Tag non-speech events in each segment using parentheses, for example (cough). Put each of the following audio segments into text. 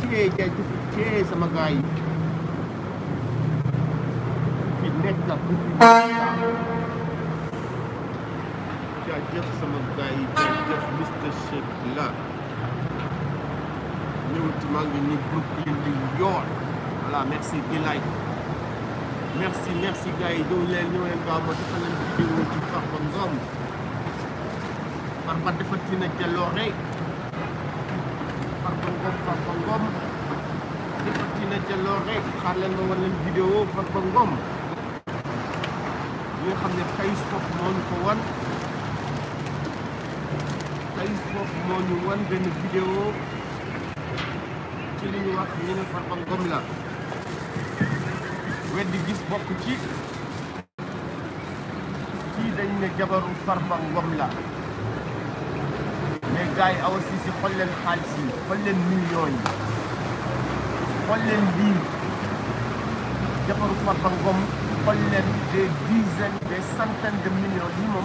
ciyee jaajëf ciyee sama gars yi fi nekk ak fi jaajëf sama gars yi jaajëf Mister la ñëwati maa ngi ni Brooklyn di yoon voilà merci di like merci merci gars yi ñëw leen ñëw leen gaaw ma dafa leen di ci Farba Ngom Farba dafa dina jëloon rek Farba Ngom Farba Ngom defati na ca lool rek xaar leen ma war leen vidéo Farba Ngom xam ne Kayz Fof moo ñu ko wan Kayz Fof moo ñu wan benn vidéo ci li ñu wax ñu ne la weddi gis bokk ci kii dañ ne jabaru Farba la جاي او السيسي كل الحاجزي كل المليون كل البيت يقدر يطلب الضم كل ديزل دي سنتين دي مليون دي مو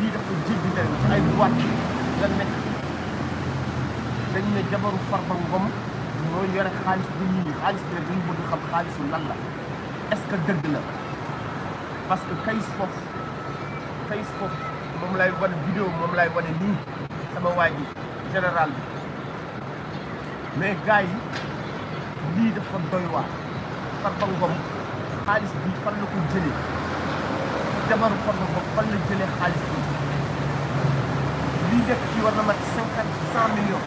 دي دي جدا اي بوات لنك لنك جبر وفر بنغم مو يرى خالص دي خالص دي دي بو دي خب خالص ولا لا اسك دغلا باسكو كايس فوف كايس فوف موم لاي فيديو موم لاي ني sama waa ji général bi mais gars yi lii dafa doy waar Farba Ngom xaalis bi fan la ko jëlee jabaru Farba Ngom fan la jëlee xaalis bi lii def ci war na mat cinquante cent millions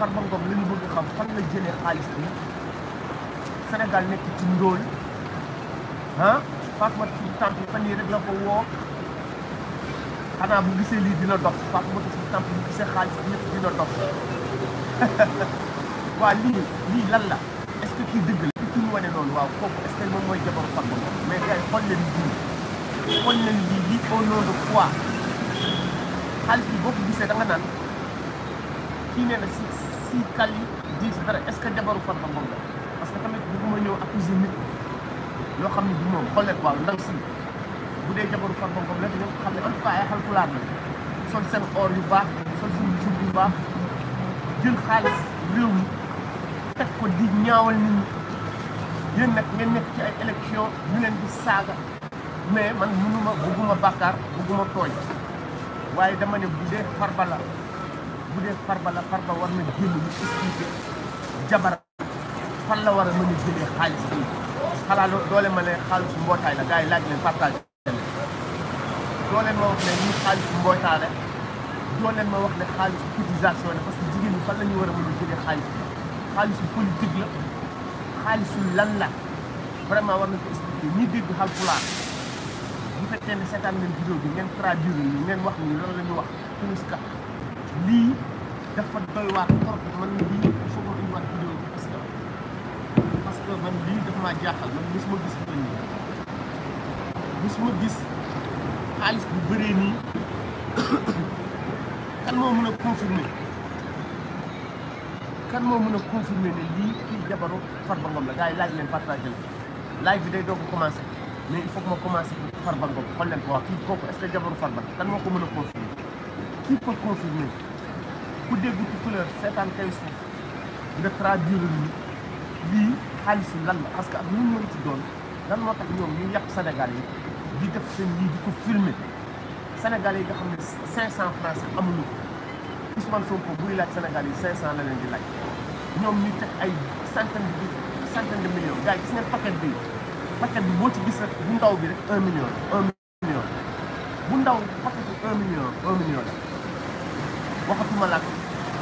Farba Ngom la bëgg xam fan la jëlee xaalis bi Sénégal nekk ci ndóol ah Fatoumata Sy Tampi fan yii rek la ko woo xanaa bu gisee lii dina dox Fatoumata Sy Tampi bu gisee xaalis bi yëpp dina dox (laughs) waaw lii lii lan la est-ce que kii dëgg la ki ñu wane noonu waaw kooku est que moom mooy jabar Farba Ngom mais gars yi xool lii xool leen lii lii au nom de xaalis bi boo ko gisee da naan li nee na si si kal yi di si dara est ce que jabaru Farba Ngom la parce que tamit bëgguma ñëw accuser nit loo xam ne du moom xam ne en tout cas ay xalkulaar seen or yu baax sol teg ko di ñaawal ngeen nekk ci ay mais man mënuma bëgguma bàkkaar bëgguma tooñ waaye dama ne bu dee Farba la bu dee farba la farba war na génn ñu expliqué jabar fan la war a mën a xaalis bi xalaa doole ma ne xaalis mbootaay la gars yi laaj leen partage dooleen ma wax la dooleen ma wax ne fan la war a mën a jëlee xaalis bi xaalisu politique la xaalisu lan la vraiment war na ko expliqué ñi dégg xal pulaar bu fekkee ne seetaan ngeen vidéo bi ngeen traduire yi ngeen wax ni la ñu wax tunuska lii dafa doy waar trop man lii il faut ma indiwaat bi parce daf maa jaaxal man mosuma gis lu mel nii mosuma gis xaalis bu bëree nii (coughs) kan moo mën a confirmer kan moo mën a confirmer ne lii kii jabaru Farba Ngom la gars yi laaj leen partagé la live day doog a commencé mais il faut que ma commencé Farba Ngom xool leen ko wax kii kooku est ce que jabaru kan moo ko mën a confirmer qui peut confirmer des dégg de seetaan 75 sous le traduire lui lui xaalis lan parce que nous nous donnons ci doon lan moo tax ñoom ñu yàq Sénégal yi di def seen lii di ko filmer Sénégal yi nga xam 500 francs sax amuñu ko Ousmane Sonko buy laaj Sénégal yi 500 la leen di laaj ñoom ñu teg ay centaine de millions gars yi gis ngeen paquet bi paquet bi boo ci gis rek bu ndaw bi rek 1 million 1 million bu ndaw paquet 1 million 1 million waxatuma laa ko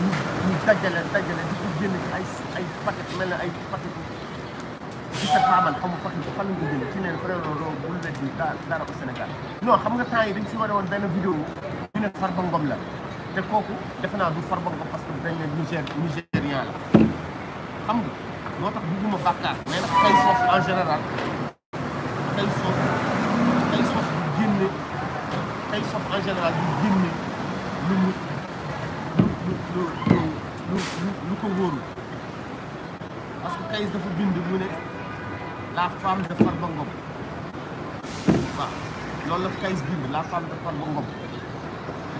ñu ñu dajale dajale di ko jënd ay ay paquet mel ne ay paquet ci sa xaaman xamu paquet bi fan la ko jënd ci neen frère loolu bul la di dara au Sénégal non xam nga temps yi dañ si wane woon benn vidéo ñu ne Farba Ngom la te kooku defe naa du Farba Ngom parce que dañ ne Niger Nigérian la xam nga moo tax bugguma bàkkaar mais nag tey soof en général tey soof tey soof du génne tey soof en général du génne lu mu lu lu ko wóorul parce que kayis dafa bind mu ne la femme de Farba Ngom waaw loolu la kayis bind la femme de Farba Ngom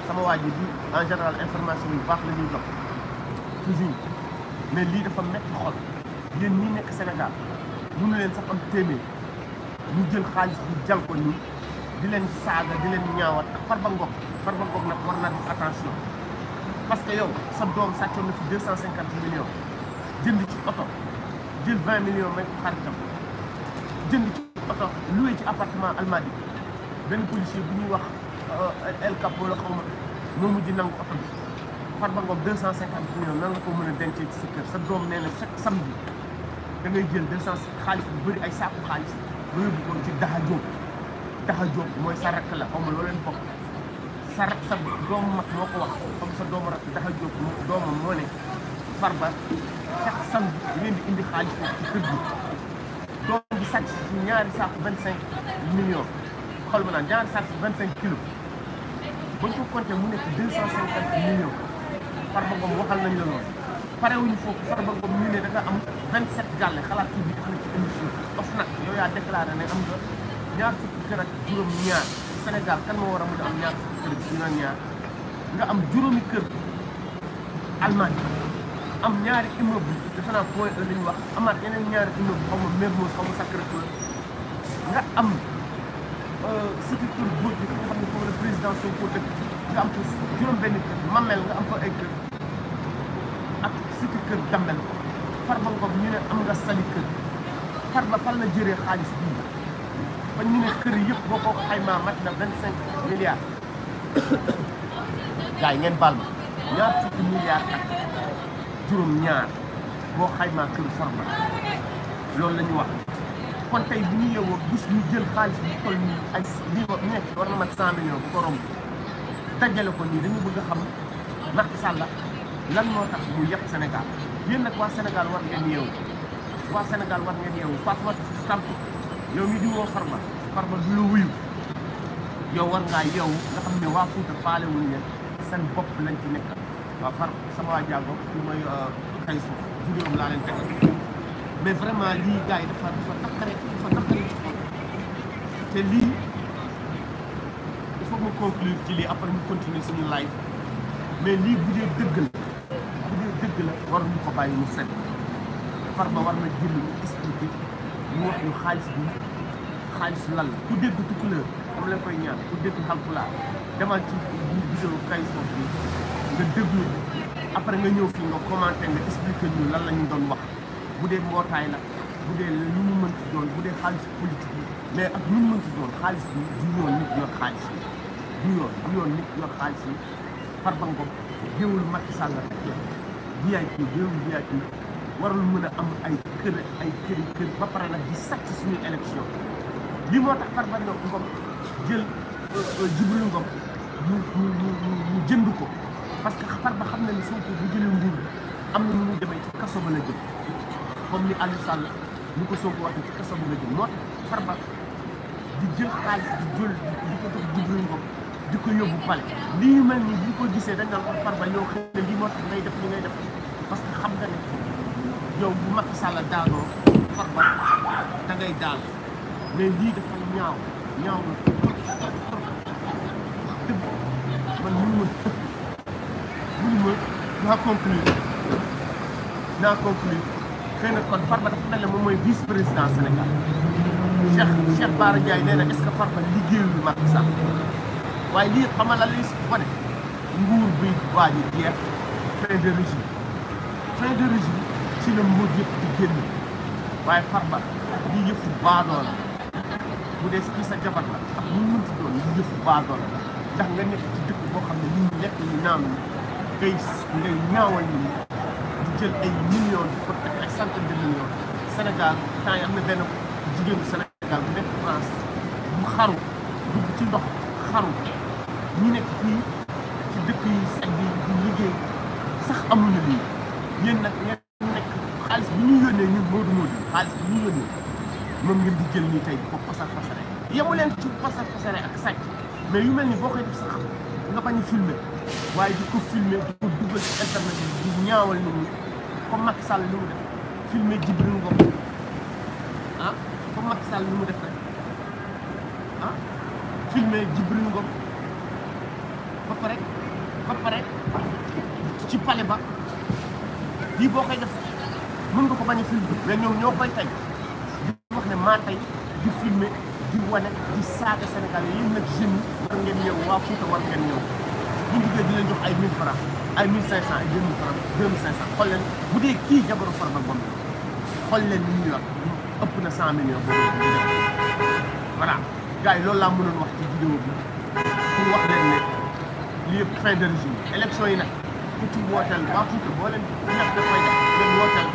sama waa ji bi en général information yu baax la ñuy jox toujours mais lii dafa metti xol yéen ñi nekk Sénégal mënu leen sax am téeméer ñu jël xaalis bi jal ko di leen saaga di leen ñaawat ak Farba Ngom Farba Ngom nag war naa attention parce que yow sa doom sàccoon na fi deux cent cinquante millions jënd ci oto jël vingt millions may ko xaritam jënd ci oto loué ci apartement Almadi benn policier bu ñuy wax euh, El Capo la xaw ma moo mujj nangu oto bi Farba Ngom deux cent cinquante millions nan nga ko mën a dencee ci sa kër doom nee na chaque samedi da jël xaalis bu bëri ay saaku xaalis nga yóbbu ko ci Daha Diop Daha Diop mooy sa la xaw ma loo leen bokk sa rak sa doomu mag moo ko wax comme sa doomu rak dafa jóg doomam moo ne Farba chaque samedi di leen di indi xaalis ci kër gi doom bi sàcc ci ñaari saaku vingt cinq millions xool ma naan ñaari saaku vingt cinq kilos bañ ko compté mu nekk deux cent cinquante millions Farba Ngom waxal nañ la loolu parewuñu foofu Farba Ngom ñu ne dafa am vingt sept gàlle xalaat ci bi def na ci émission of nag yow yaa déclaré ne am nga ñaar fukki kër ak juróom ñaar Sénégal kan moo war a am ñaar kër ñu nga am juróomi kër Allemagne am ñaari immeuble defe naa point e la ñu wax amaat yeneen ñaari immeuble xaw ma Mermoz xaw ma Sacré-Cœur nga am euh, structure góor bi nga am ko juróom benn kër Mamel nga am ko ay kër ak surtout kër Damel Farba Ngom ñu ne am nga sali kër Farba fan la jëree xaalis bii ba ñu ne kër yëpp boo ko xaymaa mat na vingt cinq (coughs) yi ngeen baal ma ñaar fukki milliards ak juróom-ñaar boo xaymaa kër forma loolu la wax kon tey bu ñu yeewoo gis ñu jël xaalis bu toll nii ay lii wax nekk war na mat cent millions bu ko romb dajale ko nii dañu bëgg a xam Macky Sall lan moo tax mu yàq senegal yéen nag waa Sénégal war ngeen yeewu waa Sénégal war ngeen yeewu Fatou Stamp yow mi di woo Farba Farba du la wuyu yow war ngaa yow nga xam ne waa Fuuta faale wuñu leen seen bopp lañ ci nekk waaw Farba sama waa jàngo ñu euh, vraiment lii gars yi dafa ci lii après ñu continuer suñu live mais war ñu ko bàyyi mu set mu wax ñu xaalis bi xaalis lan ku dégg tukkuleur am la koy ñaan ku dégg xalpulaar demal ci vidéo kay soof bi nga déglu après nga ñëw fii nga commenté nga expliqué ñu lan la ñu doon wax bu dee mbootaay la bu dee lu mu mënti doon bu dee xaalis politique bi mais ak lu mu mënti doon xaalis bi du yoon nit yor xaalis bi du yoon du yoon nit yor xaalis bi Farba Ngom géewul Macky Sall la VIP géewul VIP warul mu a am ay kër ay kër ba pare nag di set suñuy élection li moo tax Farba Ngom jël euh, Djibril Ngom mu mu mu mu jënd ko parce que xam na ni Sonko bu jëlee nguur am na nu muy demee ci kaso ba la jëm comme ni Aliou Sall ni ko Sonko waxee ci kaso ba la jëm moo tax Farba di jël xaalis di jël di ko jox Djibril Ngom di ko yóbbu pale lii mel ni bu ko gisee dañ naan ko Farba yow xëy na lii moo tax ngay def li ngay def parce que xam nga ne. yow bu Macky Sall daanoo farba da ngay daan mais lii dafa ñaaw ñaaw na dëgg man mënu ma mënu ma naa conclure naa conclure xëy na kon farba dafa mel ne moom mooy vice président Sénégal Cheikh Cheikh Bara Ndiaye nee né? na est ce que farba liggéeyul Macky Sall waaye lii xamal la lii si wane nguur bi waa ji jeex é. fin de régime fin de régime si la moo yëpp di génn waaye farba li yëfu baadoo la bu dee ci sa jabar la ak ñu mën doon li yëfu baadoo la ndax nga nekk ci dëkk boo xam ne nit ñi lekk ñu naanu ngay ngay ñaawal ñu di jël ay millions di ko teg ay centaine yi am na benn jigéenu Sénégal bu nekk France mu xaru dugg ci ndox xaru ñu nekk fii ci dëkk yi sax di liggéey sax amuñu lii jël nii tey ko passat pasare yemu len ci passat pasare ak sàcc mais yu melni ni boo def sax nga bañu filmer waye du ko filmer du ko dugal ci internet bi di ñaawal nit comme Macky Sall lu mu def filmer Djibril Ngom ah comme Macky Sall lu mu def rek ah filmer Djibril Ngom ba pare ba pare ci pale ba di bokay def mën nga ko bañ a filmé mais ñoom ñoo koy tey di wax ne ma tay filmer di wane di saaga Sénégal yéen nag jeunes yi war ngeen ñëw waa Fouta war ngeen ñëw bu ñu duggee dinañ jox ay 1000 francs ay 1500 ay 2000 francs 2500 xool leen bu dee kii jabaru Farba Ngom xool leen li ñu yor ëpp na 100 millions boobu voilà gars yi loolu laa mënoon wax ci vidéo bi pour wax leen ne lii yëpp fin de régime élection yi nag ku ci wooteel waa Fouta boo leen ñàkk dafay def ngeen wooteel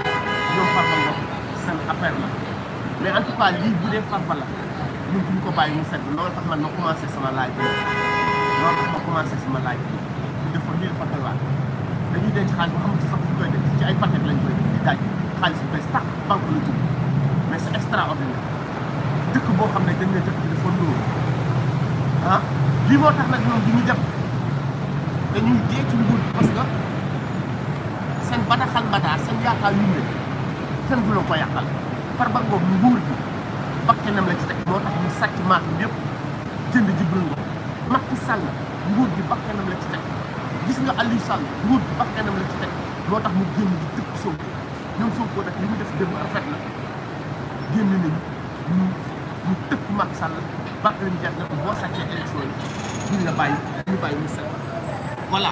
ñoom Farba Ngom seen affaire la mais en tout cas lii bu dee Farba la ko bàyyi mu sedd loolu tax man ma commencé sama laaj bi loolu tax ma commencé sama laaj bi dafa lii dafa doy waar dañuy xaalis boo xamante sax fu koy def ci ay paquet lañ koy def di daaj xaalis bu bees tax banque la jub mais c'est extraordinaire dëkk boo xam ne dañ ne dëkk bi dafa nuur ah moo tax nag ñoom du ñu dem dañuy dee ci nguur parce que seen bataxal bataar seen yaakaar yu ne kenn du la ko yàqal Farba Ngom nguur gi bakkanam la ci teg moo tax ñu sàcc maat yëpp jënd Jibril Ngom Macky Sall nguur gi bakkanam la ci teg gis nga Aliou Sall nguur gi bakkanam la ci teg moo tax mu génn di tëkk Sonko ñoom Sonko nag li mu def démb rafet la génn nañu ñu tëkk Macky Sall bakkanam jeex na ko boo sàccee élection yi duñ la bàyyi ñu bàyyi mu set voilà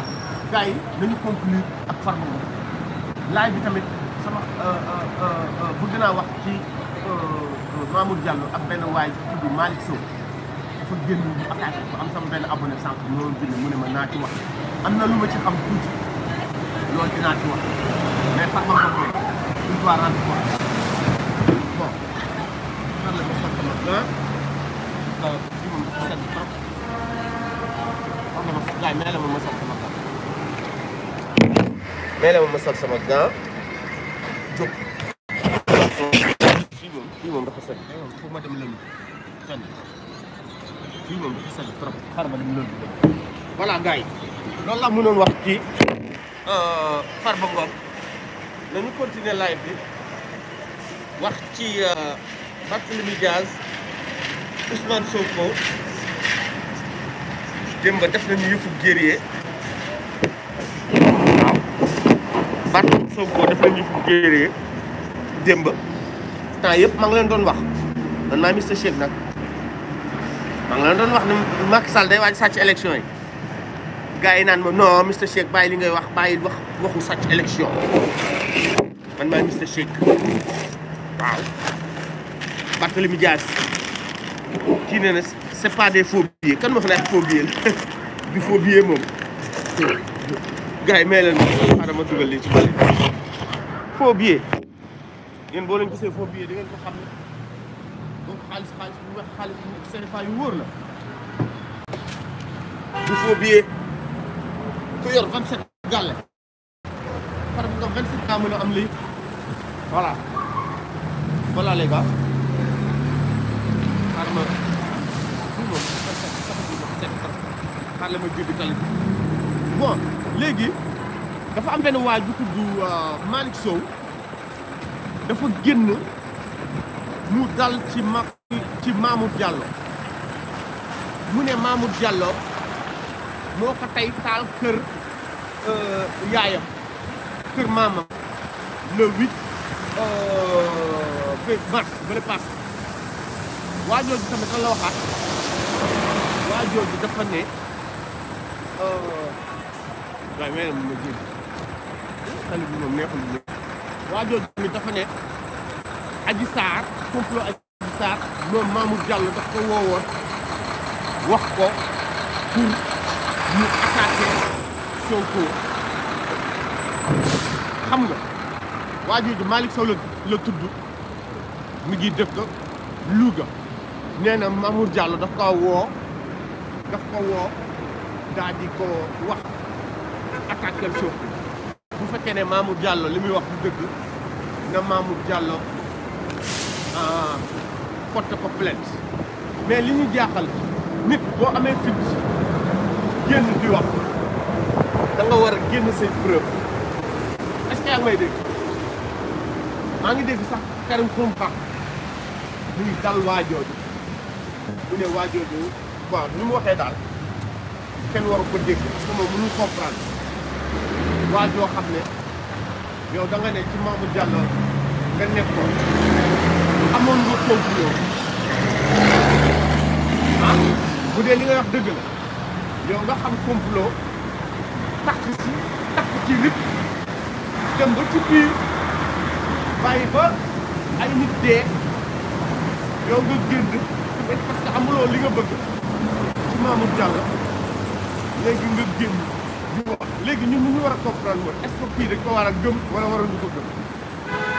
gars yi nañu conclure ak Farba Ngom laaj bi tamit sama euh, euh, euh, bëgg naa wax ci Mamour Diallo ak benn waay tudd Malick Sow dafa génn bu attaqué ko am sama benn abonné sànq loolu bind mu ne ma naa ci wax am na lu ma ci xam tuuti loolu dinaa ci wax mais sax ma ko une fois rendre compte bon xam la ma sottama ah si moom dafa sedd trop wax na ma sax gars yi meele ma ma sol sama gant meele ma ma sol sama gant sëñ bi ma dem lënd fenn fii moom dafa mënoon wax ci euh, Farba Ngom nañu continuer live bi wax ci euh, Barthélémy Dias Ousmane Sonko démb def nañu yëfu guerrier waaw Barthélémy Sonko def nañu yëfu guerrier démb temps yëpp maa ngi leen doon wax man maa Mister Shake nag maa leen doon wax ne Macky Sall day waaj sàcc élection yi gars naan ma non Mister Shake bàyyi li ngay wax bàyyi wax waxu sàcc élection man maa Mister Shake waaw Barthélemy Dias kii nee na c'est pas des faux billets kan ma fa nekk la (laughs) du faux yi may yéen boo leen gisee faux billets di ngeen ko xam ne boobu xaalis xaalis bu weex xaalis bu CFA yu wóor la du faux billet ku yor 27 gàlle par nga 27 kaa mën a am lii voilà voilà les gars xaaral ma du moom xaaral ma jubbi tali bon léegi dafa am benn waaj bu tudd Malick Sow dafa génn mu dal ci ma ci Mamour Diallo mu ne Mamour Diallo moo ko tey taal kër euh, yaayam kër maamam le huit euh, mars bale pass waa jooju tamit kan la waxaat waa jooju dafa ne euh, waaye ma ma jé tali bi moom neexul waa jooju ni dafa ne Adji Sarr complot Adji Sarr moom Mamour Diallo daf ko woowoon wax ko pour ñu attaqué Sonko xam nga waa jooju Malick Sow la la tudd mi ngi dëkk Louga nee na Mamour Diallo daf ko woo daf ko woo daal di ko wax attaqué Sonko bu fekkee ne Mamour jàlloo li muy wax du dëgg na Mamour Diallo ah, porte ko mais li ñu jaaxal nit boo amee fit génn di wax da nga war a génn say preuve est ngi may dégg maa ngi dégg sax Karim Xrum Xax mu ngi dal waajooju mu ne waajooju waaw nu mu waxee daal kenn waru ko dégg parce que moom waa joo xam ne yow da ne ci Mamour Diallo nga nekkoon amoon nga complot ah bu dee li nga wax dëgg la yow nga xam complot takk ci takk ci rip dem ci biir bàyyi ba ay nit dee yow nga gënd parce que amuloo li nga bëgg ci Mamour Diallo léegi nga génn di léegi ñun ñu ngi war a comprendre mooy est-ce que kii dañ ko war a gëm wala waroon ñu ko gëm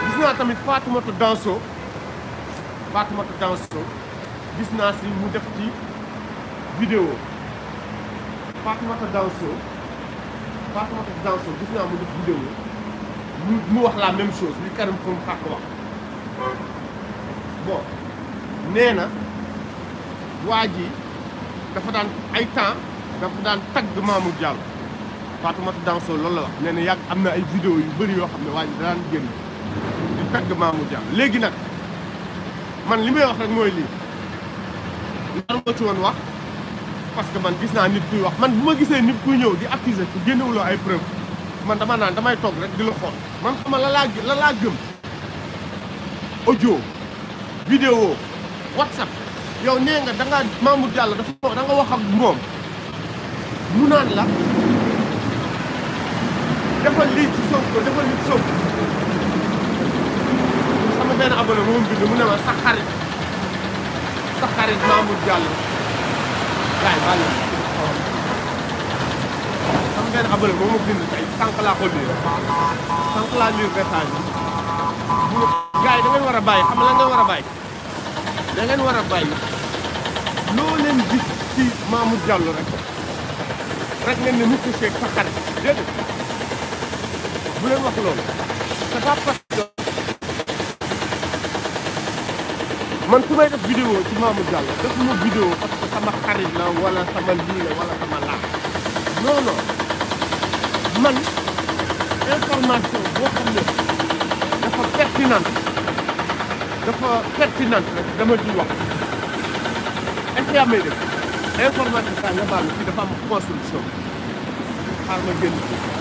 gis naa tamit Fatoumata Danso Fatoumata Danso gis naa si mu def ci vidéo Fatoumata Danso Fatoumata Danso gis naa mu def vidéo mu mu wax la même chose li Karim Xrum Xax wax bon nee na waa ji dafa daan ay temps dafa daan tagg Mamour Diallo Fatoumata Danso lool la wax nee ya amna ay vidéo yu bari yo xamné ne waa daan génn di pegg Mamour Diallo léegi man limay wax rek li lii naruma ci won wax parce que man gis na nit kuy wax man buma gisé nit kuy ñëw di accuser ku génnewuloo ay preuve man dama naan damay tok rek di la xol man xama la laa la laa gëm audio vidéo whatsapp yow né nga da nga Mamou Diallo dafa da nga wax ak mom mu naan la defal lii ci Sonko defal lii ci Sonko sama benn abonné moom bind mu ne ma sa xarit sa xarit Mamour Diallo gars yi baal na sama benn abonné moom moo bind tey sànq laa ko lire sànq laa lire message bi gars yi da ngeen war a bàyyi xam nga lan ngeen war a bàyyi da ngeen war a bàyyi loo leen gis ci Mamour Diallo rek rek ngeen ne monsieur Cheikh sa xarit déedéet bu leen wax loolu c'est pas man su may def vidéo ci Mamour Diallo defuma vidéo parce que sama xarit la wala sama lii la wala sama laa non man information boo xam ne dafa pertinente dafa pertinente rek dama ciy wax est-ce que yaa may saa nga baal dafa am constitution xaar ma génn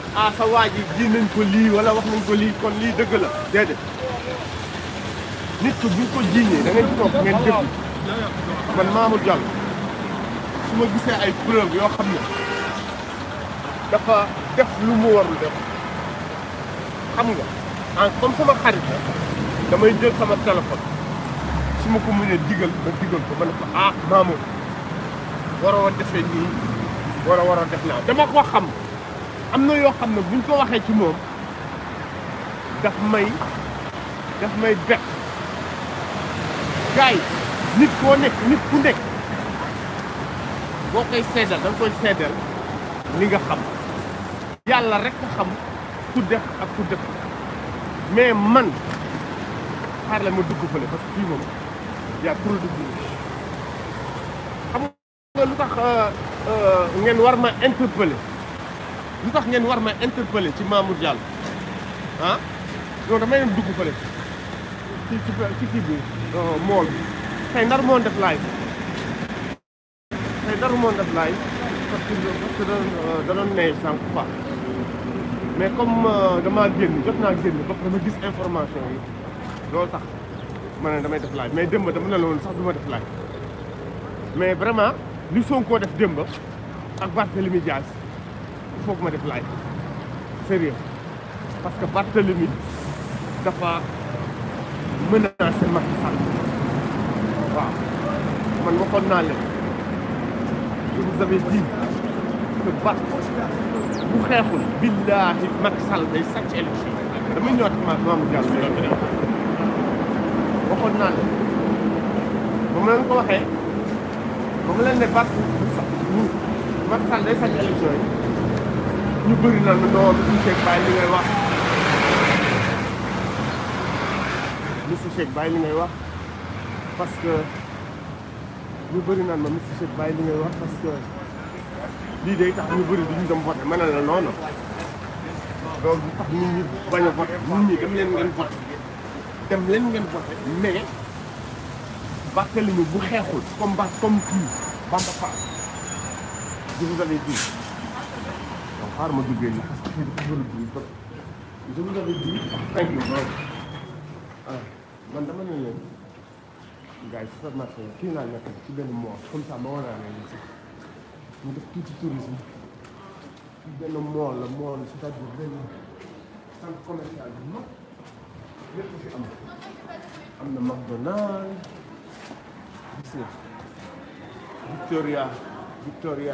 ah sa waa ji ji nañ ko lii wala wax nañ ko lii kon lii dëgg la déedéet nit ki buñ ko jiiñee da ngeen toog ngeen déglu man Mamour Diallo su ma gisee ay preuve yoo xam ne dafa def lu mu warul def xam nga en ah, comme sama xarit la damay jël sama téléphone su ma ko mënee digal ma digal ko ma ne ko ah Mamour waroo defee nii war a war a def naa dama ko xam. am na yoo xam ne buñ ko waxee ci moom daf may daf may bett gars yi nit koo nekk nit ku nekk boo koy seedal da koy seedal li nga xam yàlla rek a xam ku def ak ku def mais man xaar la ma dugg fële parce que fii moom yaa trop de xam nga lu euh, euh, ngeen war ma interpeller lu tax ngeen war ma interpeller ci Mamour Diallo ah non damay dem dugg fële ci ci kii bi euh, mool bi tey ndar moon def laay tey ndar moon def laay parce que parce que da euh, doon neex mais comme euh, damaa génn jot naa génn ba dama gis information yi loolu tax ma ne damay def laay mais démb dama ne loolu sax du ma def laay mais vraiment li koo def démb ak Barthélémy Dias foog ma def live sérieux parce que Barthélemy dafa menacé Macky Sall waaw man waxoon naa leen je vous avais dit que Bart bu xeexul billaahi Macky Sall day sàcc élection damay ñëwaat ma Mamadou Diallo waxoon naa leen ba ma leen ko waxee ba ma leen ne Bart Macky Sall day sàcc élection yi lu bëri na lu doon monsieur Cheikh Baye li ngay wax monsieur li ngay wax parce que ñu bëri naan ma monsieur Cheikh Baye li ngay wax parce lii day tax ñu bëri duñu dem voté ma ne la noonu loolu tax nit ñi bañ a voté nit ñi dem leen ngeen voté dem leen ngeen voté mais Barthélémy bu xeexul comme ba comme kii Bamba Fall je vous xaar ma duggee nii parce que dafa war a dugg trop je vous avais dit thank you ah man yi supermarché yi kii laa nekk ci benn mois comme ça ma war a leen si ñu def tuuti tourisme benn mois la mois la c'est-à-dire benn centre commercial bi mag lépp fi am am na McDonald's Victoria Victoria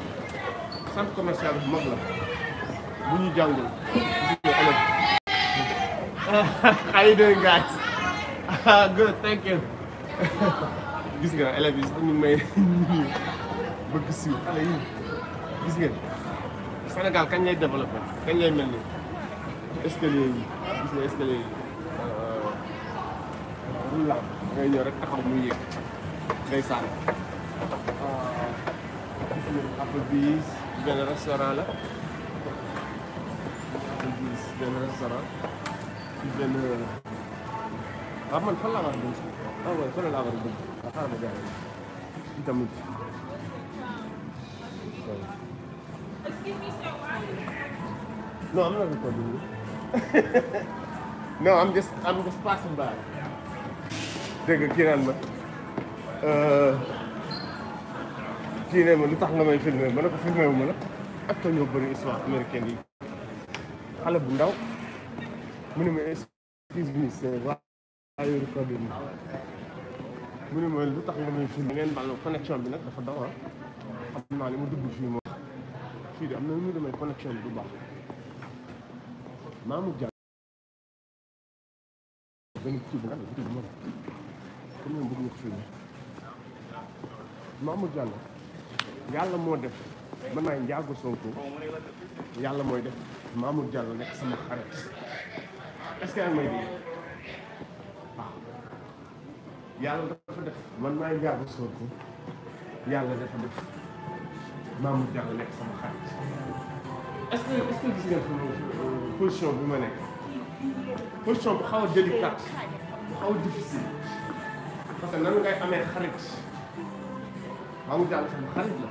centre commercial bu mag la bu ñu jàngul ah, nga élèves yi ñu kañ lay développé kañ lay mel ni escalier yi gis nga escalier yi euh, ngay ñëw rek taxaw muy yéeg ngay sànni euh, benn restaurant la ñu gis benn restaurant benn waaw man fan laa war a dugg ah oui fan laa war a dugg ah xaaral ma jaay itamit. No, I'm not recording you. no, I'm just I'm just passing by. Take a kid and uh kii ne ma lu tax nga may filmé ma ne ko filmé wu ma la ak ka ñoo bëri histoire américaine yi xale bu ndaw mu ne ma excuse me c'est waaye recording mu ne ma lu tax nga may filmé ngeen baal connexion bi nag dafa dawa xam naa li ma dugg fii moo fii de am na ñu demee connexion bi du baax Mamour Diallo benn kii bu nag bu tudd Mamour comme ñoom bëgg ñu ko filmé Mamour Diallo yàlla moo def man maay njaago Sonko yàlla mooy def Mamour Diallo nekk sama xarit est-ce que yaa ngi may dégg def man maay njaago Sonko yàlla dafa def Mamour Diallo nekk sama xarit est-ce que est-ce que gis ngeen position bi ma nekk position bu xaw a délicate bu xaw a difficile parce que nan ngay amee xarit xarit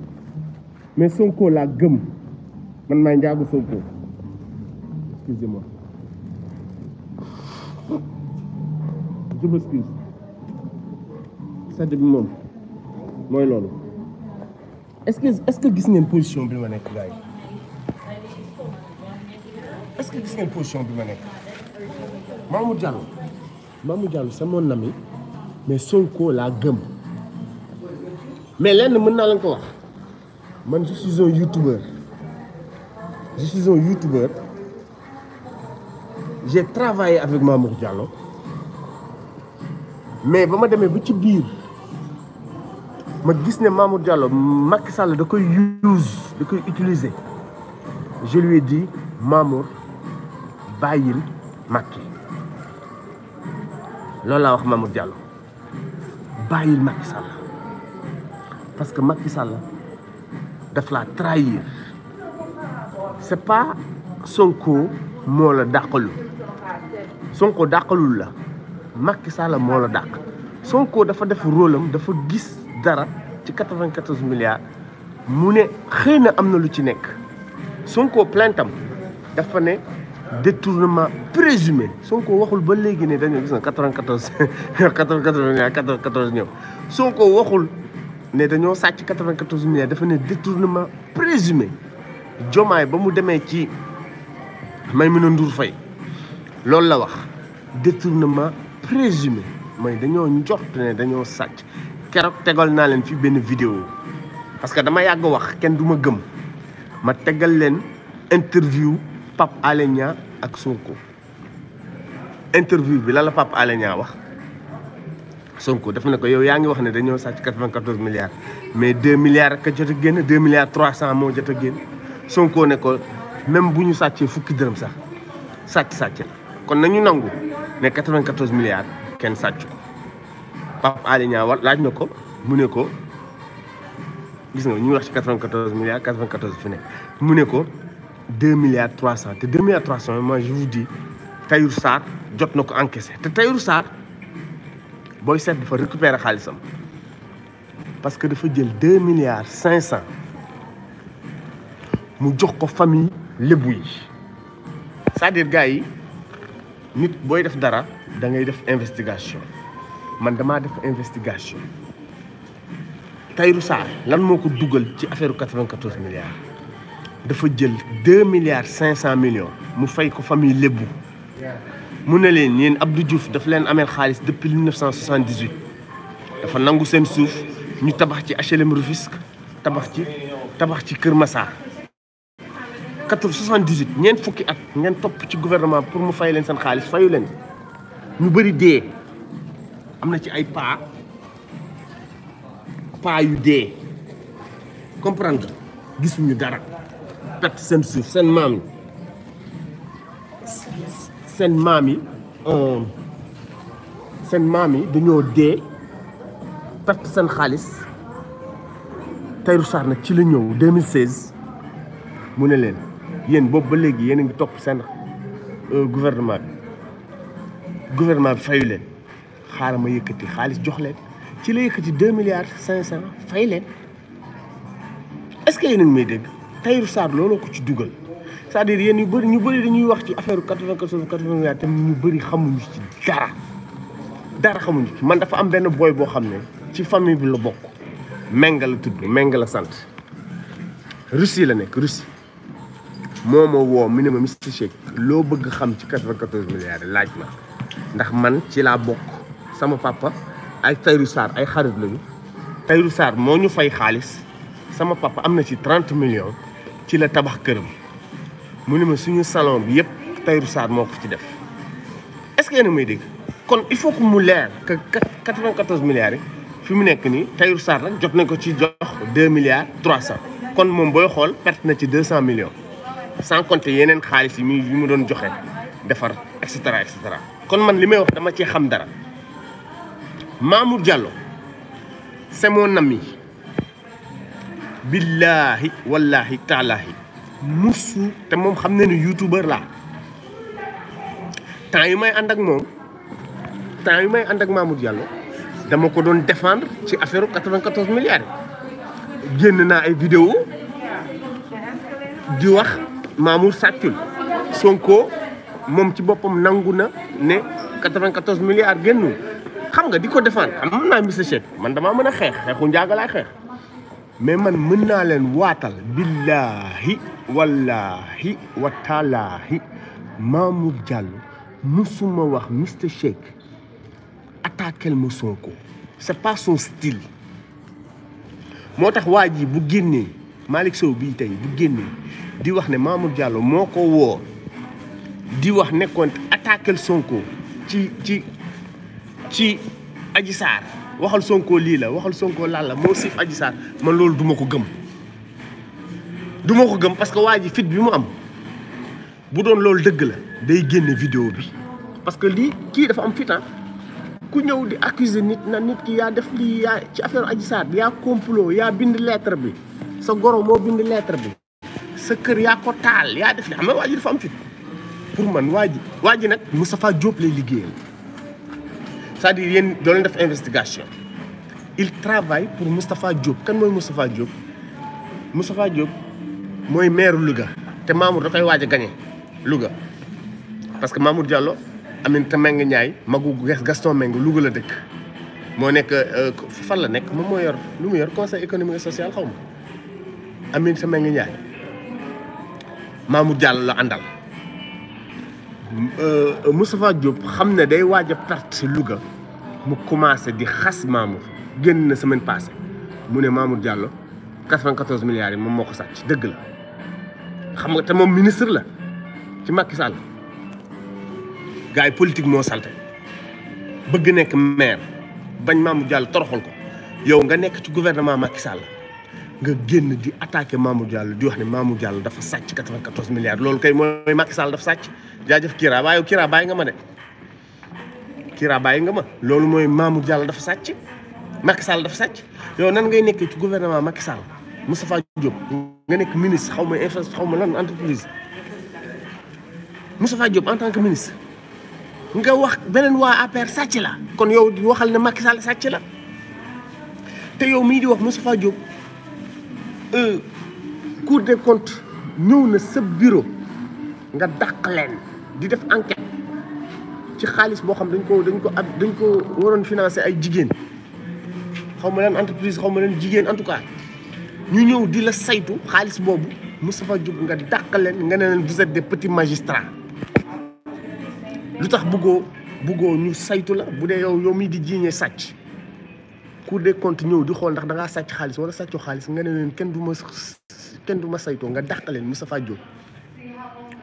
Men sonko la gem. Man man njago sonko. Eskize mwa. Diboskiz. Sade bi moun. Moun lor. Eskize, eske gisnen posisyon bi mwenek? Eske gisnen posisyon bi mwenek? Mamoud Yalou. Mamoud Yalou se moun nami. Men sonko la gem. Men lenni moun nan lanko wak. man je suis un youtubeur je suis un youtubeur j'ai travaillé avec Mamour Diallo mais je me suis dit, ci Je ma gis Mamour Diallo Macky Sall da koy use utiliser je lui ai dit Mamour bàyyil Macky Lola wax Mamour Diallo Macky Sall parce que Macky Sall daf la trahir c'est pas son coup la Son Sonko dàqalul la Macky Sall moo la dàq Sonko dafa def rôle am dafa gis dara ci 94 milliards mu rien xëy na am na lu ci coup Sonko plainte am détournement présumé son waxul ba léegi ne dañoo gis na 94 94 94 94 son Sonko waxul ne dañoo sàcc 94 milliards dafa ne détournement présumé jomaay ba mu demee ci Maïmouna Ndour fay loolu la wax détournement présumé mooy dañoo njort ne dañoo sàcc keroog tegal naa leen fi vidéo parce que dama yàgg wax gëm interview pap alenia ak interview bi la la Pape Sonko daf na ko yow yaa ngi wax ne dañu sacc 94 milliards mais 2 milliards ka a guen 2 milliards 300 mo jot guen Sonko ne ko même buñu saccé fukki dërëm sax sacc sacc la kon nañu nangu ne 94 milliards ken sàcc ko Pape Alé Niang war laaj nako mu ne ko gis nga ñu wax ci 94 milliards 94 fi nekk mu ne ko 2 milliards 300 te 2 milliards 300 moi je vous dis Tahirou sar jot nako encaissé te Tahirou sar Boy Seck dafa récupérer khalisam parce que dafa jël 2 milliards 500, mu jox ko famille lébu yi c'est-à-dire gars yi nit boy def dara da ngay def investigation man dama def investigation Tahirou Sarr lan moko ko ci affaire 94 milliards dafa jël 2 milliards 500 millions mu fay ko famille lébu mu ne leen yéen Abdou Diouf daf leen amee xaalis depuis 1978 dafa nangu seen suuf ñu tabax ci HLM Rufisque tabax ci tabax ci Kër Massar. 78 ñeent fukki at ngeen topp ci gouvernement pour mu fay leen seen xaalis fayu leen ñu bëri dee am na ci ay paa paa yu dee comprendre gisuñu dara perte seen suuf seen maam yi seen maam yi euh, seen maam yi dañoo dee perte seen xaalis Tahirou Sarr ci la ñëw 2016 mu ne leen yéen boobu ba léegi yéen a ngi topp seen euh, gouvernement bi gouvernement bi leen xaaral ma yëkkati xaalis jox leen ci la yëkkati deux milliards cinq cent fay leen est-ce que yéen a dégg Tahirou Sarr looloo ko ci dugal. c'est-à-dire yéen ñu bëri ñu bëri dañuy wax ci affaire 94 94 te ñu bëri xamuñu ci dara dara xamuñu ci man dafa am benn boy boo xam ne ci famille bi la bokk Menga la tudd Menga la sant Russie la nekk Russie moo ma woo mu ne ma bëgg xam ci 94 milliards laaj ma ndax man ci la bokk sama papa ay Tayrou sar. ay xarit lañu Tayrou sar. moo ñu fay xaalis sama papa am na ci 30 millions ci la tabax këram. mu ni ma suñu salon bi yëpp Tahirou Sarr moo ko ci def est na que yéen may dégg kon il faut que mu leer que quatre-vingt-quatorze milliards yi fi mu nekk nii Tahirou Sarr nag jot nañ ko ci jox deux milliards trois cent kon moom booy xool perte na ci deux cent millions sans yeneen xaalis yi mu yi mu doon joxe defar et cetera et cetera kon man li may wax dama ci xam dara Mamour Diallo c'est mon ami billaahi wallaahi taalaahi musu te moom xam na ni youtubeur laa temps yi may ànd ak moom temps yi may ànd ak Mamour Diallo dama ko doon défendre ci affaire 94 milliards yi génn naa ay vidéo di wax Mamour sàccul Sonko moom ci boppam nangu na ne 94 milliards génnul xam nga di ko défendre am naa Mister Shake man dama mën a xeex xeexu njaaga xeex mais man mën naa leen waatal billahi wallahi wataalaahi Mamour Diallo musuma wax Mister Shake attaquer ma Sonko c'est pas son style motax waji ji bu guenné malik Sow bi tay bu guenné di wax né Mamour Diallo moko wo di wax nekkoon attaquer Sonko ci ci ci Adji sar waxal Sonko li la waxal Sonko laa la moo siif Adji sar man lolou duma ko je ne ko pas.. parce que fit bi mu am bu la day vidéo bi parce que li ki dafa am ah. ku di accuser nit nit ki def ci affaire Adji complot ya bind lettre bi sa goro qui bind lettre bi sa ko taal def dafa am fit pour man waji waji nak Moustapha Diop lay c'est-à-dire def investigation il travaille pour Moustapha Diop kan moy Moustapha Diop Moustapha Diop mooy maire Louga te Mamour dafay koy waaj a Louga parce que Mamour Diallo Aminata Mbengue Ndiaye magu Gaston Mbengue Louga la dëkk moo nekk euh, fan la nekk moom moo yor lu mu yor conseil économique et social xaw ma Aminata Mbengue Ndiaye Mamour Diallo la àndal euh, euh, Moustapha Diop xam ne day waaj a perte Louga mu commencé di xas Mamour génn na semaine passée mu ne Mamour Diallo 94 milliards yi moom moo ko sàcc dëgg la xam nga te moom ministre la ci Macky Sall gars yi politique moo salte bëgg nekk maire bañ Mamour jàll toroxal ko yow nga nekk ci gouvernement Macky Sall nga génn di attaqué Mamour Diallo di wax ne Mamour jàll dafa sàcc 94 milliards loolu kay mooy Macky Sall dafa sàcc jaajëf Kira waaye Kira bàyyi nga ma de Kira bàyyi nga ma loolu mooy Mamour Diallo dafa sàcc Macky Sall sàcc yow nan ngay nekkee ci gouvernement Macky Sall Moustapha Diop nga nek ministre xawma ma infrastructure xaw lan entreprise Moustapha Diop en tant que ministre nga wax benen wa APR satch la kon yow di waxal ne Macky Sall satch la te yow mi di wax Moustapha Diop euh cour des comptes ñew na sa bureau nga dàq len di def enquête ci xaliss bo xam dañ ko dañ ko dañ ko waron financer ay jigen xawma lan entreprise xawma lan jigen en tout cas Nous ñëw di la saytu xaalis boobu Diop nga vous êtes des petits magistrats lu tax bëggoo nous ñu saytu la bu dee yow yow mii di sàcc Cour des comptes ñëw di xool ndax da ngaa sàcc xaalis wala xaalis nga ne leen kenn du ma du nga dàq leen Diop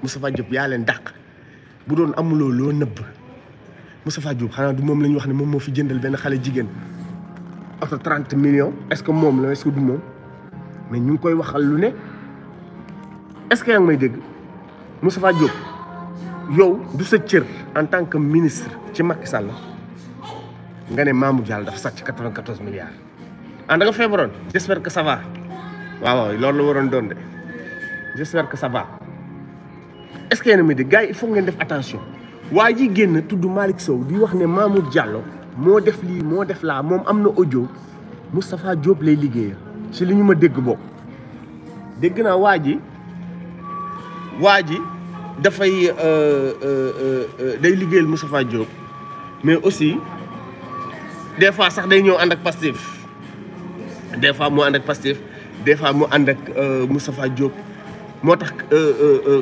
Moustapha Diop yaa leen dàq bu doon amuloo loo Diop du wax 30 millions est-ce que moom la est-ce que du mais ñu ngi koy waxal lu ne est-ce que yaa ngi may dégg Moustapha Diop yow du sa en tant que ministre ci Macky Sall nga ne Mamour Diallo dafa sàcc 94 milliards. ah da nga feebaroon j'espère que saba va loolu la waroon doon de que ça va est-ce que yéen a may dégg gars yi il ngeen def attention waa ji génn tudd Malick Sow di wax ne Mamour Diallo moo def lii moo def laa moom am na audio Moustapha Diop lay liggéeyal. si li ñu ma dégg bokk dégg naa waa ji waa ji dafay euh, euh, euh, day liggéeyal Moustapha Diop mais aussi des fois sax day ñëw ànd ak Pastef des fois moo ànd ak Pastef des fois mu ànd ak Moustapha Diop moo tax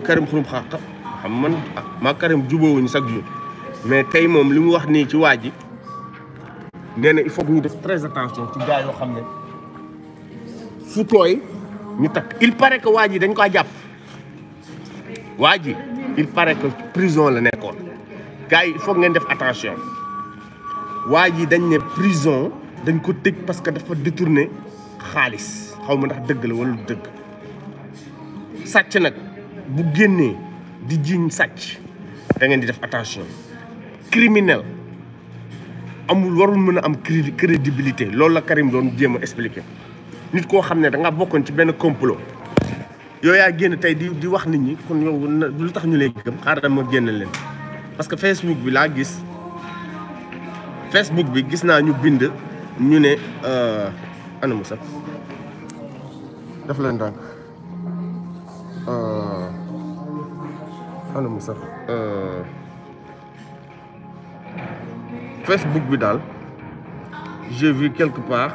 Karim Xurum Xaq xam man maa Karim jubóowuñu chaque mais tey moom li mu wax nii ci waa ji nee na il faut que ñu def très attention ci gars yoo xam ne fu tooy ñu takk il paraît que waa ji dañ ko jàpp waa ji il paraît que prison la nekkoon gars yi foog ngeen def attention waa ji dañ ne prison dañ ko tëj parce que dafa détourné xaalis xaw ma ndax dëgg la wala dëgg sàcc nag bu génnee di jiiñ sàcc da ngeen di def attention criminel amul warul mën a am crédibilité loolu la Karim doon jéem a expliqué nit ko xam da nga ci ben complot Nous ya genn tay di di wax nit ñi kon lu tax ñu lay gëm xaaral ma genn leen parce que Facebook bi la gis Facebook bi gis naa ñu bind ñu ne que euh, Nous musa daf leen nous. Euh, musa euh Facebook bi j'ai vu quelque part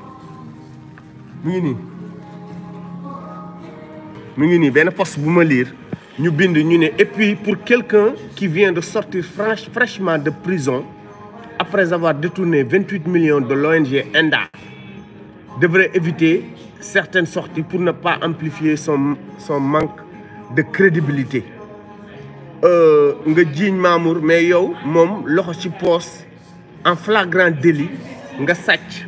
et puis pour quelqu'un qui vient de sortir fraîchement de prison après avoir détourné 28 millions de l'ONG ENDA devrait éviter certaines sorties pour ne pas amplifier son, manque de crédibilité. Euh, nga Mamour mais yow mom, flagrant délit nga sàcc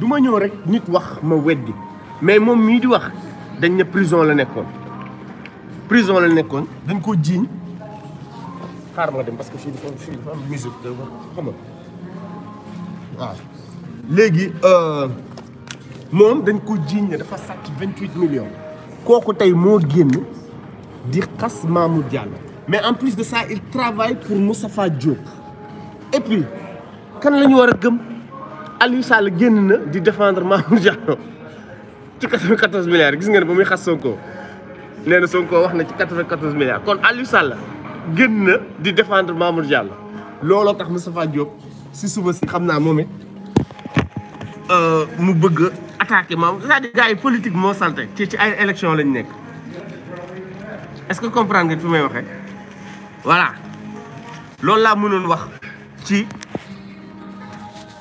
Je rek nit wax ma wedd mais moom mii di wax dañ ne prison la nekkoon prison la nekkoon dañ ko jiñ xaar ma dem parce que fii dafa musique xam nga waaw léegi euh, moom dañ ko jiñ dafa sàcc 28 millions kooku tey moo génn di xas mais en plus de ça il travaille pour Moustapha Diop et puis kan la ñu gëm Aliou Sall génn na di défendre Mamour Diallo ci 94 milliards gis ngeen ne ba muy xass Sonko néna Sonko wax na ci 94 milliards kon Aliou Sall génn na di défendre Mamour Diallo lolo tax Moustapha Diop ci suba si xamna momit euh mu bëgg attaquer Mamour c'est-à-dire gars yi politique mo salte ci ci ay élection lañ nek est-ce que comprendre nga fi may waxee voilà lolo la mënon wax ci.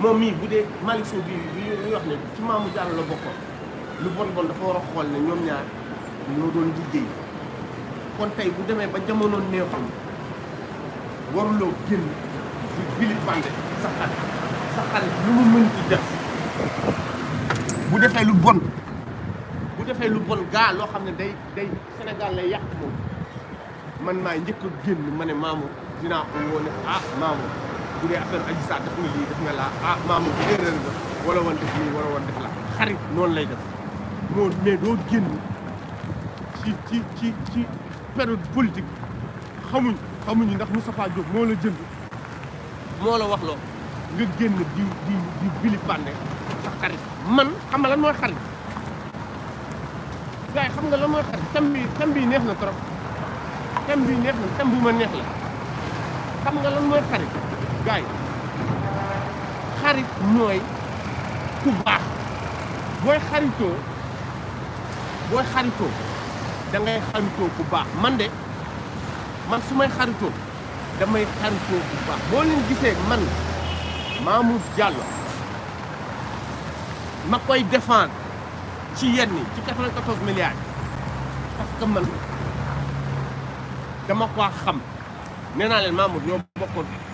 moom mii bu dee Malick Sow bii bi ñuy wax ne ci Maamu Diallo la bokkoon lu bon bon dafa war a xool ne ñoom ñaar ñoo doon liggéey kon tey bu demee ba jamono neexul waruloo génn di vilipender sa def defee lu bon bu defee lu bon gaa loo xam ne day day Sénégal lay yàq moom man maa njëkk a génn ma ne Maamu dinaa ko woo ne ah Maamu. bu dee affaire Adji Sarr def lii def na laa ah maam erreur la wala woon def lii wala woon def la xarit noonu lay def moo mais doo génn ci ci ci ci période politique xamuñ xamuñu ndax Moustapha Diop moo la jënd moo la wax loo nga génn di di di bili bànne sa xarit man bi thème bi neex xam nga lan mooy xarit gars xarit mooy ku baax booy xaritoo booy xaritoo da xaritoo ku baax man de man su may xaritoo damay xaritoo bu baax boo leen gisee man Mamour Diallo ma koy défendre ci yenn ci 94 milliards parce que man dama ko xam nee naa leen Mamour ñoo bokkoon.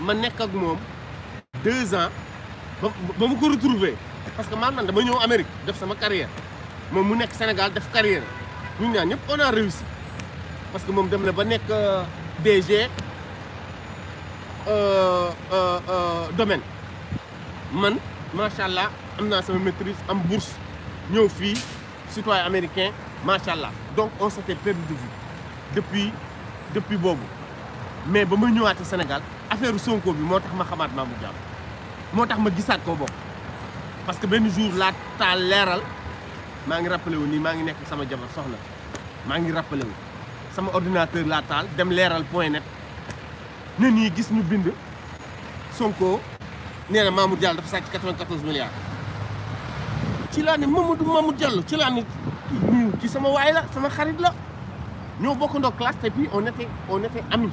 ma nekk ak moom deux ans ba ba mu ko retrouver parce que maam man dama en Amérique def sama carrière moom mu nekk Sénégal def carrière ñun ñaan ñëpp on a réussi parce que moom dem na ba euh, DG euh, euh, euh, domaine man Machallah, allah am naa sama maîtrise am bourse ñëw fii citoyen américain Machallah. donc on s'était perdu de vue depuis depuis boobu mais ba ma au Sénégal. affaire Sonko bi moo tax ma xamaat Mamour Diallo moo tax ma gisaat koo bokk parce que benn jour laa taal leeral maa ngi rappelé wu nii maa ngi nekk sama jabar soxla maa ngi rappelé wu sama ordinateur laa taal dem leeral point net ne nii gis ñu bind Sonko nee na Mamour jàll dafa sàcc 94 milliards ci laa ne Mamadou Mamour Diallo ci laa ne kii sama waay la sama xarit la ñoo bokk ndox classe te puis on était on était amis.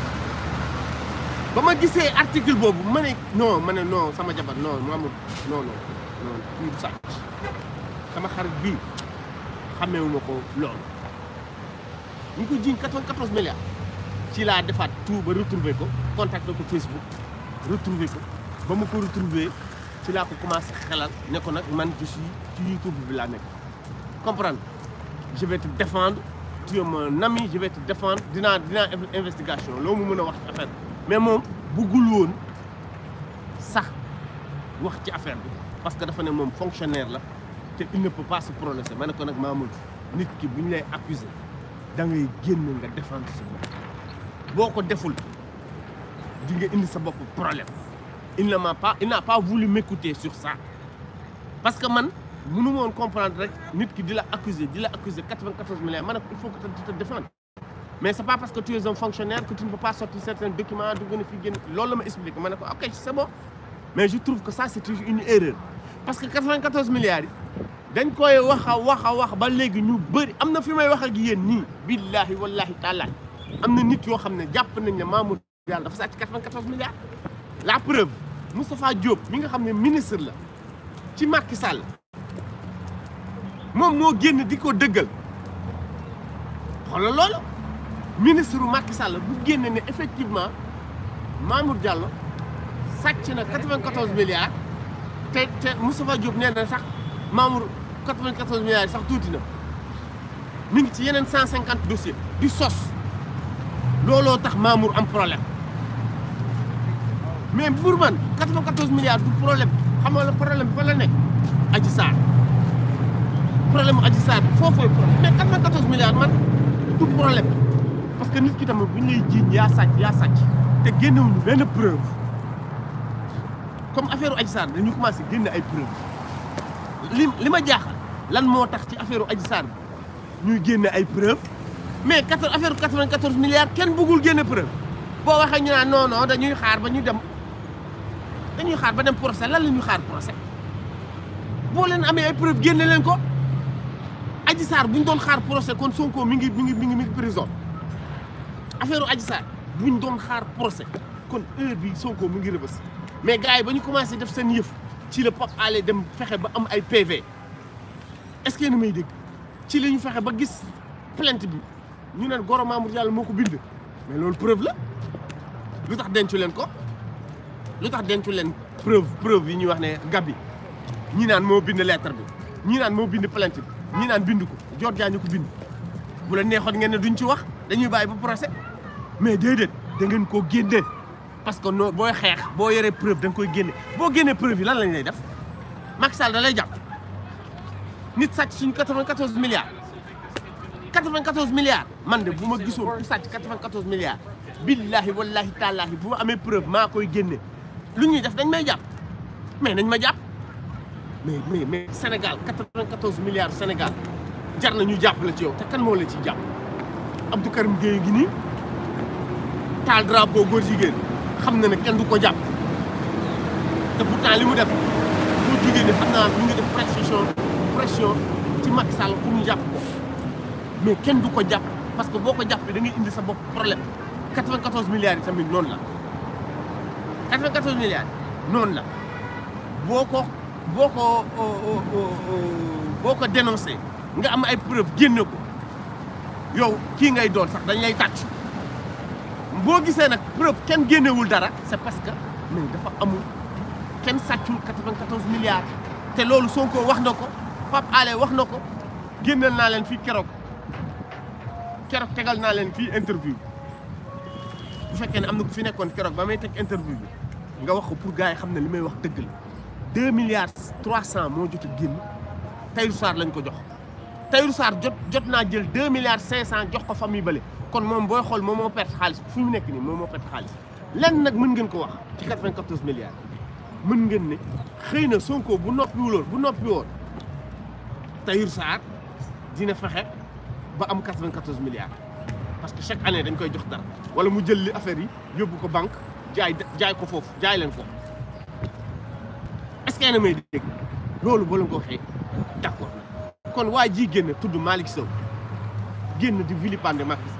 ba ma gisee article boobu ma non ma ne non sama jabar non Mamadou non non non ça du sàcc sama xarit bii xamewuma ko loolu ñu ko jiñ 94 milliards ci laa defaat tout ba retrouver ko contacte ko Facebook retrouver ko ba ma ko retrouver si laa ko commencé xelal ne ko nag man je suis ci YouTube bi la nekk comprendre je vais te défendre tu es mon ami je vais te défendre dina dina investigation loo mu mën wax affaire mais moom buggul woon sax wax ci affaire bi parce que dafa né mon fonctionnaire la te il ne peut pas se prononcer mané ko nak Mamour nit ki buñ lay accuser da ngay génn nga défendre ci bopp boko ko deful di nga indi sa bopp problème il ne m'a pas il n'a pas voulu m'écouter sur ça parce que man nous ma comprendre rek nit ki dila accuser dila accuser quatre millions quatorze il faut que tu te défends mais c'est pas parce que tu es un fonctionnaire que tu ne peux pas sortir certains documents du bénéfice. me explique. Je ok, c'est bon. Mais je trouve que ça, c'est une erreur. Parce que 94 milliards, dañ koy wax a wax a wax ba léegi ñu bëri am na fi may wax ak yéen nii. billahi wallahi taala am na nit yoo xam ne nañ ne Mamour Diallo dafa sàcc 94 milliards. la preuve Moustapha Diop mi nga xam ministre la ci Macky Sall moom moo génn di ko dëggal xoolal ministre Macky Sall bu effectivement Mamour Diallo sàcc na 94 milliards te te Moustapha Diop nee Mamour 94 milliards yi sax tuuti mi ci 150 dossiers du sos lolo tax Mamour am problème mais pour man 94 milliards du problème xam nga problème bi fa la nekk Adji Sarr problème Adji Sarr bi problème mais 94 milliards man du problème parce que nit ki tamit bu ñu lay jiiñ yaa sàcc yaa sàcc te génnewuñu benn preuve comme affaire Adji Sarr dañu commencé génne ay preuve li li ma jaaxal lan moo tax ci affaire Adji Sarr ñuy génne ay preuve mais quatre affaire 94 milliards kenn bëggul génne preuve boo waxee ñu naan non non dañuy xaar ba ñu dem dañuy xaar ba dem procès lan la ñuy xaar procès boo leen amee ay preuve génne leen ko Adji Sarr bu ñu doon xaar procès kon Sonko mi ngi mi ngi mi ngi prison aj Adji Sarr ñu doon xaar procès kon heure bi soo Sonko mu ngi rëbës mais gars yi ba ñu commencé def seen yëf ci la Pape Alé dem fexe ba am ay PV est-ce que yéen may dégg ci la ñu fexe ba gis plainte bi ñu neen Goro Mamour Diallo moo ko bind mais loolu preuve la lu tax dencu leen ko lu tax dencu leen preuve preuve yi ñuy wax ne gab bi ñi naan moo bind lettre bi ñi naan moo bind plainte bi ñi naan bind ko jor jaa ñu ko bind bu la neexoon ngeen ne duñ ci wax dañuy bàyyi ba procès mais déedéet da ko koo génne parce que noo booy xeex boo yoree preuve da nga koy génne boo génnee preuve yi lan lañ lay def Macky Sall da lay jàpp nit sàcc suñu 94 milliards 94 milliards man de bu ma gisoon ku sàcc 94 milliards billahi wallahi taalaahi bu ma amee preuve maa koy génne lu ñuy def dañ may jàpp mais nañ ma jàpp mais mais mais Sénégal 94 milliards Sénégal jar na ñu jàpp la ci yow te kan moo la ciy jàpp Abdou Karim Gueye gi nii. taal drapeau góor jigéen xam na ne kenn du ko jàpp te pourtant li mu def góor jigéen ñi xam naa mu ngi def pression pression ci Macky Sall pour ñu jàpp ko mais kenn du ko jàpp parce que boo ko jàppee da ngay indi sa bopp problème 94 milliards yi tamit noonu la 94 milliards noonu la boo ko boo ko boo ko dénoncé nga am ay preuve génne ko yow kii ngay doon sax dañ lay tàcc. boo gisee nag preuve kenn génnewul dara c' est parce que mais dafa amul kenn sàccul 94 milliards te loolu Sonko wax na ko Pape Alé wax na ko génneel naa leen fii keroog keroog tegal naa leen fii interview bu fekkee ne am na ku fi nekkoon keroog ba may teg interview bi nga wax ko pour gars yi xam ne li may wax dëgg la 2 milliards 300 moo jot a génn Tahirou Sarr lañ ko jox Tahirou Sarr jot jot naa jël 2 milliards 500 jox ko famille Bale. kon moom booy xool moom moo perte xaalis fu mu nekk nii moom moo perte xaalis lenn nag mën ngeen ko wax ci 94 milliards mën ngeen ne xëy na Sonko bu noppiwuloon bu noppi woon Tahir Sarr dina fexe ba am 94 milliards parce que chaque année dañ koy jox dara wala mu jël li affaire yi yóbbu ko banque jaay jaay ko foofu jaay leen ko est-ce que yéen may dégg loolu boo leen ko waxee d'accord kon waa jii génn tudd Malick Sow génn di vilipender Macky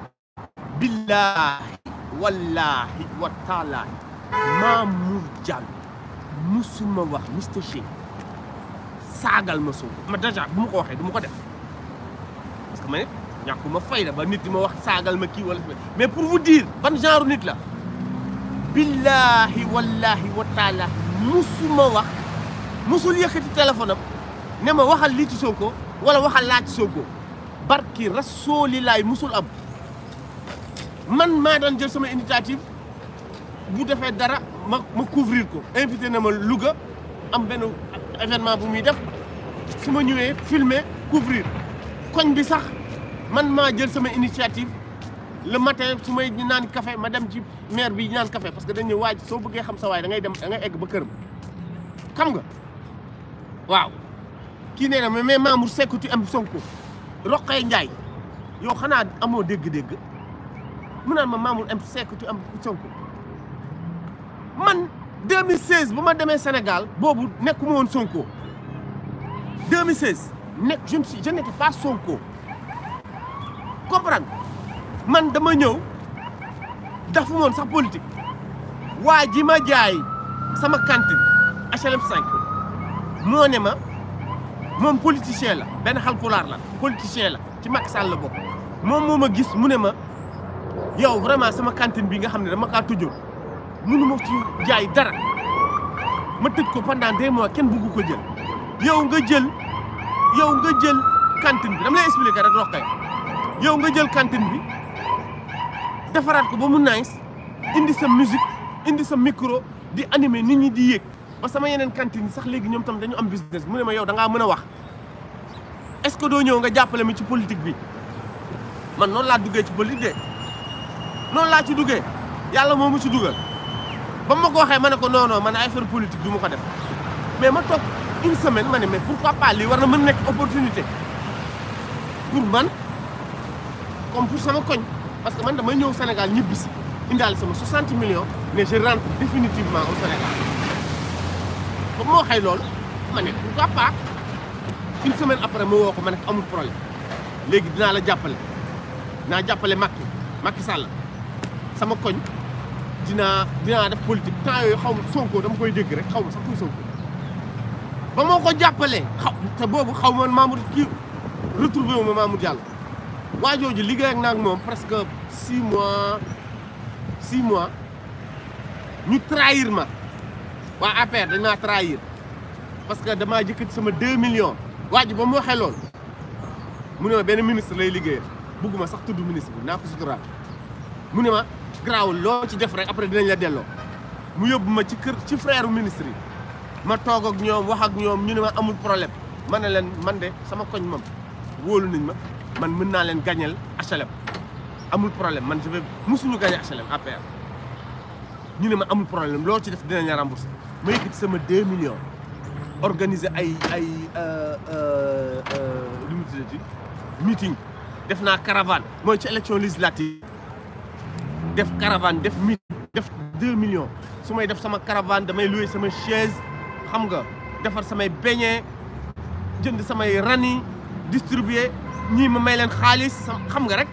billaahi wallaahi wa taalaahi Mamour Diallo musuma wax Mister saagal ma Sonko ma déjà bu ma ko waxee du ma ko def parce ma ne fayda ba nit di ma wax saagal ma kii wala mais pour vous dire ban genre nit la billaahi wallaahi wa taalaahi ma wax musul yëkkati téléphone am ne ma waxal lii sooko Sonko wala waxal laa ci Sonko barki rasulilaay musul am man maa daan jël sama initiative bu defee dara ma ma couvrir ko invité na ma Louga am benn événement bu muy def su ma ñëwee filmer couvrir koñ bi sax man maa jël sama initiative le matin su may naan kafe ma dem ci maire bi naan kafe parce que dañuy waaj soo bëggee xam sa waay da dem da ngay egg ba këram xam nga waaw kii nee na mais Mamour Seck tu am Sonko Roqee Njaay yoo xanaa amoo dégg-dégg mu naan ma Mamour am Seck tu am Sonko man 2016 bu ma demee senegal boobu nekkuma woon Sonko 2016 nekk je ne suis je n'étais pas Sonko man dama ñëw dafa woon sax politique waa ji ma jaay sama cantine HLM 5 moo ne ma moom politicien la benn xalkulaar la politicien la ci Macky Sall la bokk moom moo ma gis mu ne ma. yow vraiment sama cantine bi nga xam ne dama kaa tëjoon mënu ma ci jaay dara ma tëj ko pendant des mois kenn bëggu ko jël yow nga jël yow nga jël cantine bi dama lay expliquer rek rox kay yow nga jël cantine bi defaraat ko ba mu nice indi sa musique indi sa micro di animer nit ñi di yéeg ba sama yeneen cantine sax léegi ñoom tam dañu am business mu ne ma yow da ngaa mën a wax est-ce que doo ñëw nga jàppale mi ci politique bi man noonu laa duggee ci politique de noonu laa ci duggee yàlla moo mu ci dugal ba ma ko waxee ma ne ko noonoo man man affaire politique du ma ko def mais ma toog une semaine ma ne mais pourquoi pas lii war na mën nekk opportunité pour man kom pour sama koñ parce que man damay ñëw Sénégal ñibbi si indaale sama 60 millions mais je rentre définitivement au Sénégal ba moo xëy loolu ma ne pourquoi pas une semaine après ma woo ko ma ne amul problème léegi dinaa la jàppale naa jàppale Macky Macky Sall. sama koñ dinaa dinaa def politique temps yooyu xaw ma Sonko dama koy dégg rek xaw ma sax kuy Sonko ba moo ko jàppalee xaw te boobu xaw ma Mamour kii retrouvé wu ma Mamour Diallo waa jooju liggéey ak naag moom presque six mois six mois ñu trahir ma waa APR dañ maa trahir parce que damaa jëkkati sama deux million waa ji ba mu waxee lool mu ne ma benn ministre lay liggéeyal bugguma sax tudd ministre bi naa ko suturaal mu ne ma garaawul loo ci def rek après dinañ la delloo mu yóbbu ma ci kër ci frère ministre yi ma toog ak ñoom wax ak ñoom ñu ne ma amul problème ma ne leen man de sama koñ moom wóolu nañ ma man mën naa leen gañel HLM amul problème man je musuñu gañe HLM APR ñu ne ma amul problème loo ci def dinañ la rembourser ma yëkkati sama 2 million organiser ay ay euh, euh, euh, lu mu tuddati meeting def naa caravane mooy ci élection législative def caravane def mi def deux millions su may def sama caravane damay louer sama chaise xam nga defar samay beñee jënd samay rani distribuer ñii ma may leen xaalis xam nga rek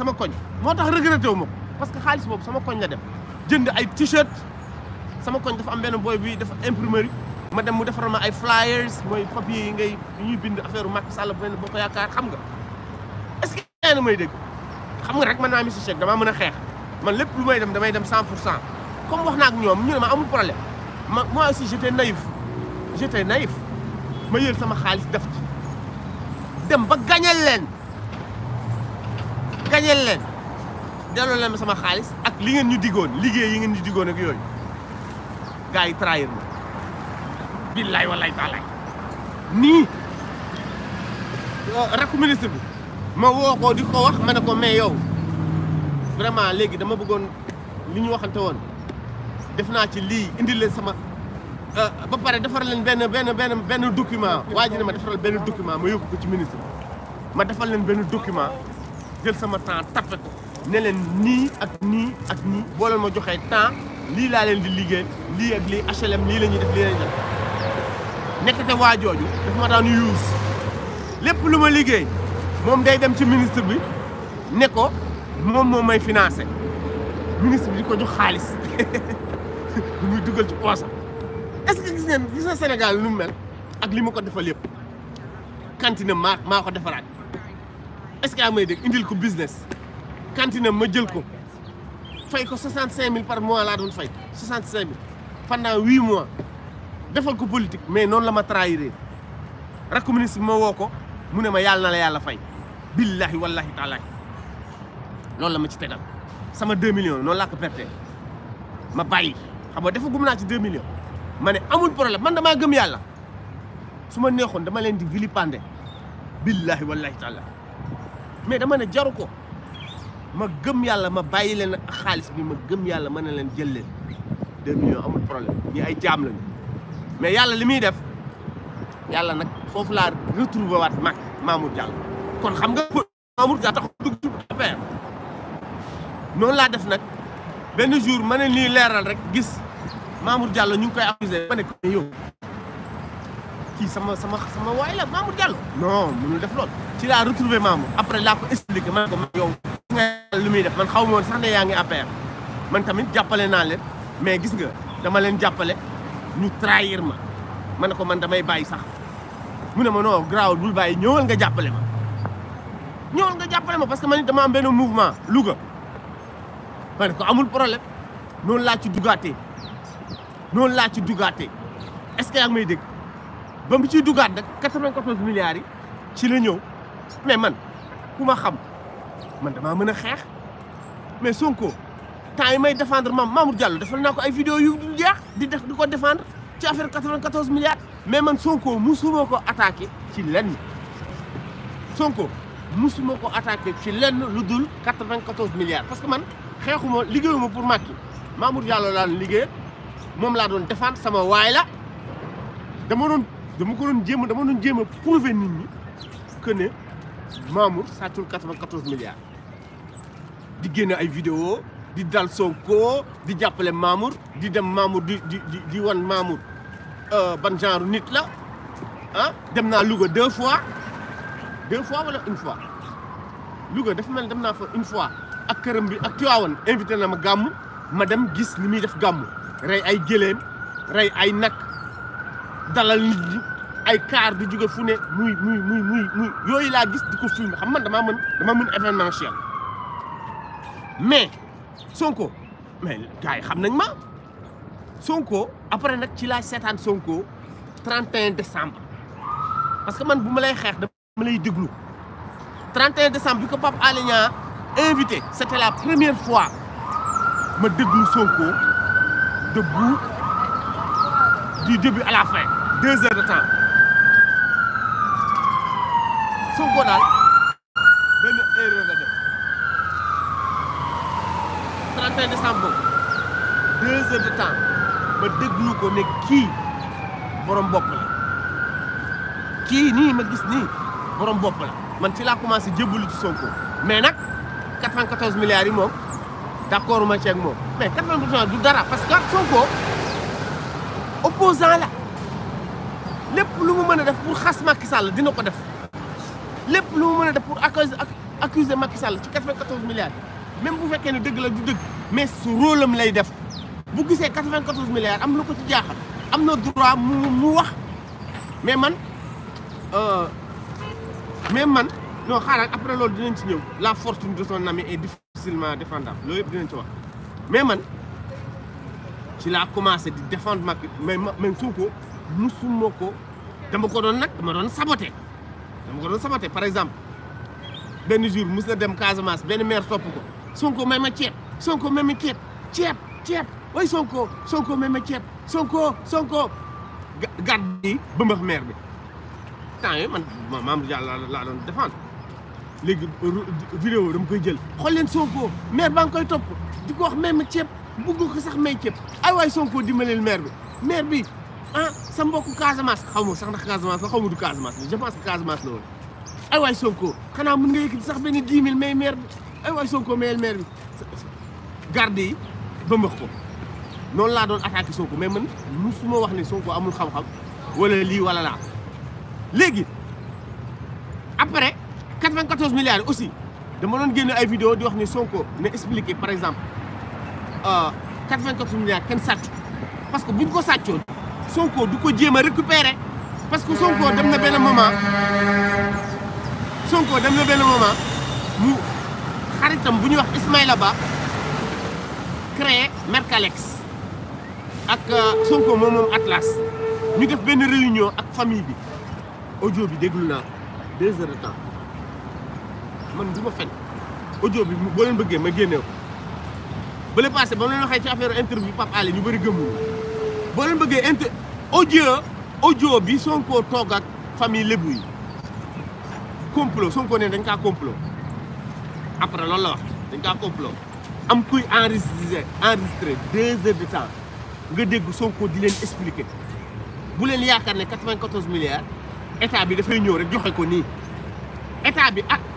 sama koñ moo tax regretté wu ma parce que xaalis boobu sama koñ la dem jënd ay t-shirt sama koñ dafa am benn booy bi dafa imprimerie ma dem mu defaral ma ay flyers mooy papier yi ngay ñuy bind affaire Macky Sall bu mel boo ko yaakaar xam nga est-ce que yaa may dégg xam nga rek man naa Mister Shake damaa mën a xeex man lépp lu may dem damay dem 100 pour cent comme wax naa ak ñoom ñu ne ma amul problème ma moi si j'étais naïf j'étais naïf ma yël sama xaalis def ci dem ba gañal leen gañal leen delloo leen sama xaalis ak li ngeen ñu diggoon liggéey yi ngeen ñu diggoon ak yooyu gars yi trahir ma billaay wallaay taalaay nii rakku ministre bi ma woo ko di ko wax ma ne ko mais yow vraiment léegi dama bëggoon li ñu waxante woon def naa ci lii indi leen sama euh, ba pare defaral leen benn benn benn benn document waa ji ne ma defaral benn document ma yóbbu ko ci ministre ma defal leen benn document jël sama temps tapé ne leen nii ak nii ak nii boole leen ma joxee temps lii laa leen di liggéey lii ak lii HLM lii la ñuy def lii la ñuy def nekkate waa jooju ma daan use lépp lu ma liggéey moom day dem ci ministre bi ne ko moom moom may financé ministre bi di ko jox xaalis (laughs) muy dugal ci poosam est-ce que gis ngeen gis nga Sénégal lu mu mel ak li ma ko defal yëpp cantine maa maa ko defaraat est-ce que yaa may dégg indil ko business cantine ma jël ko fay ko 65000 par mois laa doon fay 65000 pendant 8 mois defal ko politique mais noonu la ma trahiré rakk ministre bi ma woo ko mu ne ma yàlla na la yàlla fay billahi wallahi taalahi loolu la ma ci tegal sama 2 millions noonu laa ko perte ma bàyyi xam nga dafa gum naa ci 2 millions ma ne amul problème man damaa gëm yàlla su ma neexoon dama leen di vilipender billahi wallahi taala mais dama ne jaru ko ma gëm yàlla ma bàyyi leen xaalis bi ma gëm yàlla ma ne leen jël leen 2 millions amul problème ñi ay jaam lañu mais yàlla li muy def yàlla nag foofu laa retrouver waat mag Mamour Diallo kon xam nga Mamour Diallo tax dugg ci affaire noonu laa def nag benn jour ma ne nii leeral rek gis Mamour Diallo ñu ngi koy accusé ma ne ko yow kii sama sama sama waay la Mamour Diallo non mënul def loolu ci laa retrouvé Mamour après laa ko expliqué ne ko man yow gis muy def man xaw ma woon sax ngi APR man tamit jàppale naa leen mais gis nga dama leen jàppale ñu trahir ma ma ne ko man damay bàyyi sax mu ne ma noo garaawul bul bàyyi ñëwal nga jàppale ma ñëwal nga jàppale ma parce que man it dama benn mouvement Louga man ko amul problème noonu laa ci dugaatee noonu laa ci dugaatee est-ce que yaa ngi may dégg ba mu ciy dugaat nag 94 milliards yi ci la ñëw mais man ku ma xam man damaa mën a xeex mais Sonko temps yi may défendre maam Mamour jàll defal naa ko ay vidéo yu du jeex di def di ko défendre ci affaire 94 milliards. mais man Sonko musuma ko attaqué ci lenn Sonko musuma ko attaqué ci lenn lu dul 94 milliards parce que man. xeexuma liggéeyuma pour Macky Mamour Diallo laa doon liggéey moom laa doon defaan sama waay la dama doon dama ko doon jéem dama doon jéem a prouver nit ñi que ne Mamour sàccul 94 milliards di génne ay vidéo di dal ko di jàppale Mamour di dem Mamour di di di wan Mamour euh, ban genre nit la ah dem naa Louga deux fois deux fois wala une fois Louga dafa mel dem naa une fois ak kërëm bi ak Tiwaawan invité na ma ma dem gis limi def Ray ray ay gëléem Ray ay nak, dalal nit ñi ay car di jóge fu muy muy muy muy muy yoy la gis di film xam man dama mën dama mën événementiel mais Sonko mais Songko, xam nañ ma Sonko après nak ci la sétane Sonko 31 décembre parce que man buma lay xex dama lay 31 décembre bi ko invité c'était la première fois ma déglu Sonko debout du début à la fin deux heures de temps Sonko daal Ben erreur la def 31 décembre deux heures de temps ma déglu ko ne kii borom bopp la kii nii ma gis nii borom bopp la man commencé jébbalu Sonko mais 94 milliards mom D'accord, ma ci ak mom mais 94 du dara parce que Sonko opposant la lepp lu mu mën def pour khas Macky Sall dina ko def lepp lu mu mën def pour accuser accuser Macky Sall ci 94 milliards même bu fekkee ne dëgg la du mais su rôle am lay def bu gisee 94 milliards am lu ko ci jaaxal am na droit mu wax mais man euh, mais man non xaaral après loolu de ci la force de son ami est difficilement défendable loolu yëpp dinañ ci wax mais man ci laa commencé di défendre Macky mais man Sonko musuma moko. dama ko doon nag dama doon saboté dama ko doon saboté par exemple ben jour mus na dem Casamance ben mère topp ko Sonko même chip Sonko même chip chip chip ceeb way Sonko Sonko même chip Sonko Sonko gàdd yi mère. maire bi temps yooyu man maam Diallo la doon défendre léegi vidéo dama koy jël xool leen Sonko maire baa ngi koy topp di ko wax même ceeb bugg ko sax may ceeb ay waay Sonko dimbaleel maire bi maire bi ah sa mbokku Casamance xaw ma sax ndax Casamance la xaw ma du Casamance la je pense que Casamance la woon ay waay Sonko xanaa mën nga yëkkati sax benn dix mille may maire bi ay waay Sonko mayel maire bi garde yi ba mbax ko noonu laa doon attaqué Sonko mais man musuma wax ne Sonko amul xam-xam wala lii wala laa léegi après 94 milliards aussi dama doon vous ay vidéo di wax ne Sonko par exemple 94 euh, milliards ça fait? parce que buñ ko sàccoon Sonko du ko jéem récupérer parce que Sonko corps, dans le moment Sonko dem na moment mu xaritam avons wax Ismaïla créé Mercalex Et euh, Sonko corps, mon Atlas avons fait une réunion la famille Aujourd'hui, audio bi déglu deux heures de temps man du ma audio bi bo len beugé ma génné ko bële passé ba mu leen waxee ci affaire interview pap ali ñu bari gëmmuñu boo leen beugé inter audio audio bi Sonko tok ak famille lébu yi complot Sonko né dañ ka complot après loolu la wax dañ ka complot am kuy enregistré enregistré deux heures de temps nga dégg Sonko di leen expliquer bu len yaakar né 94 milliards état bi da fay ñëw rek joxé ko ni état bi ak ah,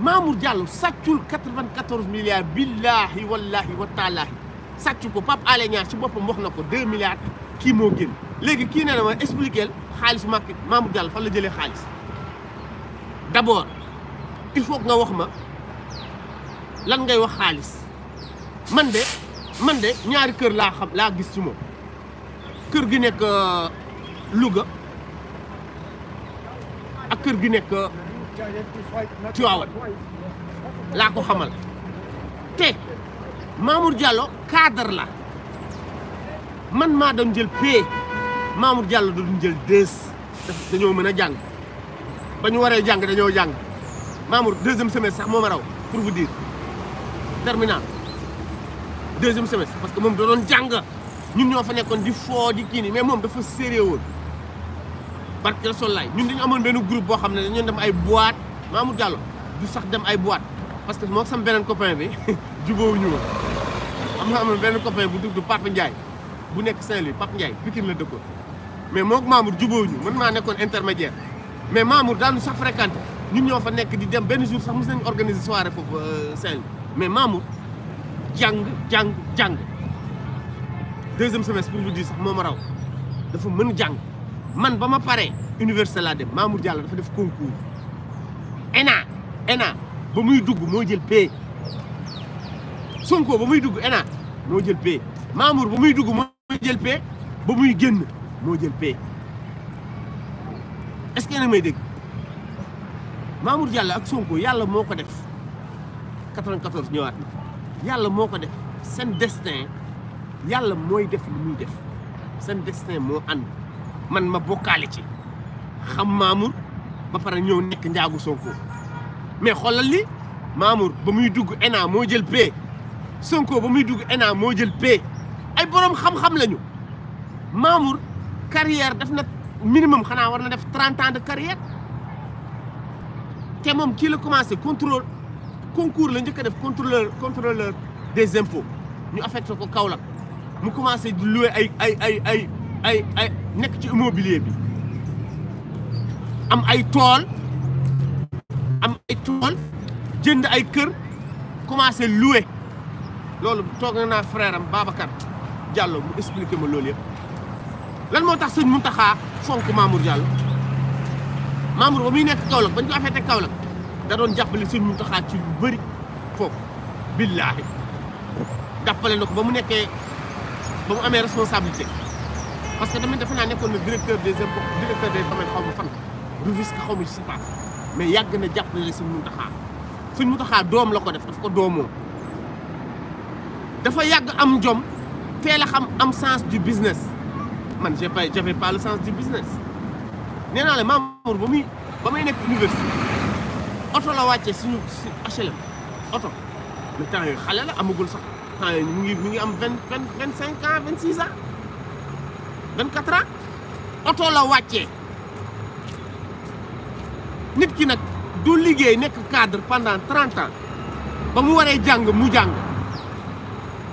Mamour Diallo sàccul 94 milliards billahi wallahi wa taalaahi sàccu ko Pape Alé Niang ci boppam wax na ko 2 milliards kii moo génn léegi kii nee na ma expliqué xaalis Macky Mamour Diallo fan la jëlee xaalis d' abord il faut nga wax ma lan ngay wax xaalis man de man de ñaari kër laa xam laa gis si moom kër gi nekk euh, Louga a kër gi nekk. Tiwaawan laa ko xamal te Mamour Diallo cadre la man maa doon jël P Mamour Diallo doon jël deux dañoo mën a jàng ba ñu waree jàng dañoo jàng Mamour deuxième semestre sax moo ma raw pour vous dire terminal deuxième semestre parce que moom da doon jàng ñun ñoo fa nekkoon di foo di kii mais moom dafa sérieux woon barke Rasul laay ñun dañu amoon benn groupe boo xam ne dañu dem ay boîte Mamour Diallo du sax dem ay boîte parce que moo sam beneen copain bi (laughs) jubóowuñu woon am na amoon benn copain bu tudd Papa Ndiaye bu nekk Saint-Louis Papa Ndiaye Pikine la dëkkoon mais moom Mamour jubóowuñu man naa nekkoon intermédiaire mais Mamour daanu sax fréquenté ñun ñoo fa nekk di dem benn jour sax mos nañu organiser soirée foofu euh, Saint-Louis mais Mamour jàng jàng jàng deuxième semestre pour vous dire sax moo ma raw dafa mën jàng. man ba ma pare université laa dem Mamour jàll dafa def concours ENA ENA ba muy dugg moo jël P Sonko ba muy dugg enaa moo jël P Mamour ba muy dugg moo jël P ba muy génn moo jël P est-ce may dégg Mamour jàll ak Sonko yàlla moo ko def 94 ñëwaat yàlla moo ko def seen destin yàlla mooy def lu muy def seen destin moo an man ma bokkaale ci xam Mamour ba pare ñëw nekk njaagu Sonko mais xoolal li Mamour ba muy dugg ENA moo jël P Sonko ba muy dugg ENA moo jël P ay boroom xam-xam lañu Mamour carrière def na minimum xanaa war na def trente ans de carrière te moom kii la commencé contrôle concours la njëkk a def contrôleur contrôleur des impôts ñu affecté ko Kaolack mu commencé di loué ay ay ay ay. ay ay nekk ci immobilier bi am ay tool am ay tool jënd ay kër commencé louer loolu toog na naa frère am Babacar mu expliqué ma loolu yëpp lan moo tax sëñ Mountakha fonk Mamour Diallo Mamour ba muy nekk Kaolack bañ ko affecté Kaolack da doon jàppale sëñ Mountakha ci lu bëri foofu billaahi jàppale na ko ba mu nekkee ba mu amee responsabilité parce que tamit defe naa nekkoon na directeur des impôts directeur des domaines xaw ma fan du risque xaw ma je sais pas mais yàgg na jàppale suñ Mountakha suñ Mountakha doom la ko def daf ko doomoo dafa yàgg am jom teel a xam am sens du business man j'ai pas j'avais pas le sens du business nee naa la Mamour ba muy ba may nekk université oto la wàccee suñu HLM oto le temps yooyu xale la amagul sax temps yooyu mu ngi mu ngi am vingt vingt vingt cinq ans vingt six ans 24 ans oto la wàcce nit ki nag du liggéey nekk cadre pendant 30 ans ba mu waree jàng mu jàng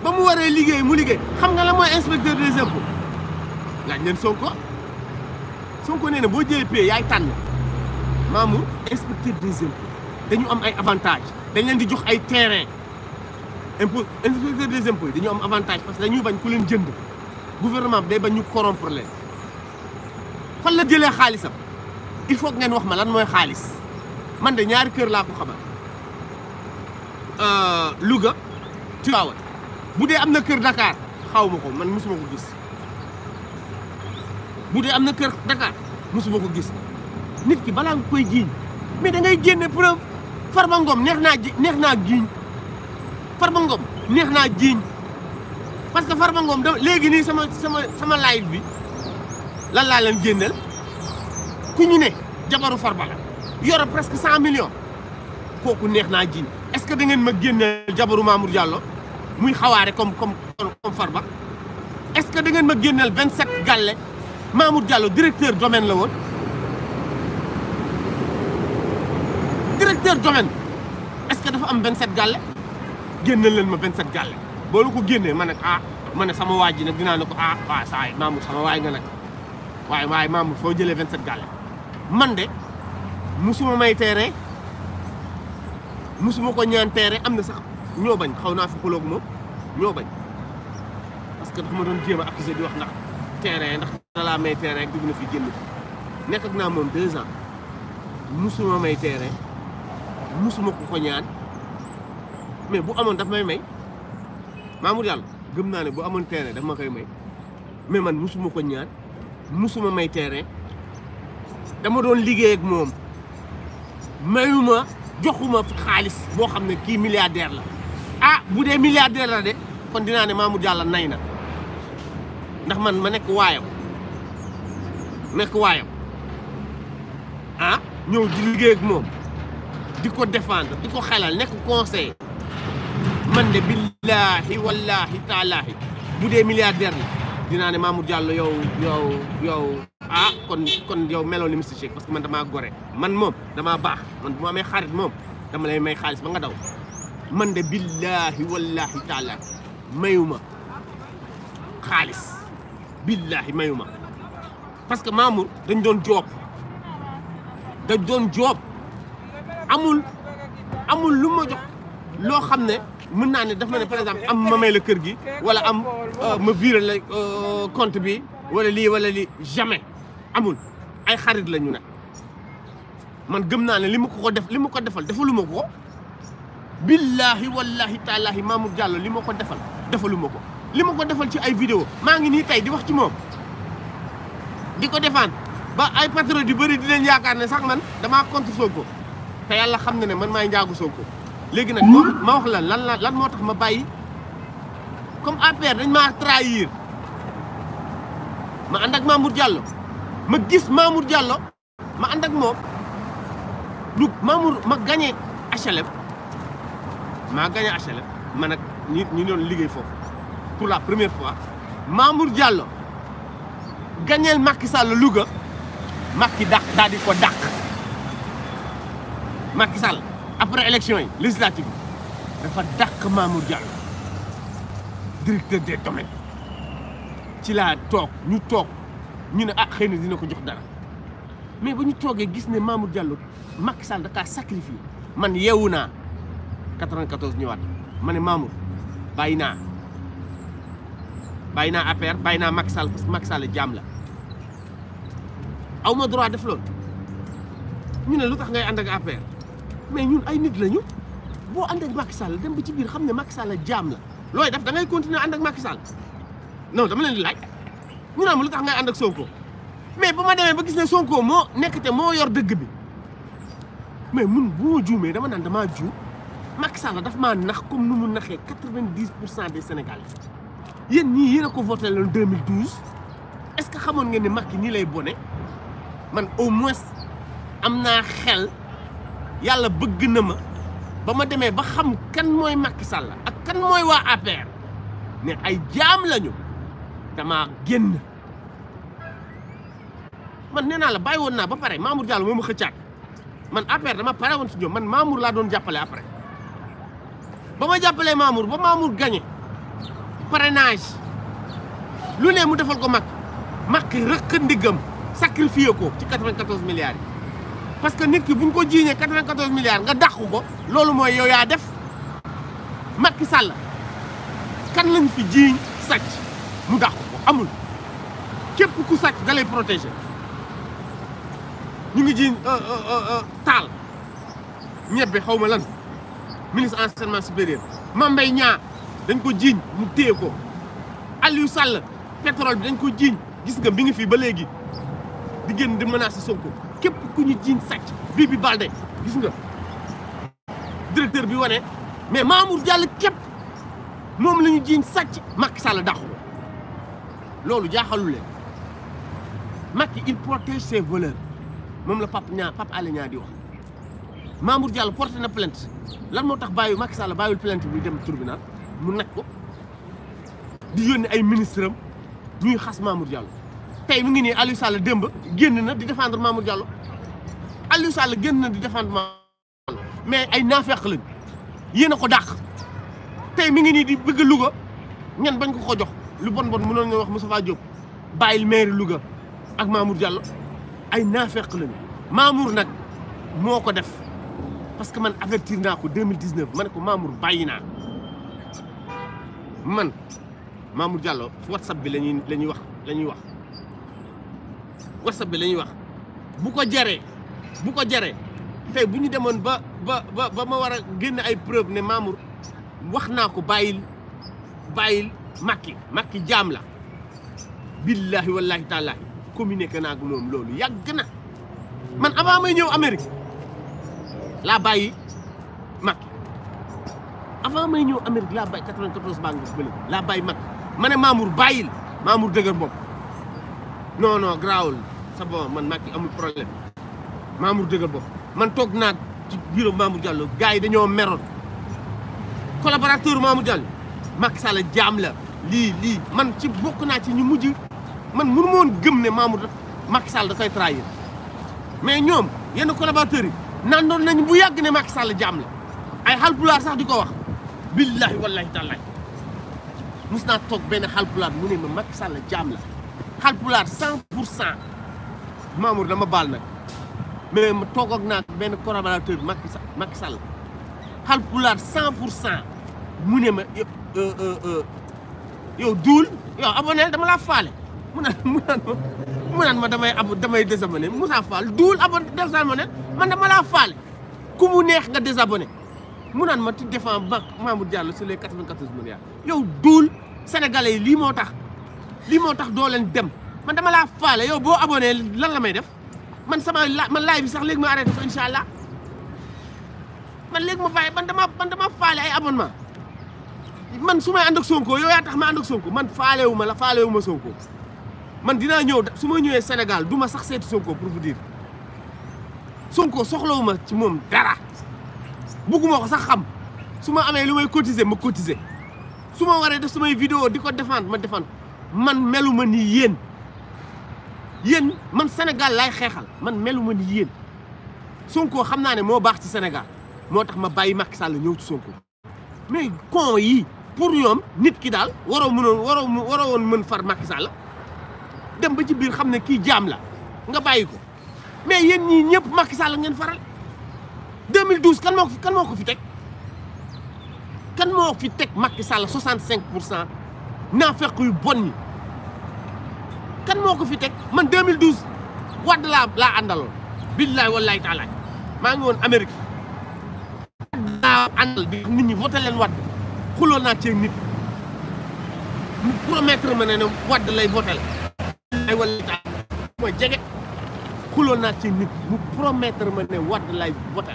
ba mu waree liggéey mu liggéey xam nga la mooy inspecteur des impôts laaj leen ko Sonko nee na boo jëlee pay yaay tànn Mamour inspecteur des impôts dañu am ay avantages dañ leen di jox ay terrain impôt inspecteur des impôts dañu am avantage parce que dañuy bañ ku leen jënd. gouvernement bi day ba ñu corrompre leen fan la jëlee xaalisam il faut ngeen wax ma lan mooy xaalis man de ñaari kër laa ko xamal euh, Louga Tivaouane bu dee am na kër dakaar xaw ma ko man mosuma ko gis bu dee am na kër Dakar mosuma ko gis nit ki balaa nga koy jiiñ mais dangay ngay génne far Farba Ngom neex naa neex naa jiiñ Farba Ngom neex naa jiiñ parce que Farba Ngom da léegi nii sama sama sama live bi lan laa leen génneel ku ñu ne jabaru Farba la yoro presque cent millions kooku neex naa jiin est-ce que da ngeen ma génneel jabaru Mamour jàllo muy xawaare comme comme comme Farba est-ce que da ngeen ma génneel vingt sept gàlle Mamour Diallo directeur domaine la woon directeur domaine est-ce que dafa am vingt sept gàlle génneel leen ma vingt sept gàlle boo lu ko génnee ma nag ah ma ne sama waay ji nag dinaa ne ko ah waaw saa yi sama waay nga nag waaye waaye Mamour foo jëlee 27 gàlle man de musuma may teere musuma ko ñaan am na sax ñoo bañ xaw naa fi xuloog moom bañ parce que dafa ma doon jéem a di wax ndax teere ndax dalaa may dugg na fi génn nekk ak naa moom deux ans musuma may ko ñaan mais bu amoon daf may may Mamour Diallo gëm naa ne bu amoon terrain daf ma koy may mais man musuma ko ñaan musuma may tere dama doon liggéey ak moom mayuma joxuma xaalis boo xam ne kii milliardaire la ah bu dee milliardaire la de kon dinaa ne Mamour Diallo nay na ndax man ma nekk waayam nekk waayam ah ñëw di liggéey ak moom di ko défendre di ko xelal nekk conseil man de billaahi wallaahi taalaahi bu dee milliardaire dinaa ne Mamour jàll yow yow yow ah kon kon yow meloo ni parce que man damaa gore man moom damaa baax man bu amee xarit moom dama lay may xaalis ba nga daw man de billaahi wallaahi taalaahi mayuma xaalis billaahi mayuma parce que Mamour dañ doon joob dañ doon joob amul amul lu ma loo xam ne mën naa ne daf ma ne par exemple am ma may la kër gi wala am euh, ma viré la euh, compte bi wala lii wala li jamais amul ay xarit la ñu ne man gëm naa ne li ma ko ko def li ma ko defal defaluma ko billaahi wallaahi taalaahi Mamour Diallo li ma ko defal defaluma ko li ma ko defal ci ay vidéo maa ngi nii tey di wax ci moom di ko defaan ba ay patriotes yu bëri di leen yaakaar ne sax man damaa contre ko te yàlla xam na ne man maay njaagu ko léegi nag ma wax la lan lan motax ma bayyi comme APR dañ ma trahir ma and ak Mamour Diallo ma gis Mamour Diallo ma and ak mom lu Mamour ma gagné HLM ma gagné HLM ma nak ñi ñu doon liggéey fofu pour la première fois Mamour Diallo gagneel Macky Sall Louga Macky dak dal di ko dak Macky Sall. après élection yi législative bi dafa dàq Mamour Diallo directeur des domaines ci laa toog ñu toog ñu ne ah xëy na dina ko jox dara mais ba ñu toogee gis ne Mamour Diallo Macky Sall da kaa sacrifié man yeewu naa 94 ñëwaat ma ne Mamour bàyyi naa bàyyi naa APR bàyyi naa Macky Sall parce Sall jaam la aw ma droit def loolu ñu ne lu tax ngay ànd ak APR. mais ñun ay nit lañu boo ànd ak Macky Sall dem ba ci biir xam ne Macky Sall jaam la looy def da ngay continuer ànd ak Macky Sall non dama leen di laaj ñu naan ma lu tax ngay ànd ak Sonko mais ba ma demee ba gis ne Sonko moo nekk moo yor dëgg bi mais mun boo ma juumee dama naan damaa juum Macky Sall daf ma nax comme nu mu naxee quatre-vingt-dix pour cent des yéen ñii yéen a ko voté loon 2012 est-ce que xamoon ngeen ne Macky nii lay bone man au moins am naa xel. yalla bëgg na ma ba ma demee ba xam kan moy Macky Sall ak kan moy wa APR né ay jaam lañu dama génn man néna la bay won na ba paré Mamour Diallo moma xëccat man APR dama paré won ci ñoom man Mamour la doon jappalé après ba ma jàppalee Mamour ba Mamour gagné parrainage lu né mu défal ko mag Macky rek ndigam sacrifier ko ci 94 milliards parce que nit ki buñ ko jiiñee 94 milliards nga dakhou ko loolu moy yow ya def Macky Sall kan lañ fi jiiñ sacc mu dakhou ko amul képp ku sacc da lay protéger ñu ngi euh, euh, euh, euh tal ñebbe xawma lan ministre enseignement supérieur mambay Mbaye dañ ko jiiñ mu téé ko Aliou Sall pétrole bi dañ ko jiiñ gis nga bi ngi fi ba légui di génn di menacer Sonko képp ku ñu jiiñ sàcc bii bi Balde gis nga directeur bi wane mais Mamour Diallo képp moom la ñu jiiñ sàcc Macky Sall dàqu loolu jaaxalu leen Macky il protège ses voleurs moom la Pape Niang Pape Alé Niang di wax Mamour Diallo porté na plainte lan moo tax bàyyi Macky Sall bàyyiwul plainte bi dem tribunal mu nag ko di yónni ay ministre am ñuy xas Mamour Diallo tay mu ngi ni Aliou Sall demb genn na di défendre Mamour Diallo Aliou Sall genn na di défendre Mamour Diallo mais ay nafaq lañ yéen ko dàq tay mi ngi ni di bëgg Louga ñen bañ ko ko jox lu bon bon mënon nga wax Moustapha Diop bayil maire Louga ak Mamour Diallo ay nafaq lañ Mamour nak moko def parce que man avertir naa 2019 man ko Mamour bayina man Mamour Diallo WhatsApp bi lañuy lañuy wax lañuy wax. wasab bi la wax bu ko jaree bu ko jaree tey bu ñu demoon ba ba ba ma war génn ay preuve ne Mamour wax naa ko bàyyil bàyyil Macky Macky jaam la billahi wallahi taalaahi communiqué naa ak moom loolu yàgg na man avant may ñëw Amérique laa bàyyi Macky avant ma ñëw Amérique laa bàyyi 94 baa ngi bële laa bàyyi Macky ma ne Mamour bàyyil Mamour dëgër bopp non non grawul sa bon man Macky amul problème Mamour deugal bopp man tok naag ci biro Mamour Diallo gaay yi dañoo meroon collaborateur Mamour Diallo Macky sala jaam la li li man ci bokku na ci ñu mujju man mënu ma gëm ne Mamour Macky sala da koy trahir mais ñom yenn collaborateur yi naan nañ bu yag ne Macky sala jaam la ay halpular sax diko wax billahi wallahi tallahi musna tok ben halpular mune ma Macky sala jaam la 100% Je pour Mamour mais je suis ak naa Je collaborateur Macky Sall Macky Sall yo euh, ne ma yow un yow abonné dama laa faale Je ne mu pas ma ma je damay désabonné Moussa Fall duul abonné désabonné man dama neex désabonné ma Diallo sur les 94 milliards yow Doul, sénégalais lii moo tax doo leen dem man dama laa faale yow boo abonné lan la may def man sama la man live bi sax léegi ma arrêté ko incha allah man léegi ma bàyyi man dama man dama faale ay abonnement man su may ànd ak Sonko yow yaa tax ma ànd ak Sonko man faale ma la faale wu ma Sonko man dinaa ñëw su ma ñëwee Sénégal du ma sax seeti Sonko pour vous Sonko soxlawu ma ci moom dara bugguma ko sax xam su ma amee lu may cotiser ma cotiser su ma waree def may video di ko défendre ma défendre. man meluma ni yeen yeen man senegal lay xexal man meluma ni yeen Sonko xamna ne mo bax ci senegal motax ma baye mark Sall ñew ci Sonko mais con yi pour ñom nit ki dal waro mënoon waro waro won mën far mark Sall dem ba ci bir xamne ki jam la nga bàyyi ko mais yeen ñi ñepp mark Sall ngeen faral 2012 kan moko kan moko fi tek kan moo fi tek mark Sall 65 naafeq yu bon yi kan moo ko fi teg man 2012 Wade laa laa àndaloon billaay wallaay taalaay maa ngi woon Amérique laa àndal bi nit ñi voté leen Wade xuloo naa cee nit mu ma ne lay voté billaay wallaay taalaay mooy naa cee nit mu promettre ma ne Wade lay voté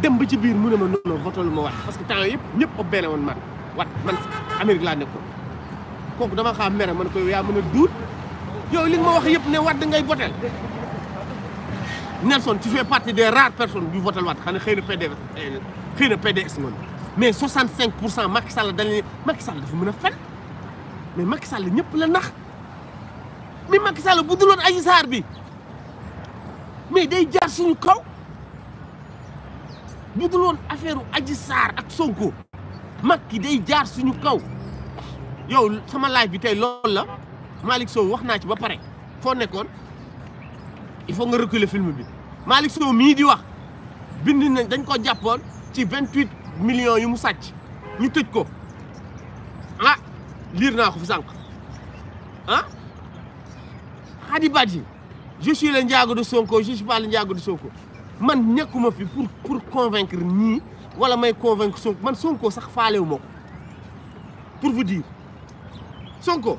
dem ba ci biir mu ne ma noonu voté lu ma Wade parce que temps yëpp ñëpp a benn woon man Wade man Amérique laa nekkoon kooku dama xaam mere man koy yaa mën a duut yow li nga ma wax yëpp ne Wade ngay votel Nelson tu fais partie des rares personnes yu votel Wade xanaa xëy na PDS xëy na PDS moom mais 65 pour cent Macky Sall dañuy Macky Sall dafa mën a fen mais Macky Sall ñëpp la nax mais Macky Sall bu duloon Adji saar bi mais day jaar suñu kaw bu duloon affaire Adji Sarr ak Sonko Macky day jaar suñu kaw. Yo, sama live bi tay lol la malik Sow wax naa ci ba paré fo nekkoon il faut nga reculer film bi malik Sow mi di wax bind nañ dañ ko jàppoon ci 28 millions yu mu sàcc ñu tëj ko ah lire naa ko fi sànq ah hadi Badji je suis le Ndiago de Sonko je suis pas le Ndiago de Sonko man nekkuma fi pour pour convaincre ni wala may convaincre Sonko man Sonko sax faalewu ma pour vous dire Sonko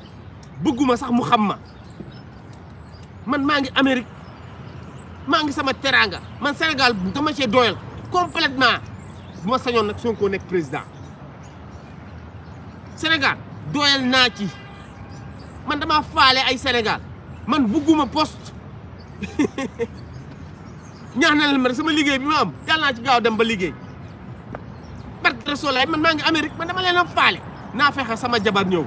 bëgguma sax mu xam ma man maangi amerique maangi sama teranga man senegal dama ci doyal complètement buma ma nak Sonko nek président senegal doyal na ci man dama faalé ay senegal man bëgguma poste (laughs) ñaanal ma sama liggéey bi ma am yàlla ci gaaw dem ba liggéey barke man maangi amerique man dama leen sama jabar ñew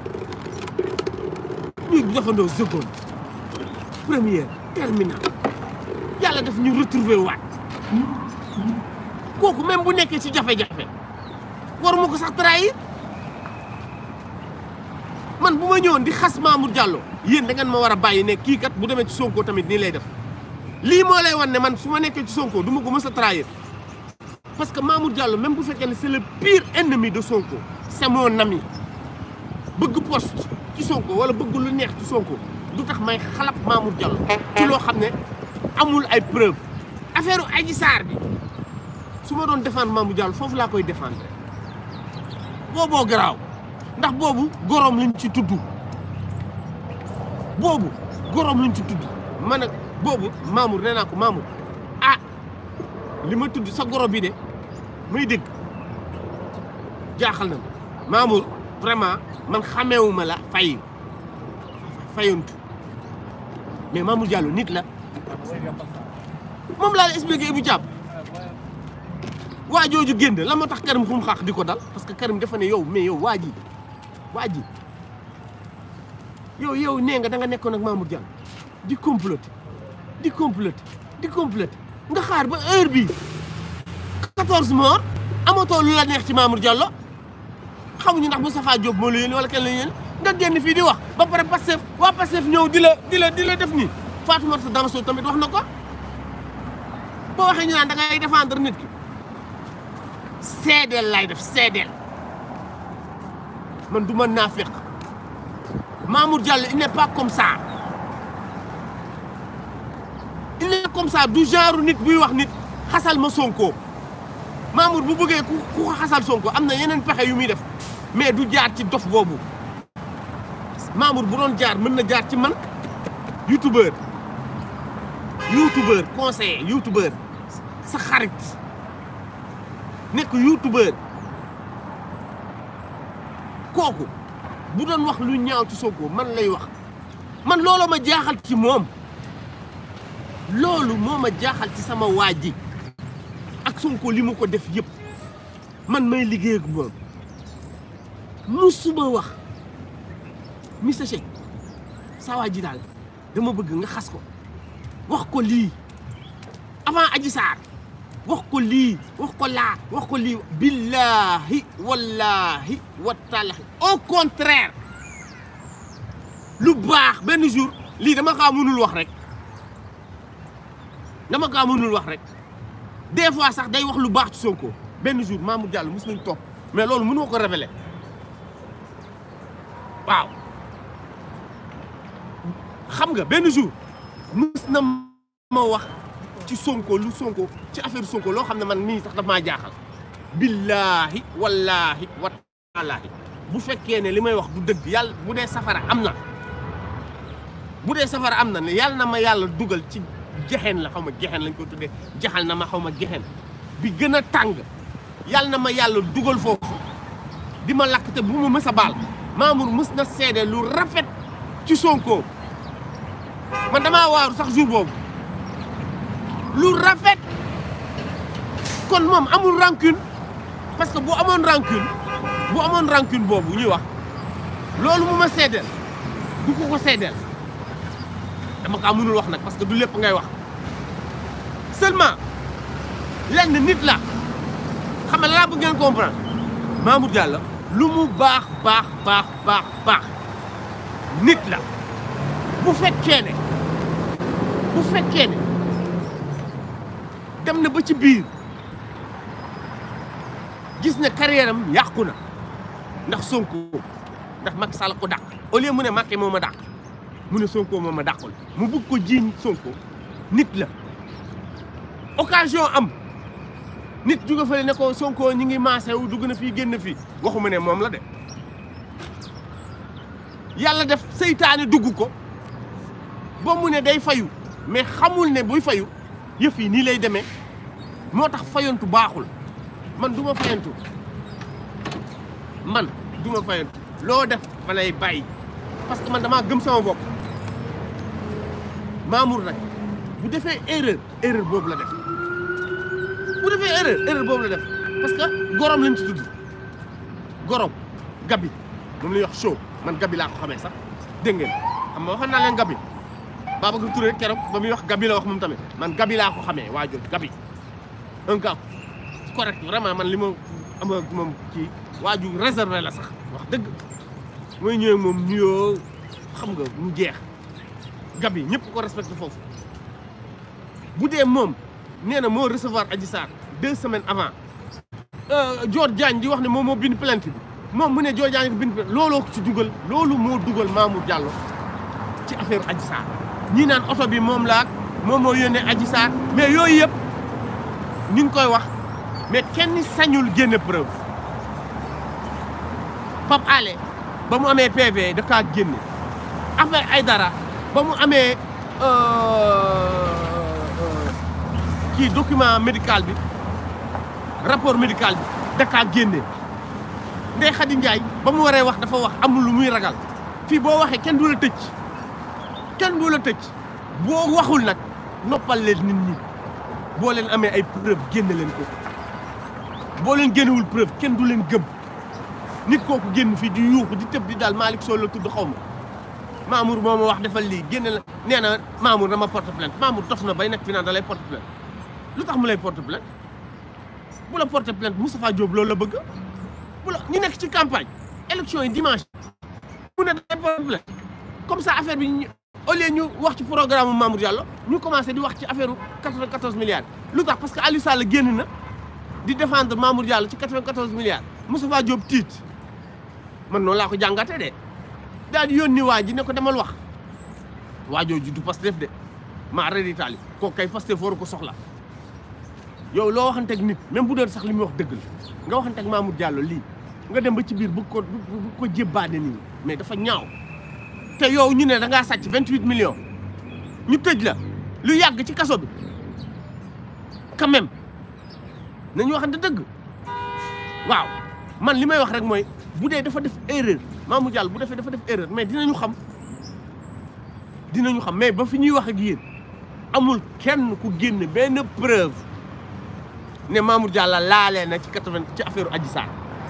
ñuy doxandoo seconde première terminale yàlla def ñu retrouver waat kooku même bu nekkee ci jafe-jafe waruma ko sax trahir man bu ma ñëwoon di xas Mamour Diallo yéen da ngeen ma war a bàyyi ne kii kat bu demee ci Sonko tamit nii lay def lii moo lay wan ne man su ma nekkee ci Sonko duma ko mës a trahir parce que Mamour Diallo même bu fekkee ne c'est le pire ennemi de Sonko c'est mon ami bëgg poste ci Sonko wala bëggul lu neex ci Sonko du tax may xalab Mamour Diallo ci loo xam ne amul ay preuve affaire Adji Sarr bi su ma doon défendre Mamour Diallo foofu laa koy défendre booboo garaaw ndax boobu gorom lañ ci tudd boobu gorom lañ ci tudd man nag boobu Mamour nee naa ko Mamour a ah, li ma tudd sa goro bi de muy dégg jaaxal na ma Mamour vraiment man xamewuma la fay fayunt mais mamou Diallo nit la mom la expliquer Ibou diap waa jooju génn la motax Karim fum xax di dal parce que Karim defane yow mais yow waji waji yow yow ne nga da nga nekkoon ak Mamour Diallo di complot di complot di complot nga xaar ba heure bi 14 morts amoto lu la neex ci Mamour Diallo xamuñu ndax Moustapha Diop moo la yéen wala kenn la yéen nga génn fii di wax ba pare Pastef waa Pastef ñëw di la di la di la def nii Fatoumata Danso tamit wax na ko boo waxee ñu naan da ngay défendre nit ki seedeel lay def seedeel man du ma naafiq Mamour Diallo il n'est pas comme ça il n'est comme ça du genre nit buy wax nit xasal ma Sonko Mamour bu bëggee ku ko Sonko am na yeneen pexe yu muy def mais du jaar ci dof boobu Mamour bu doon jaar mën na jaar ci man youtubeur youtubeur conseil youtubeur sa xarit nekk youtubeur kooku bu doon wax lu ñaaw ci Sonko man lay wax man loolu ma jaaxal ci moom loolu moom a jaaxal ci sama waa ji ak Sonko li mu ko def yëpp man may liggéey ak moom musuma wax Mister Shake saa ji daal dama bëgg nga xas ko wax ko lii avant aji Sarr wax ko lii wax ko laa wax ko lii billaahi wallaahi watalahi au contraire lu baax benn jour lii dama kaa mënul wax rek dama kaa mënul wax rek des fois sax day wax lu baax ci Sonko benn jour Mamour Diallo mos nañ topp mais loolu mënoo ko révéler waaw xam nga benn jour mës na ma wax ci Sonko lu Sonko ci affaire Sonko loo xam ne man nii tax daf maa jaaxal billaahi wallaahi wataalaahi bu fekkee ne li may wax du dëgg yàlla bu dee safara am na bu dee safara am na ne yàlla na ma yàlla dugal ci jexeen la xaw ma jexeen lañ ko tuddee jaxal na ma xaw ma jexeen bi gën a tàng yàlla na ma yàlla dugal foofu di ma lakk te bu ma mës baal Mamour musna sédé lu rafet ci Sonko man dama waru sax jour bob lu rafet kon mom amul rancune parce que bu amone rancune bu amone rancune bob ñi wax lolu mu ma seedeel du ko ko sédé dama ka mënul wax nak parce que du lepp ngay wax seulement lenn nit la xam nga laa ngeen comprendre Mamour Diallo lu mu baax baax baax baax baax nit la bu fekkee ne bu fekkee ne dem na ba ci biir gis ne carrière am yàqu na ndax Sonko ndax Macky Sall ko dàq au mu ne Macky moo ma dàq mu ne Sonko moo ma dàqul mu bugg ko jiiñ Sonko nit la occasion am. nit jóge fële ne ko Sonko ñi ngi maase wu dugg na fii génn fii waxuma ne moom la de yàlla def seytaane dugg ko ba mu ne day fayu mais xamul ne buy fayu yëf yi nii lay demee moo tax fayantu baaxul man du ma man du ma loo def ma lay bàyyi parce que man damaa gëm sama bopp Mamour nag bu defee erreur erreur boobu la def bu defee erreur erreur boobu la def parce que gorom lañ ci tudd gorom gabi moom la ñuy wax show man gabi laa ko xamee sax dégg ngeen xam a waxoon naa leen gabi Babacar Touré keroog ba muy wax gabi la wax moom tamit man gabi laa ko xamee waajur gabi un gars correct vraiment man li ma am ak moom kii waajur réservé la sax wax dëgg mooy ñëwee moom nuyoo xam nga mu jeex gabi ñëpp ko respecté foofu bu dee moom nee na moo recevoir Adji Sarr deux semaines avant joor euh, Diagne ji wax ne moom moo bind plainte bi moom mu ne Dior Diagne bind looloo ko ci dugal loolu moo dugal mu Diallo ci affaire Adji Sarr naan oto bi moom laak moo moo yónnee Adji Sarr mais yooyu yëpp ñu koy wax mais kenn sañul génne preuve Pape Alé ba mu amee PV da kaa génne ay dara ba mu amee. Euh, kii document médical bi rapport médical bi dakaa génne Ndeye Khady Ndiaye ba mu waree wax dafa wax amul lu muy ragal fii boo waxee kenn du la tëj kenn du la tëj boo waxul nag noppal leen nit ñi boo leen amee ay preuve génne leen ko boo leen génnewul preuve kenn du leen gëm nit kooku génn fii di yuuxu di tëb di daal Malick Sow la tudd xaw ma Mamour moo ma wax defal lii génne la nee na Mamour dama porte plainte Mamour dof na bay nag fi naan da lay porte plainte lu tax mu lay porte plainte bu la porte plainte Moustapha Diop loolu la bëgg bu la ñu nekk ci campagne élection yi dimanche mu ne day porte plainte comme ça affaire bi ñu au lieu ñu wax ci programme Mamour Diallo ñu commencé di wax ci affaire 94 milliards lu tax parce que Aliou Sall génn na di défendre Mamour Diallo ci 94 milliards Moustapha Diop tiit man noonu laa ko jàngatee de daal di yónni waa ji ne ko demal wax waajoo ji du Pastef de maa rëdd Italie kooku kay Pastef waru ko soxla. yow loo waxante ak nit même bu doon sax li muy wax dëgg la nga waxante ak Mamour Diallo lii nga dem ba ci biir bu ko bu ko jébbaane nit ñi mais dafa ñaaw te yow ñu ne da ngaa sàcc vingt huit millions ñu tëj la lu yàgg ci kaso bi quand même nañu waxante dëgg waaw man li may wax rek mooy bu dee dafa def erreur Mamour jàll bu defee dafa def erreur mais dinañu xam dinañu xam mais ba fi ñuy wax ak yéen amul kenn ku génn benn preuve. ne Mamour Diallo laalee na ci quatre-vingt ci affaire Adji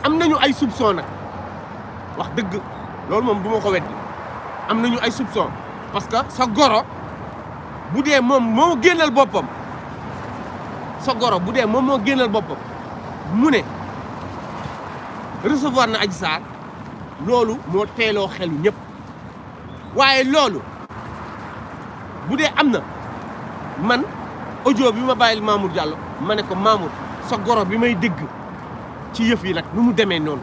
am nañu ay subson nag wax dëgg loolu moom du ma ko weddi am nañu ay soupçon parce que sa goro bu dee moom moo génnal boppam sa goro bu dee moom moo génnal boppam mu ne recevoir na Adji Sarr loolu moo teeloo xelu ñëpp waaye loolu bu dee am na man audio bi ma bàyyil Mamour jàll mané ko Mamour sa goro bi may deug ci yef yi nak nu mu demee noonu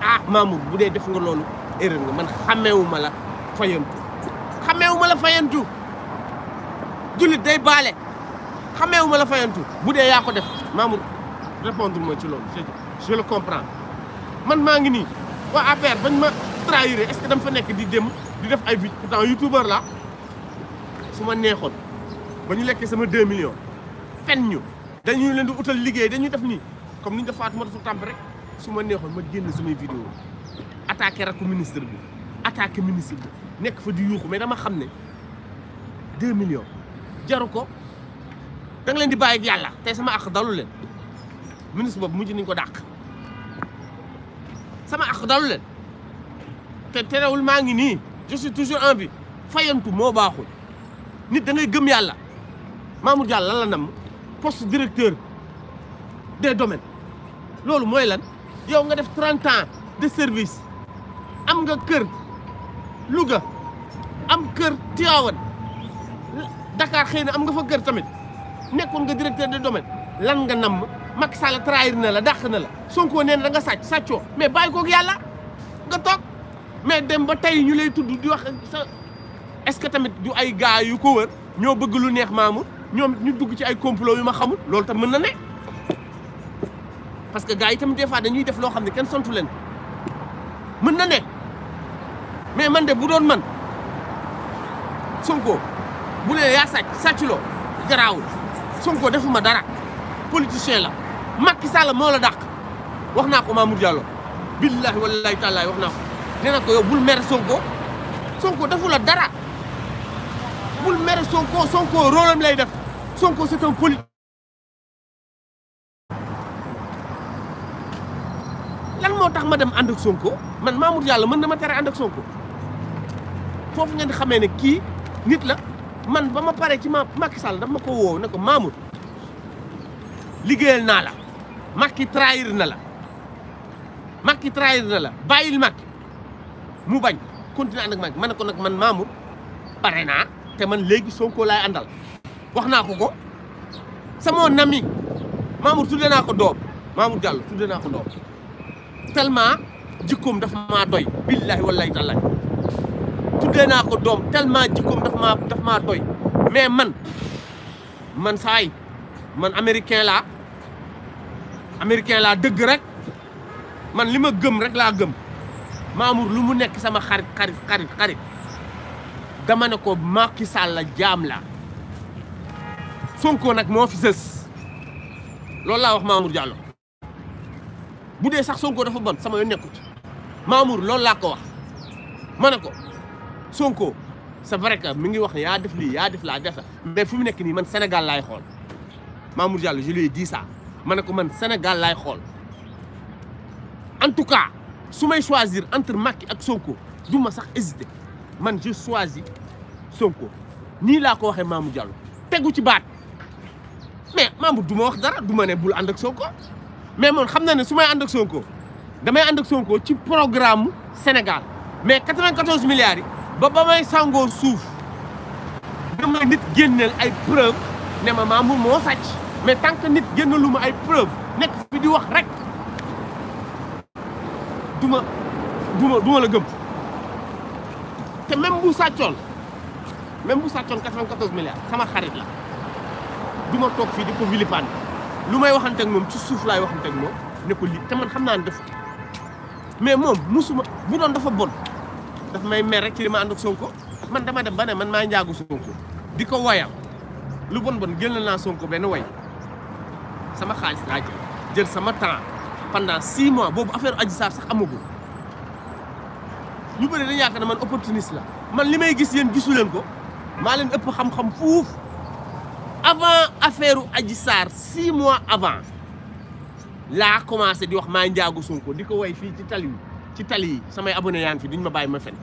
ah Mamour budé def nga loolu erreur nga man xameewu ma la fayantu xameewu ma la fayantu julit day balé xameewu ma la fayantu budé ya ko def Mamour répondre ma ci loolu je le comprends man ma ngi ni wa APR bañ ma trahiré est-ce que dama fa nek di dem di def ay vite pourtant youtubeur la suma neexone bañu ba sama 2 millions fen ñu dañuy leen di outal liggéey dañuy def ni comme niñ ñu def Fatoumata Soul Tampi rek suma neexon ma génn sama vidéo attaquer rek ministre bi attaquer ministre bi Nek fa di yuxu mais dama xamné 2 millions jaru ko da nga leen di baye ak yalla tay sama ak dalu leen ministre bob muju niñ ko dak sama ak dalu leen te terewul ma ngi ni je suis toujours en vie fayantou mo baxul nit da ngay gëm yalla Mamour Diallo lan la nam poste directeur des domaines loolu mooy lan yow nga def 30 ans de service am nga kër Louga am kër Tivaouane Dakar xëy am nga fa kër tamit nekkoon nga directeur des domaines lan nga namm Macky Sall trahir na la Nala, na la Sonko nee na da nga me mais bàyyi koog yàlla nga mais dem ba tey ñu lay tudd di wax est-ce que tamit du ay gars yu ko wër ñoo bëgg lu ñoom ñu dugg ci ay complot yu ma xamul loolu tam mën na ne parce que gars yi tamit des fois dañuy def loo xam ne kenn santu leen mën na ne mais man de bu doon man Sonko bu ne yaa sàcc sàcculoo garaawul Sonko defuma dara politicien la Macky Sall moo la dàq wax naa ko Mamour Diallo billahi wallahi taalaay wax naa ko nee na ko yow bul mere Sonko Sonko defu la dara bul mere Sonko Sonko rôlam lay def Sonko c'est un poli... lan moo tax ma dem and ak Sonko man Mamour yalla man dama téré and ak Sonko fofu ngeen xamé né ki nit la man bama paré ci Macky Sall dama ko wo né ko Mamour ligéel na la Macky trahir na la Macky trahir na la bayil Macky mu bañ continuer and ak Macky ma ko nak man Mamour paré na té man légui Sonko lay andal wax naa ko ko sama nami Mamour tudde naa ko doom Mamour Diallo tudde naa ko doom tellement jikkoom dafa maa doy billahi wallahi tallahi tuddee naa ko doom tellement jikkoom dafa maa dafa maa doy mais man man saay man américain laa américain laa dëgg rek man li ma gëm rek laa gëm Mamour lu mu nekk sama xarit xarit xarit xarit dama ne ko Macky Sall la jaam laa Sonko nag moo fi sës loolu laa wax Mamour Diallo bu dee sax Sonko dafa bon sama yoon nekku ci Mamour loolu laa ko wax ma ne ko Sonko c'est vrai que mi ngi wax ne yaa def lii yaa def laa def mais fu mu nekk nii man Sénégal laay xool Mamour Diallo je lui ai ma ne ko man senegal laay xool en tout cas su may choisir entre Macky ak Sonko du ma sax hésité man je choisis Sonko nii laa ko waxee Mamour Diallo tegu ci baat. mais membre du ma wax dara ne bul ànd ak Sonko mais moom xam na ne su may ànd ak Sonko damay ànd ak Sonko ci programme Sénégal mais 94 milliards ba ba may sangoo damay nit génneel ay preuve ne ma Mamour moo sàcc mais tant nit génneelu ay preuve fi di wax rek la te même bu même bu 94 milliards sama xarit la du ma fi diko di lumay waxante ak mom ci souf lay waxante ak mom ne ko li te man xamna def ne mais mom musuma bu don dafa bon daf may mer rek ci li ma ak Sonko man dama dem bané man ma ñagu Sonko di ko lu bon bon gel na Sonko ben way sama xaliss la jël jël sama temps pendant 6 mois bobu affaire Adji sar sax amugo ñu bari dañu yaaka ne man opportuniste la man limay gis yeen gisulen ko ma len ëpp xam-xam fouf avant affaire Adjissar, six mois avant là commencé à wax maa njaagu Sonko suis ko woy ci tali ci tali samay abonné suis fi duñ ma bàyyi ma fen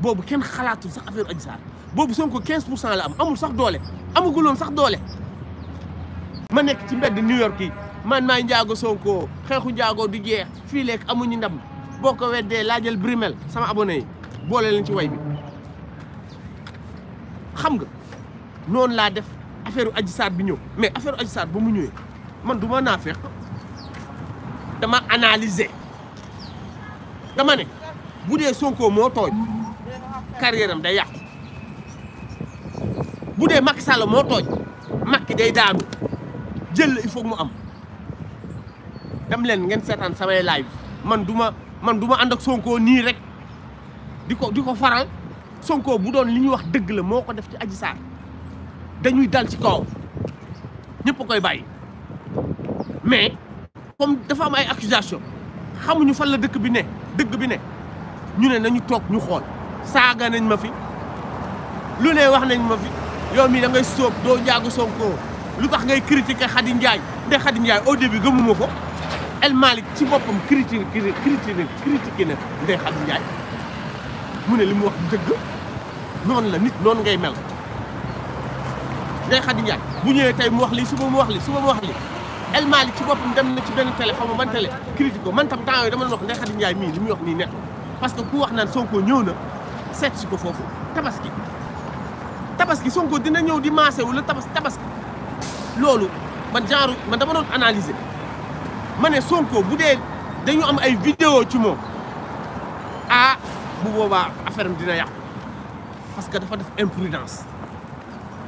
boobu kenn je suis affaire Adji Sonko 15 la am amul sax un sax ma New York yi man maa njaago Sonko xeexu njaago suis jeex fii lekk amuñu ndam suis un weddee je brimel sama abonné yi un leen ci way bi xam affaire Adji Sarr bi ñëw mais affaire Adji Sarr ba mu ñëwee man du ma naa feex dama analyser dama ne bu dee Sonko moo tooñ carrière day yàqu bu dee Macky Sall moo tooñ Macky day daanu jël la il faut mu am dem leen ngeen seetaan samay live man du ma man duma ma ànd ak Sonko nii rek di ko di ko faral Sonko bu doon li ñuy wax dëgg la moo ko def ci Adji Sarr dañuy dal ci kaw ñëpp koy bàyyi mais comme dafa am ay accusation xamuñu fan la dëkk bi ne dëgg bi ne ñu ne nañu toog ñu xool saaga nañ ma fi lu ne wax nañ ma fi yow mii da ngay soob doo jaagu Sonko lu tax ngay critiquer Khady Ndiaye nde Khady Ndiaye au début gëmuma ko El Malick ci boppam critiquer critiquer critiquer na nde Khady mu ne li mu wax dëgg noonu la nit noonu ngay mel day Xadi Njaay bu ñëwee tey mu wax lii suba mu wax lii suba mu wax lii El Malick ci dem na ci benn télé xaw ma ban télé critique ko man tam temps yooyu dama doon wax Ndeye Xadi Njaay mii li muy wax nii nekk parce que ku wax naan Sonko ñëw na seet si ko foofu tabaski tabaski Sonko dina ñëw di maase wala tabas tabaski loolu man genre man dama doon analyser ma ne Sonko bu dee dañu am ay vidéo ci moom ah bu boobaa affaire am dina yàqu parce que dafa def imprudence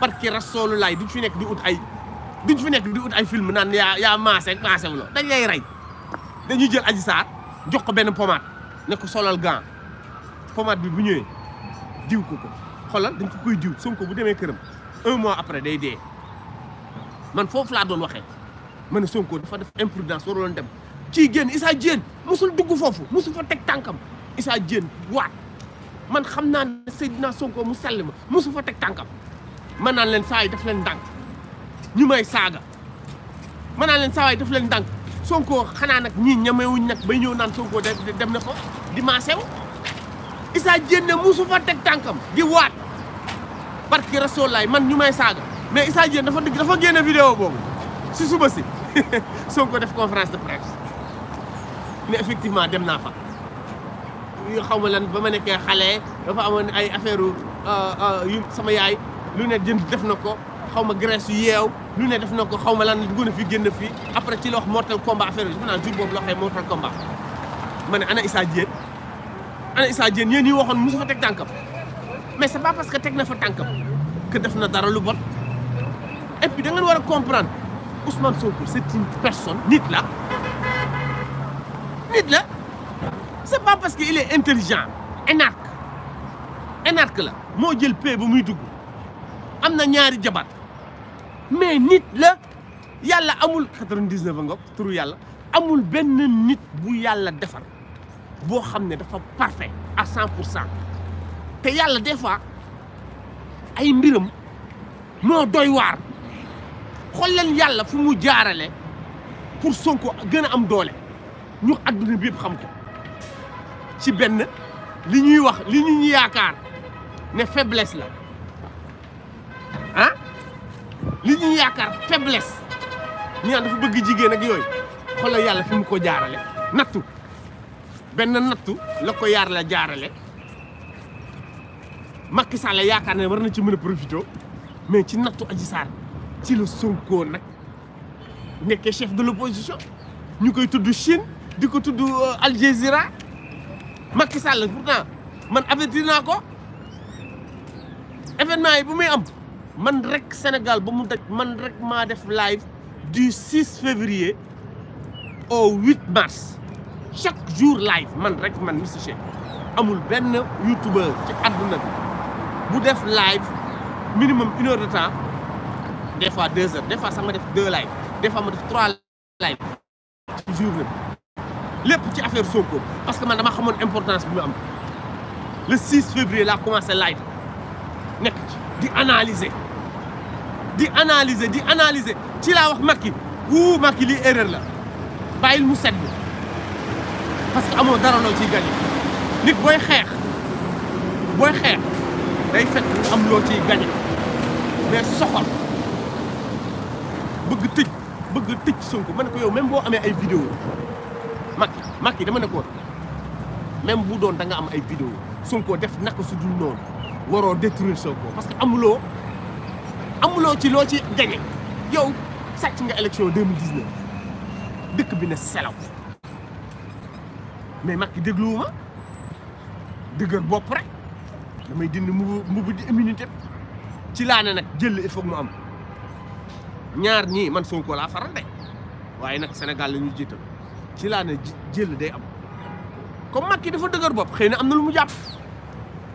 barki rasoolu laay duñ fi nekk di ut ay duñ fi nekk di ut ay film naan yaa yaa maase maase wu la dañ lay rey dañuy jël aji saar jox ko benn pomade ne ko solal gant pomade bi bu ñëwee diw ko ko xoolal dañ ko koy diw Sonko bu demee këram un mois après day dee man foofu laa doon waxee ma ne Sonko dafa def imprudence waruloon dem ciy génn Issa Diène musul dugg foofu musul fa teg tànkam isa Diène waat man xam naa ne Seydina Sonko mu sell ma musul fa teg tànkam mën naan leen saa yi leen ndànk ñu may saaga mën naan leen saa yi leen ndànk Sonko xanaa nag ñii ñamewuñ nag bay ñëw naan Sonko dem na fa di maasew Issa Diène musu fa teg tànkam di waat barki Rasulaay man ñu may saaga mais Issa Diène dafa dëgg dafa génne vidéo boobu si suba si (laughs) Sonko def conférence de presse ne effectivement dem naa fa xaw ma leen ba ma nekkee xale dafa amoon ay affaire euh, euh, yu sama yaay lu ne jënd def na ko xaw graisse yew yeew lu ne def na ko xaw ma lan gën fi génn fii après ci la wax mortal combat affaire bi defe naa jour boobu la waxee mortal combat mané ana Issa Diène ana Issa Diène yéen ñi waxoon mosu fa teg tànkam mais c'est pas parce que tek na fa tankam que def na dara lu bon et puis da ngeen wara comprendre Ousmane Sonko c'est une personne nit la nit la c'est pas parce qu'il est intelligent énarque énarque la mo jël paie bu muy dugg. am na ñaari jabar mais nit la yàlla amul 99 nga turu yàlla amul benn nit bu yàlla defar boo xam ne dafa parfait à 100 pour cent te yàlla des ay mbiram moo doy waar xool leen yàlla fu mu jaarale pour Sonko gën a am doole ñu adduna bi yëpp xam ko ci benn li ñuy wax li ñu yaakaar ne faiblesse la. ah li ñuy yaakaar faiblesse ñu naan dafa bëgg jigéen ak yooyu xoolal yàlla fi mu ko jaarale nattu benn nattu la ko yaar la jaarale Macky Sall yaakaar ne war na ci mën a profité mais ci nattu Adji ci la Sonko nag nekkee chef de l'opposition ñu koy tudd Chine di ko tudd euh, Al Jazeera Macky Sall pourtant man avertir naa ko événement yi bu muy am. man rek Sénégal ba mu daj man rek def live du 6 février au 8 mars chaque jour live man rek man monsieur Shake amul youtubeur ci aduna bi bu def live minimum une heure de temps des fois deux heures des fois ça ma def deux live des fois ma def trois live chaque jour, les petits ci affaire Sonko parce que man dama xamone importance bi mu am le 6 février la commencé live nek di analyser di analyser di analyser ci laa wax Macky wuu Macky lii erreur la bàyyil mu sedd parce que amoo dara loo ciy gagné nit booy xeex booy xeex day fekk nga am loo ciy gagné mais soxal bëgg tëj bëgg tëj Sonko ma ko yow même boo amee ay vidéo Macky Macky dama ne ko même bu doon da nga am ay vidéo Sonko def naka su dul noonu waroo détruire Sonko parce que amuloo. amuloo ci loo ci gagné yow sàcc nga élection 2019 dëkk bi na selaw mais Macky dégluwuma dëgër bopp rek damay dindi mu mbubu di immunité ci laa ne nag jël il faut mu am ñaar ñii man Sonko laa faral de waaye nag senegal la ñu jiital ci laa ne jël day am comme Macky dafa dëgër bopp xëy na am na lu mu jàpp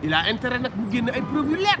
il a intérêt nag mu génn ay preuve leer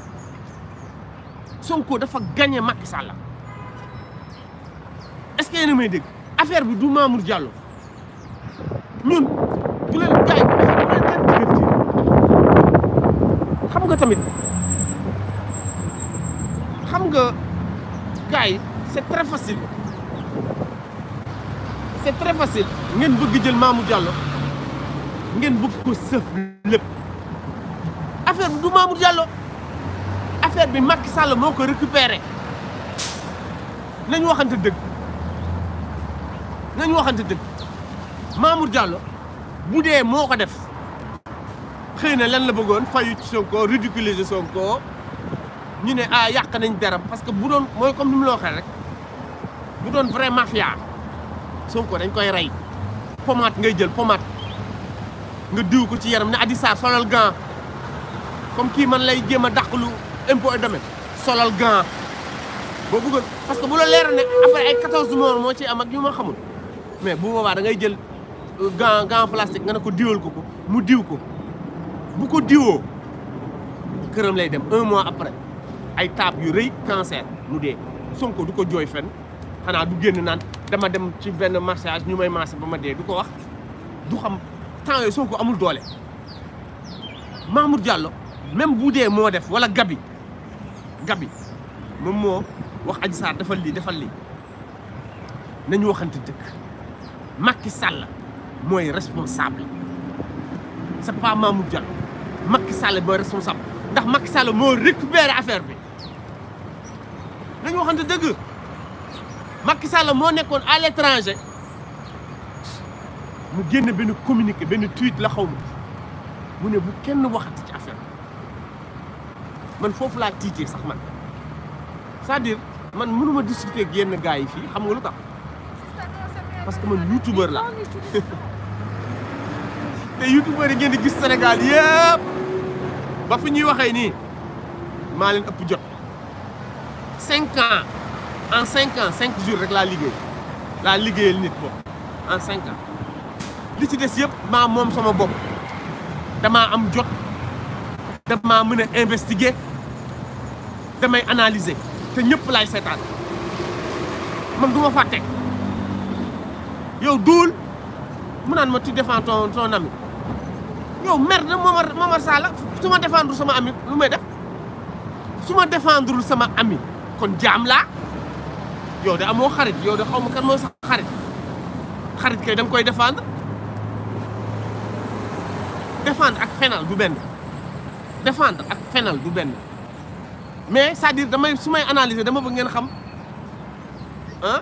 Sonko dafa gagné Macky Sall est-ce que vous may dégg affaire n'est du Mamour Diallo ñun du leen jaay xam nga tamit xam nga gars yi c'est très facile c'est très facile Vous voulez jël Mamour Diallo ngeen bëgg ko sëf L'affaire, affaire bi du Mamour Diallo. affaire bi Macky Sall moo ko récupéré nañ waxante dëgg nañ waxante dëgg Mamour Diallo bu dee moo ko def xëy na lan la bëggoon fayu ci Sonko ridiculiser ñu ne ah yàq nañ deram parce que bu doon mooy comme ni mu la waxee rek bu doon vrai mafia Sonko dañ koy rey pommade ngay jël pommade nga diw ko ci yaram ne Adji Sarr solal gant comme kii man lay jéem a dàqlu impôt et domaine solal gant boo parce que bu la leeral ne après ay 14 morts moo ci am ak ñu ma xamul mais bu boobaa da ngay jël euh, gant gant plastique nga ne ko diwal ko ko mu diw ko bu ko diwoo këram lay dem mois après ay taab yu rëy cancer mu dee du ko jooy fenn xanaa du génn naan dama dem ci benn massage ñu may massé ba ma dee du ko wax du xam temps yooyu ko amul doole Mamour jàllo même bu dee moo def wala Gabi Gabi mom mo wax Adji sar defal li defal li nañu waxante deuk Macky Sall moy responsable c'est pas mamou Diallo Macky Sall boy responsable ndax Macky Sall mo récupérer affaire bi nañu waxante dëgg Macky Sall mo nekkoon à l'étranger mu génn ben communiqué ben tweet la xawmu mu ne bu kenn waxati ci man foofu laa tiitee sax man cest à man mënuma discuter ak yenn gars yi fii xam nga lu tax parce que man youtubeur laa (laughs) te youtubeur yi ngeen di gis Sénégal yëpp ba fi ñuy waxee nii maa leen ëpp jot cinq ans en cinq ans cinq jours rek laa liggéey laa liggéeyal nit ko en cinq ans li ci des yëpp maa moom sama bopp damaa am jot damaa mën a investiguer damay analyser té ñëpp lay seetaan man duma faté yow dul mu nan ma tu défend ton ton ami yow mer na Momar Momar sala suma défendre sama ami lu may def suma défendre sama ami kon diam la yow da amo xarit yow da xawma kan mo sax xarit xarit kay dang koy défendre défendre ak fénal du ben défendre ak fénal du ben mais cest à damay su may analyser dama bëgg ngeen xam ah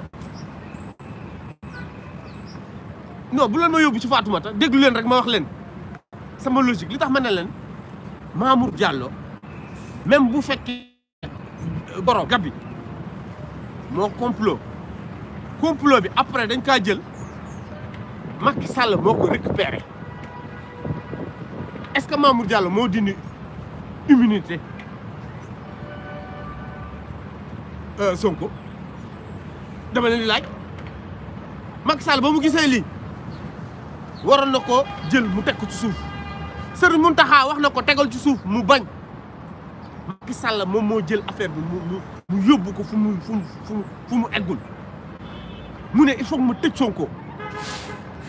non bu leen ma yóbbu ci Fatoumata déglu leen rek ma wax leen sama logique li tax ma ne leen Mamour jàlloo même bu fekkee borom Gabi moo complot complot bi après dañ kaa jël Macky Sall moo ko récupéré est-ce que Mamour Diallo moo dindi immunité Euh, Sonko dama leen di laaj Macky Sall ba mu gisee lii waroon na ko jël mu teg ko ci suuf Serigne taxaa wax na ko tegal ci suuf mu bañ Macky Sall moom moo jël affaire bi mu mu yóbbu ko fu mu fu mu eggul mu ne il faut mu tëj Sonko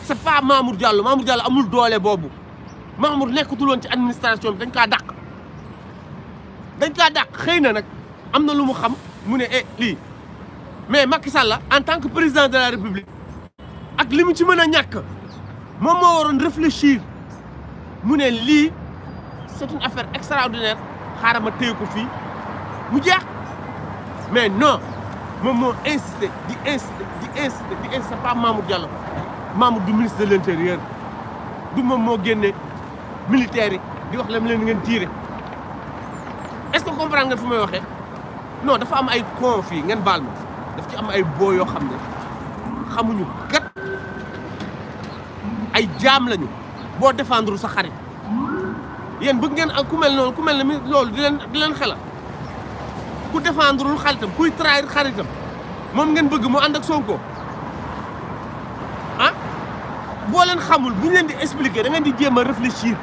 c'est pas Mamour Diallo Mamour jàll amul doole boobu Mamour nekkatul ci administration bi dañ kaa dàq dañ kaa dàq xëy na nag am na lu mu xam. mune eh, mais Macky en tant que président de la république ak limu ci réfléchir Je li, c'est une affaire extraordinaire ma ko mais non insiste, di insister di di pas Mamour Diallo Mamour du ministre de l'intérieur du moom moo militaire, di wax lam est-ce que comprendre nga je non dafa am ay con ngeen baal ma daf ci am ay boo yoo xam ne xamuñu kat ay jaam lañu boo défendre sa xarit yéen bëgg ngeen ak ku mel noonu ku mel ne mi loolu di leen di leen xelal ku défendrul xaritam kuy trahir xaritam moom ngeen bëgg mu ànd ak Sonko ah boo leen xamul bu ñu leen di expliquer da di jéem a réfléchir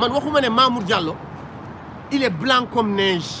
man waxuma ne Mamour Diallo il est blanc comme neige.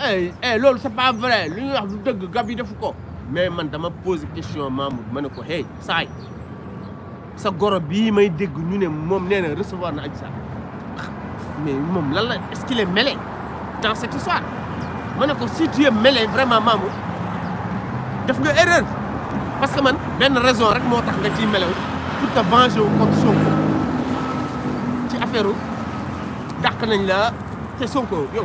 eh eh lol c'est pas vrai li ñuy wax du dëgg Gabi yi mais man dama posé question Mamoud ma ne ko hey saay sa goro bii may dégg ñu ne moom nee recevoir na Adji mais mom, lan la est-ce qu'il est mêlé dans cette histoire ma ne ko si tu es mêlé vraiment Mamoud def nga erreur parce que man ben raison rek moo tax nga ciy mêlé. pour te venger tu contre Sonko ci affaire dàq nañ la te Sonko yow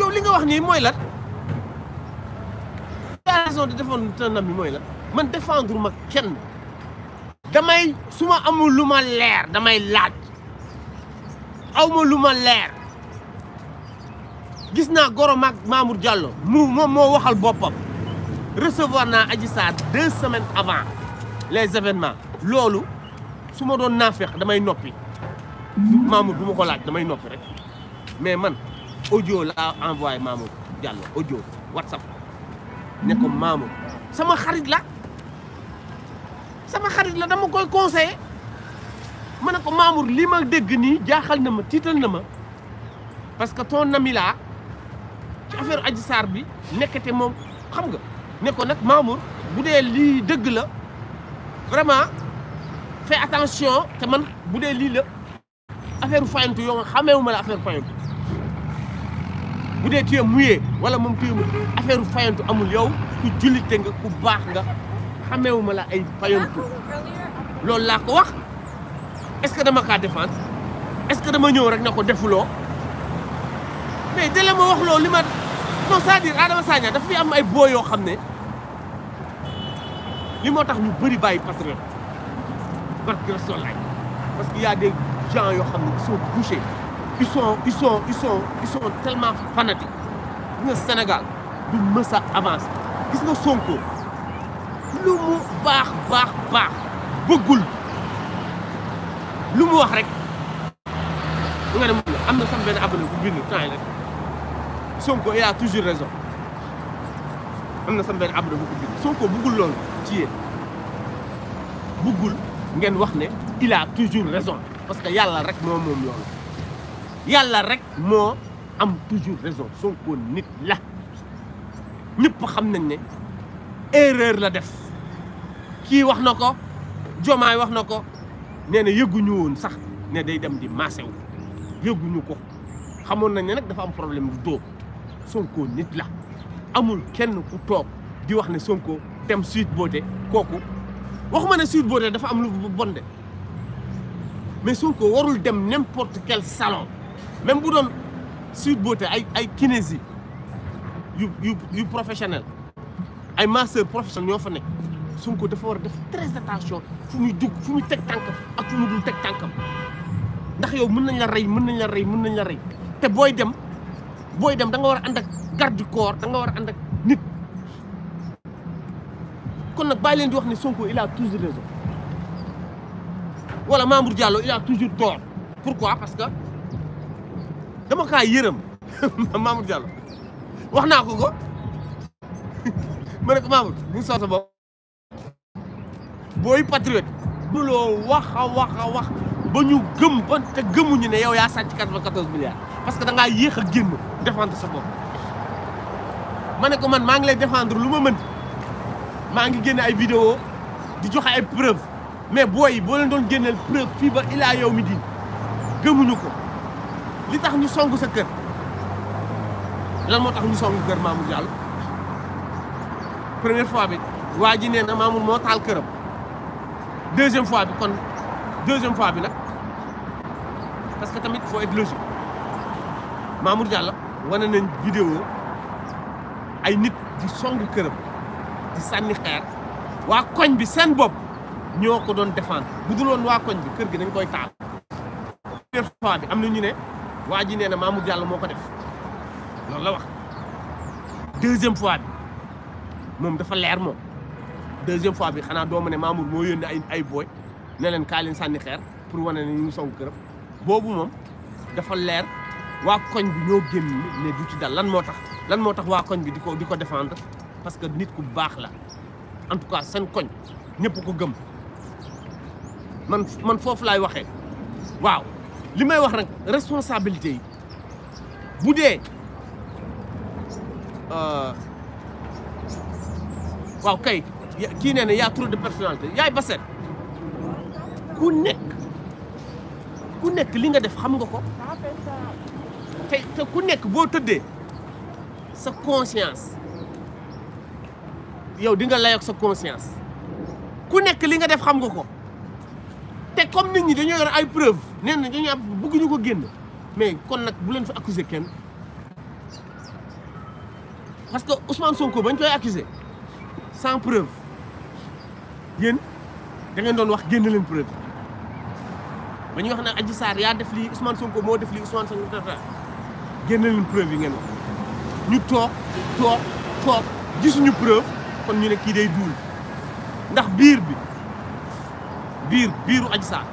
yow li nga wax nii mooy lan raison de défendre tànnam bi mooy lan man défendre ma kenn damay su amul lu ma leer damay laaj aw ma lu ma leer gis naa goro maag Mamour Diallo mu moom moo waxal boppam recevoir naa Adji Sarr deux semaines avant les événements loolu su ma doon naafeq damay noppi Mamour du ma ko laaj damay noppi rek mais man audio laa envoyé Mamour Diallo audio WhatsApp ne ko Mamour sama xarit la sama xarit la dama koy conseillé ma ne ko Mamour li ma dégg nii jaaxal na ma tiital na ma parce que ton ami laa ci affaire Adji Sarr bi nekkate moom xam nga ne ko nag Mamour bu dee lii dëgg la vraiment fais attention te man bu dee lii la affaire fayantu yoo nga xameewu la affaire fayantu bu dee tuyee muyee wala mom tuyee mu affaire fayantu amul yow ku jullite nga ku bax nga xaméwuma la ay fayantou lol la ko wax est-ce que dama ka défendre est-ce que dama ñew rek nako ko defuloo mais dale ma wax loolu li ma non c'est-à-dire Adama Sagna dafa fi am ay boo yo xamné li motax ñu bëri bàyyi patriote barke Rasulaay parce qu'il y a des gens yo xamné ne ils sont bouchés ils sont ils sont ils sont ils sont tellement fanatiques Le Sénégal du sont avance. Ils sont Sonko bar, bar, bar, Bougoul. Sonko il a toujours raison na Sonko Bougoul il a toujours raison parce que Yalla, rek l'a moom la rek moi, am toujours raison Sonko nit la ñep xam nañ une erreur la def ki wax wax yeguñu won sax ne day dem di massé wu yeguñu ko xamoon nañ ne nak dafa am problème du son Sonko nit la amul kenn ku di wax dem Beauté waxuma Beauté dafa am lu bon de mais warul n'importe quel salon même bu doon Sweet boote ay ay kinési yu yu yu professionnel ay masseurs professionnels ñoo fa nekk Sonko dafa war a def très attention fu muy dugg fu muy teg tànkam ak fu mu dul teg tànkam ndax yow mën nañ la rey mën nañ la rey mën nañ la rey te booy dem booy dem danga war a ànd ak garde du corps da nga war a ànd ak nit kon nag bàyyi leen di wax ne Sonko il a toujours raison wala Mamour Diallo il toujours tort pourquoi parce que dama kaa yeureum (laughs) Mamour Diallo waxna ko ko (laughs) mané ko Mamour bu soxla bo boy patriote du lo waxa waxa wax bañu gëm ba te gëmuñu né yow ya sacc 94 milliards parce que da nga yéx ak génn défendre sa bop mané ko man ma ngi lay défendre luma mën ma ngi génne ay vidéo di joxe ay preuve mais boy bo leen doon gënël preuve fi ba ila yow mi di gëmuñu ko. li tax ñu song sa kër lan moo tax ñu song kër Mamour Diallo première fois bi waa ji nee na Mamour moo taal këram deuxième fois bi kon deuxième fois bi nag parce que tamit faut être logique Mamour wane nañ vidéo ay nit di song këram di sànni xeer waa koñ bi seen bopp ñoo ko doon défendre bu dul woon waa koñ bi kër gi dañ koy taal première fois bi am na ñu ne waa ji nee na Mamour Diallo moo ko def loolu la wax deuxième fois bi moom dafa leer moom deuxième fois bi xanaa doo ma ne Mamour moo yónni ay ay booy ne leen kaa leen sànni xeer pour wane ne ñu ngi këram boobu moom dafa leer waa koñ bi ñoo génn ne du ci dal lan moo tax lan moo tax waa koñ bi di ko di ko défendre parce que nit ku baax la en tout cas seen koñ ñëpp ko gëm man foofu laay waxee waaw. li may wax nag responsabilité yi bu dee euh, waaw kay kii nee na y' a trop de personnalité yaay Bassène ku nekk ku nekk li nga def xam nga ko te ku nekk boo tëddee sa conscience yow dinga nga sa conscience ku nekk li nga def xam nga ko. comme nit ñi dañoo yor ay preuve neen na dañoo am bëgguñu ko génn mais kon nag bu leen fi accuser kenn parce que Ousmane Sonko bañ koy accuser sans preuve yéen da ngeen doon wax génn leen preuve ba ñuy wax naan Adji saar yaa def lii Ousmane Sonko moo def li Ousmane Sonko tata génn leen preuve yi ngeen wax ñu toog toog toog gisuñu preuve kon ñu ne kii day duul ndax biir bi. biir biiru Adji Sarr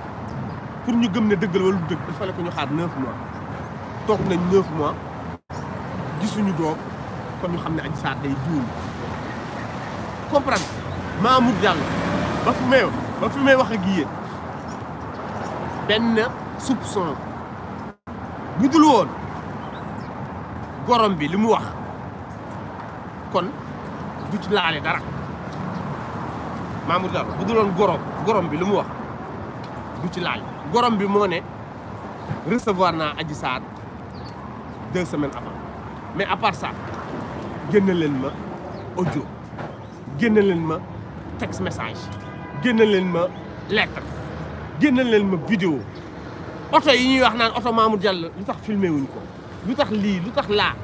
pour ñu gëm ne dëgg la wala du dëgg il fallait que ñu xaar neuf mois toog nañ neuf mois gisuñu doom kon ñu xam ne Adji Sarr day duul comprendre Mamour Diallo ba fi may ba fi may wax ak yéen benn soupçon bu dul woon gorom bi li mu wax kon du ci laale dara Mamour dar bu duloon gorom gorom bi limu wax du ci laaj gorom bi mo ne recevoir na Adji sar deux semaines avant mais à part ça gennel len ma audio gennel len ma text message gennel len ma lettre gennel len ma vidéo auto yi ñuy wax naan auto Mamour dial lu tax filmé wuñ ko lu tax lii lu tax laa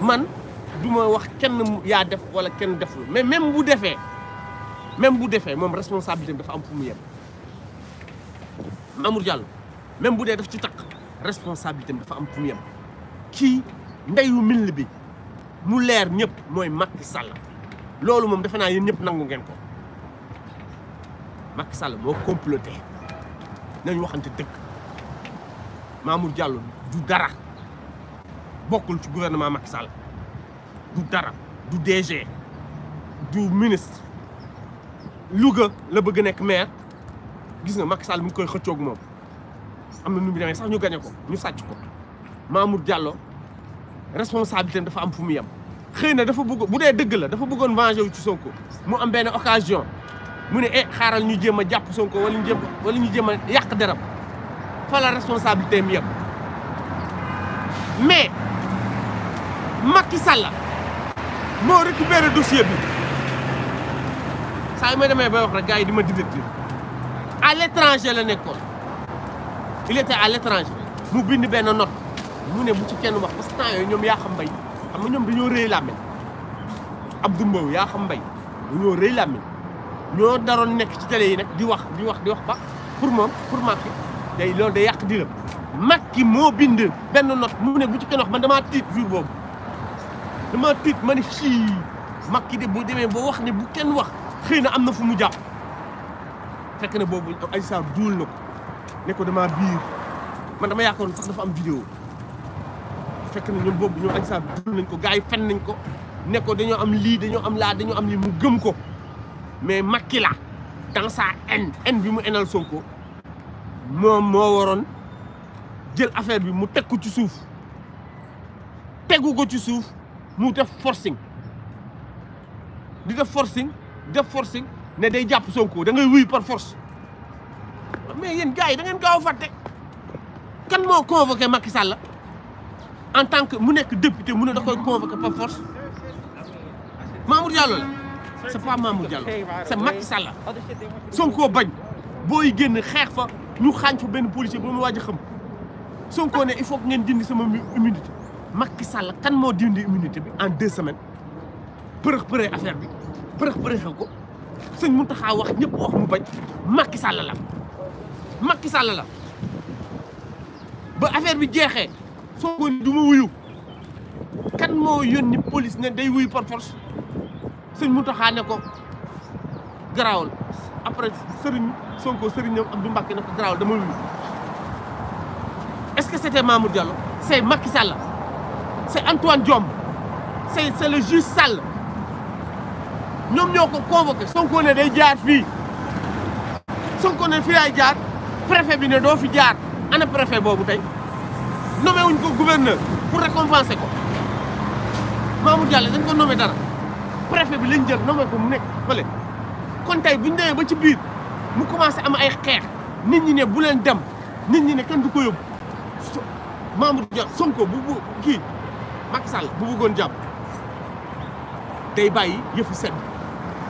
man duma wax kenn ya def wala kenn deful mais même bu defé même bu elle mom responsabilité dafa am fu Mamour Diallo même bu dé daf ci tak responsabilité dafa am fu yem est ndeyu mil bi mu est Macky Sall de ko Macky comploté Mamour Diallo du dara ci gouvernement Macky du dara du DG du ministre. Louga la bëgg nekk maire gis nga Macky Sall mu ngi koy xëccook moom am na nu mu demee sax ñu gañe ko ñu sàcc ko Mamour jàlloo responsabilité dafa am fu mu yem. xëy na dafa bëgg bu dee dëgg la dafa bëggoon venger wu ci Sonko mu am benn occasion mu ne eh xaaral ñu jéem a jàpp Sonko wala ñu jéem ñu jéem a yàq deram fa la responsabilité mi yem mais Macky Sall moo récupéré dossier bi. saa yi ma demee bay wax rek gars di ma divertir à l'étranger la nekkoon il était à l'étranger mu bind benn note mu ne bu ci kenn wax parce que yooyu ñoom yaa xambay mbay xam ñoom dañoo rëy làmmiñ Abdou Mbow yaa xam mbay dañoo rëy làmmiñ ñoo daroon nekk ci télé yi nag di wax di wax di wax ba pour moom pour Macky day loolu day yàq diram Macky moo bind benn note mu ne bu ci kenn wax man damaa tiit jour boobu damaa tiit ma ne sii Macky de bu demee boo wax ne bu kenn wax xëy na am na fu mu jàpp fekk na boobu Adji Sarr duul na ko ne ko damaa biir man dama yaakaaroon sax dafa am vidéo fekk na ñoom boobu nañ ko gars yi fen nañ ko ne dañoo am lii dañoo am laa dañoo am lii mu gëm ko mais Macky la dans sa haine bi mu enal ko moom moo waroon jël affaire bi mu teg ko ci suuf tegu ko ci suuf mu def forcing di def forcing def forcing ne day jàpp Sonko da ngay wuy par force mais yéen gaa yi da ngeen gaaw a fàtte kan moo convoqué Macky Sall en tant que mu nekk député mu ne da koy convoqué par force Mamour Diallo la c' est pas Mamour Diallo c' est Macky Sall oh, Sonko bañ booy génn xeex fa ñu xaañ fa benn policier ba mu waaj a xam Sonko ne il faut que ngeen dindi sama immunité makki Sall kan moo dindi immunité bi en de semaine përëx përëx affaire bi. bërëx bërëxal ko sëñ Mountakha wax ñëpp wax mu bañ Macky Sall la Macky Sall la ba affaire bi jeexee soo ko du ma wuyu kan moo yónni police ne day wuyu par force sëñ Mountakha ne ko garaawal après sëriñ Sonko sëriñam Abdou Mbacké ne ko garaawal dama wuyu est-ce que c'était Mamour Diallo c'est makki Sall c'est Antoine Diome c'est c'est le juge Sall ñoom ñoo ko convoqué Sonko ne day jaar fii Sonko ne fii laay jaar préfet bi ne doo fi jaar ana préfet boobu tey nommé ko gouverneur pour récompenser ko Mamour Diallo dañ ko nommé dara préfet bi lañ jël nommé ko mu ne fële kon tey buñ demee ba ci biir mu commencé am ay xeex nit ñi ne bu leen dem nit ñi ne kenn du ko yóbbu Mamour Diallo Sonko bu bu kii Macky Sall bu bëggoon jàpp day bàyyi yëfu set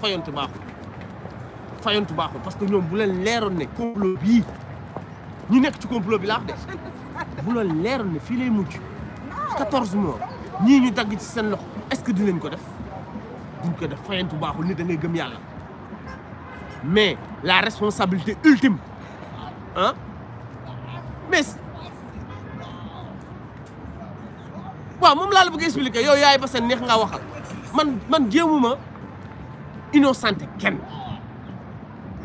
fayantu baaxul fayantu baaxul parce que ñom bu len leeroon ne complot bii ñu nek ci complot bi la xé bu len leeroon ne fii lay mujj 14 mois ñi ñu dagg ci sen loxo est-ce que dinañ ko def duñ ko def fayantu baaxul ni da ngay gëm yalla mais la responsabilité ultime hein mais wa mom la la bëgg expliquer yow yaay ba seen neex nga waxal man man jéemuma innocenté kenn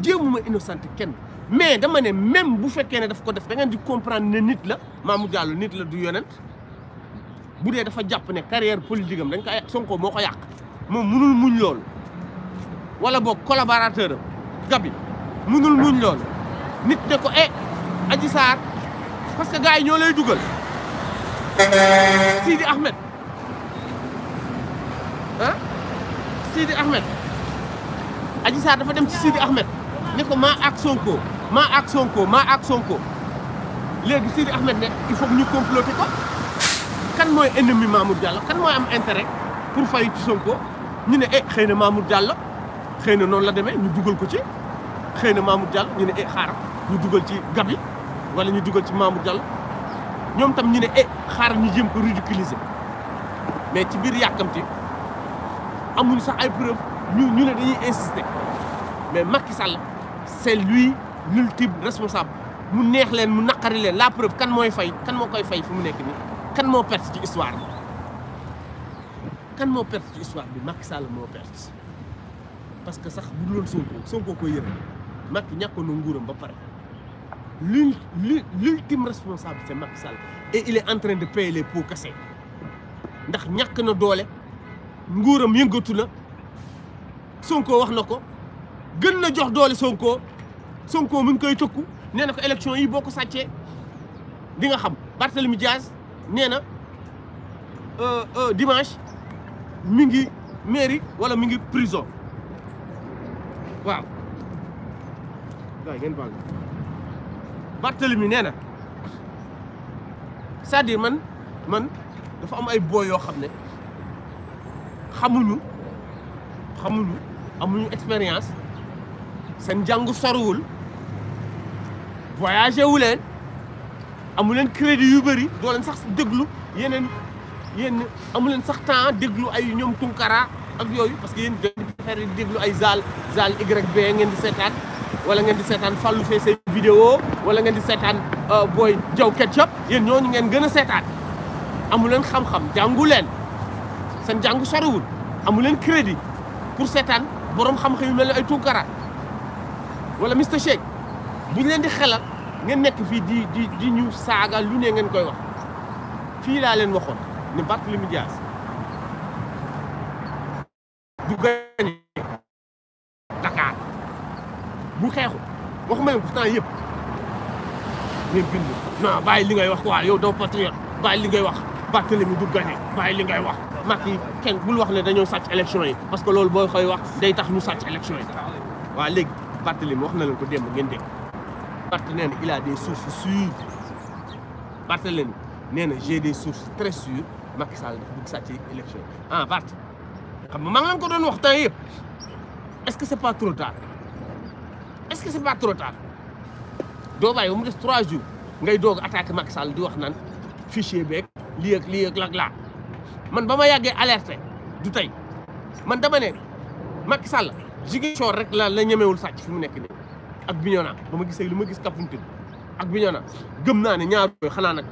jéemuma innocenté kenn mais dama ne même bu fekkee ne daf ko def da ngeen di comprendre ne nit la Mamour Diallo nit la du yonent bu dee dafa jàpp ne carrière politique am dañ ko Sonko moo ko yàq moom munul muñ loolu wala boog collaborateur am Gabi munul muñ loolu nit ne ko eh Adji Sarr parce que gars yi ñoo lay dugal Sidi Ahmed Sidi Ahmed Adji saa dafa dem ci Sidi Ahmed ne ko maa ak Sonko maa ak Sonko maa ak Sonko léegi Sidi Ahmed ne il faut ñu comploter ko kan mooy ennemi Mamour Diallo kan mooy am intérêt pour fayu ci Sonko ñu ne eh xëy na Mamour Diallo xëy na noonu la demee ñu dugal ko ci xëy na Mamour Diallo ñu ne eh xaar ñu dugal ci Gabi wala ñu dugal ci Mamour Diallo ñoom tam ñu ne eh xaaral ñu jéem ko ridiculiser mais ci biir yàkkamti amuñu sax ay preuve ñu nous ne dañuy insister mais Macky Sall c'est lui l'ultime responsable mu neex leen mu naqari leen la preuve kan mooy fay kan moo koy fay fu mu nekk nii kan moo perte ci histoire bi kan moo perte ci histoire bi Macky Sall moo perte parce que sax bu duloon Sonko Sonko koy yëre Macky ñàkkoon na nguuram ba pare l'ul l'ultime responsable c'est Macky Sall et il est en train de payer les pots cassés ndax ñàkk na doole nguuram yëngatu na Sonko wax na ko gën na jox doole Sonko Sonko mu ngi koy tëkku nee na ko élection yi boo ko sàccee di nga xam Barthélemy Diaz nee na euh, euh, dimanche mi ngi mairie wala mi ngi prison waaw. waaw ngeen baal nee na cest dire man man dafa am ay booy yoo xam ne xamuñu xamuñu. amuñu expérience sen jàngu sorwul voyager wu len amu len crédit yu bëri do len sax deglu yenen yenn amu len sax temps deglu ay ñom tunkara ak yoyu parce que yéen préféré deglu ay zal zal YB ngeen di setan, wala ngeen di seetaan fallu fee seen vidéo wala ngeen di seetaan euh, boy jaw ketchup yeen ñoo ngeen gëna a amu len xam-xam jàngu len sen jàngu soriwul amu len crédit pour boroom xam-xam yu mel ne ay Tunkara wala Mister Shake bu ñu leen di xelal ngeen nekk fii di di ñu saaga lu ne ngeen koy wax fii laa leen waxoon ne Barthélemy Dias du gagné Dakar bu xeexu waxuma yow pourtant yëpp ngeen bind non bàyyi li ngay wax waa yow doo patriote bàyyi li ngay wax Barthélemy du gagné bàyyi li ngay wax yi kenn bul wax ne dañoo sàcc élection yi parce que loolu boo koy wax day tax ñu sàcc élection yi waaw léegi Barthélémy wax na leen ko démb ngeen dem Barthélémy nee na il a des sources sûres Barthélémy nee na j'ai des sources très sûres Macky Sall dafa bëgg sàcc élection yi ah Bart xam maa ngi leen ko doon wax temps yëpp est-ce que c'est pas trop tard est-ce que c'est pas trop tard doo bàyyi mu des trois jours ngay doog attaqué Macky Sall di wax naan fichier beeg lii ak lii ak laa man ba ma yàggee alerté du tey man dama ne Macky Sall Ziguinchor rek la la ñemewul sàcc fi mu nekk nii ak Bignona ba ma gisee lu ma gis Kafountine ak Bignona gëm naa ne ñaar yooyu xanaa nag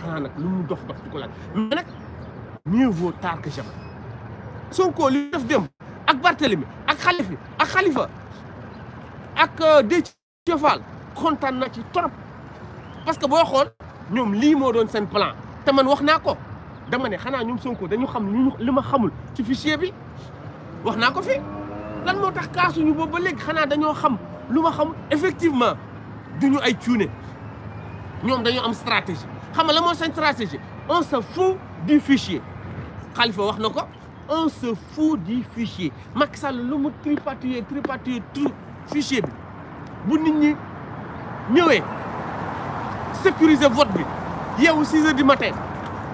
xanaa nag lu mu dof dof di ko laaj mais nag mieux vaut tard li def dem ak Barthélemy ak xalifi ak xalifa ak euh, Déthié Fall kontaan na ci trop que boo xool ñoom lii moo doon seen plan te man wax naa ko dama Sonko dañu xam xamul ci fichier bi waxna ko fi lan motax Nous ñu bo ba xana dañu xam luma effectivement duñu ay nous am stratégie xam la mo stratégie on se fout du fichier Khalifa waxna ko on se fout du fichier Macky Sall lu mu tout fichier bi bu nit sécuriser vote bi 6 h du matin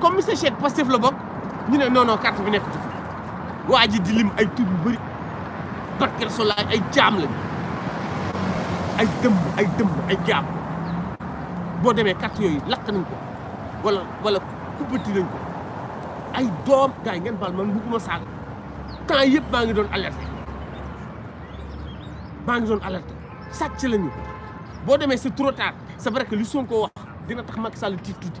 comme sa Cheikh Pastef la bokk ñu ne noonoo non carte bi nekkatu fi waa ji di lim ay tur yu bëri barkeel solaay ay jaam lañ ay dëmb ay dëmb ay jaam boo demee carte yooyu lakk nañ ko wala wala kubbati nañ ko ay doom gars ngeen baal man bugguma saaga temps yëpp maa ngi doon alerte maa ngi doon alerté sàcc lañu boo demee c'est trop tard c'est vrai que li Sonko wax dina tax Macky Sall tiit tuuti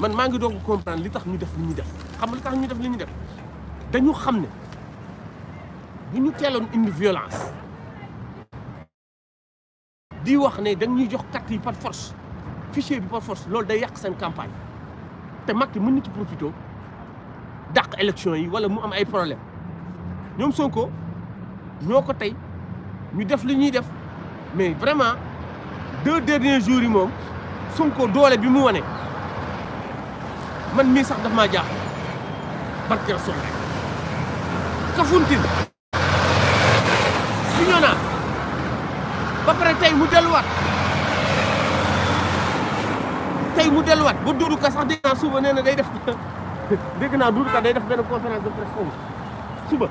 man maa ngi doog comprendre li tax ñu def li ñu def xam li tax ñu def li ñu def dañu xam ne bu ñu teeloon indi violence di wax ne dañuy jox carte yi par force fichier bi par force loolu day yàq seen campagne te Macky mën na ci profité dàq élection yi wala mu am ay problème ñoom Sonko ñoo ko tey ñu def li ñuy def mais vraiment deux derniers jours yi moom Sonko doole bi mu wane. man mi sax daf maa jaax barke rasul rek Kafountine Bignona ba pare tey mu delluwaat tey mu delluwaat bu Doudou Ka sax dégg naa suba nee day def (laughs) dégg naa Doudou day def benn conférence de presse suba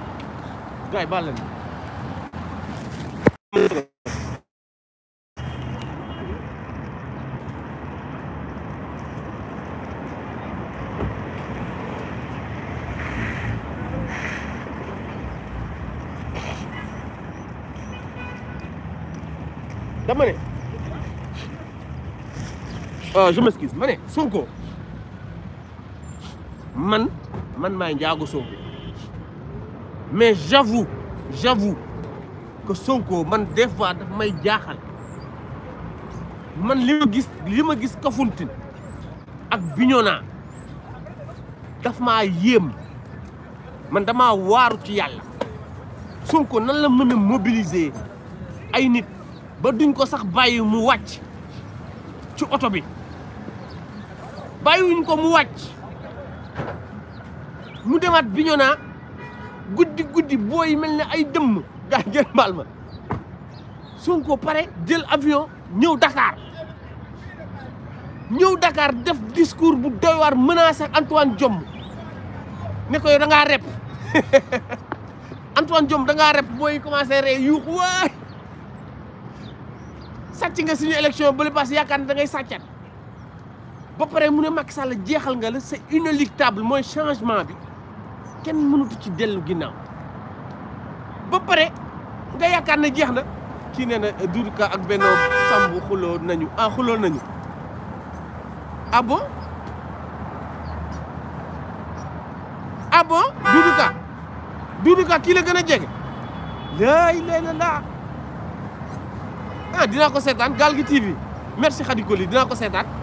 gars yi baal Euh, je m'excuse Mané, Sonko man man suis un Sonko mais j'avoue j'avoue que Sonko man des fois daf may man ne pas Kafountine ak Bignona daf suis Yem. man suis suis ci yalla Sonko nan la pas a mobiliser ay nit ba mu je ci un bi bàyyiwuñ ko mu wacc mu demaat na, guddi guddi boy melni ay dem ga ngeen balma Sonko pare djel avion ñew Dakar ñew Dakar def discours bu doy war menacer Antoine jom ne ko yow da nga rep (laughs) Antoine jom da nga rep boy commencé ré yuux waay sàcc nga suñu élection bu le pass yakane da ngay satchat ba pare mu ne Macky Sall jeexal nga la c'est inéluctable mooy changement bi kenn mënatu ci dellu ginnaaw ba pare nga yaakaar ne jeex na kii ne na eh, Doudou ak benn sàmbu xuloo nañu ah xuloo nañu ah bon ah bon kii la gën a jege laay lay la ah dinaa ko seetaan gaal gi TV merci Khady Koli dinaa ko seetaan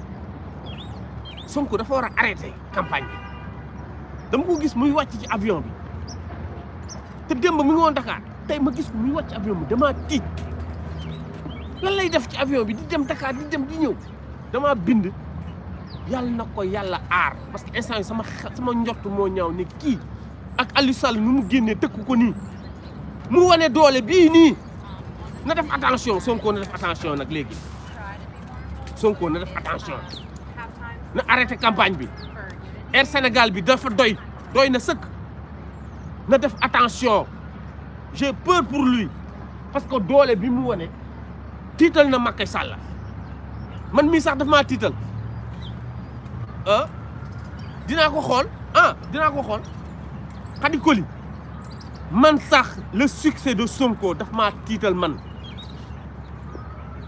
Sonko dafa war a arrêté campagne bi dama ko gis muy wàcc ci avion bi te démb mi ngi woon Dakar tey ma gis ko muy wàcc avion bi damaa tiit lan lay def ci avion bi di dem Dakar di dem di ñëw dama bind yàlla na ko yàlla aar parce que instant yi sama sama njot moo ñaaw ne kii ak Aliou Sall nu mu génnee tëkk ko nii mu wone doole bii nii na def attention Sonko na def attention nag léegi Sonko na def attention. na arrêté campagne bi Air Sénégal bi dafa doy doy na seuk na def attention j'ai peur pour lui parce que doole bi mu woné titel na Macky Sall man mi sax daf ma titel ah dina ko xool ah dina ko xool Khady Coly man sax le succès de Sonko daf ma titel man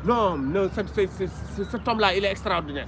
non non cet homme là il est extraordinaire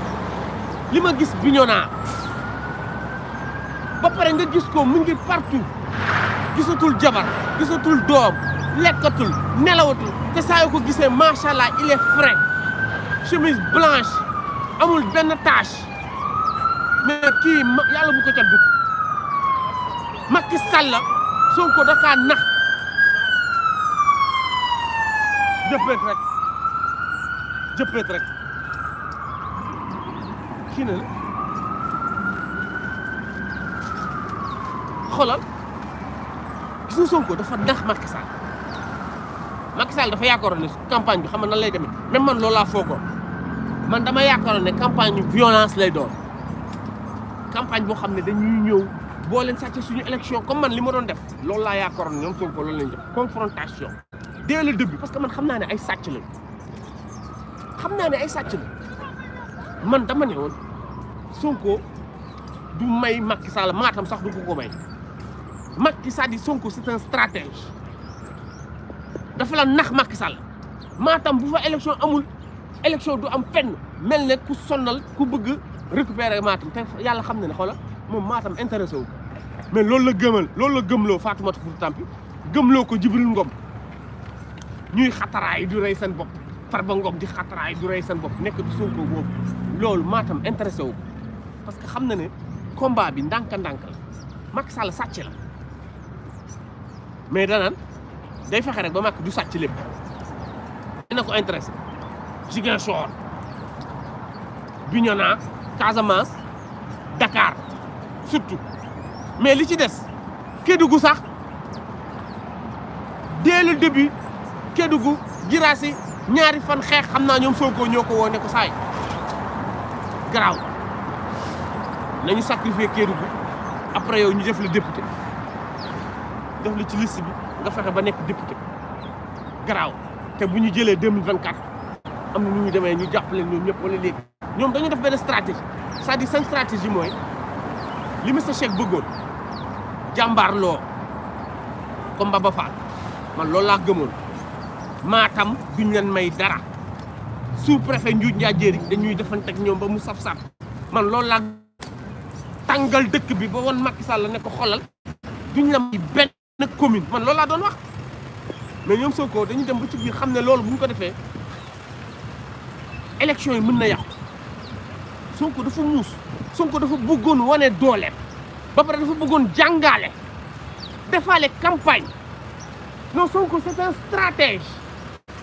lima gis Bignona ba pare nga gis ko mu ngi partout gisatul jabar gisatul doom lekkatul nelawatul te saa tu ko il est frais chemise blanche amul de tache mais la ko Macky Sall Je kii na la xoolal Sonko dafa nax Macky Sall Macky Sall dafa yaakaaroon ne campagne bi xam nga nan lay même man loolu laa foogoon man dama yaakaaroon ne campagne violence lay doon boo xam ne dañuy ñëw boo leen sàccee suñu élection comme man li ma doon def loolu laa yaakaaroon ne ñoom Sonko loolu lañ parce que man xam naa ne ay sàcc lañ xam naa ne ay sàcc lañ. man dama ne woon Sonko du may Macky Sall maatam sax du ko ko may Macky Sall di Sonko si un stratège dafa la nax Macky Sall maatam bu fa élection amul élection du am fenn mel ne ku sonnal ku bëgg récupérer maatam te yàlla xam na ne xoola moom maatam intéressé wu mais loolu la gëmal loolu la gëmloo Fatoumata Fouta Tampi gëmloo ko Jibril Ngom ñuy xataraay du rey seen bopp Farba Ngom di xatraay du rey seen bopp nekk du Sonko boobu loolu Matam intéressé wu parce que xam na ne combat bi ndànk-ndànk la Macky Sall sàcc la mais danaan day fexe rek ba Macky du sàcc lépp dina ko intéressé Ziguinchor Bignona Casamance Dakar surtout mais li ci des Kédougou sax dès le début Kédougou ñaari fan xeex xam naa ñoom Sonko ñoo ko woone ko saay garaaw nañu sacrifier Kédougou après yow ñu def la député def la ci liste bi nga fexe ba nekk député garaaw te bu ñu jëlee 2024 am na nu ñu demee ñu jàppale ñoom ñëpp la léegi ñoom dañu def benn stratégie c'est-à-dire stratégie mooy li Mister Shake bëggoon jàmbaar loo comme Baba Fall man loolu laa gëmoon Matam ñu leen may dara su préfet Ndiou Ndiadjéry dañuy defanteeg ñoom ba mu saf-saf man loolu laa tàngal dëkk bi ba woon Macky Sall ne ko xolal duñ ñu may benn commune man loolu laa doon wax mais ñoom soo ko dem ba ci biir xam ne loolu ko defee élection yi mën na yàqu Sonko dafa muus Sonko dafa bëggoon wane dooleem ba pare dafa bëggoon jàngaale defaale campagne non Sonko c'est un stratège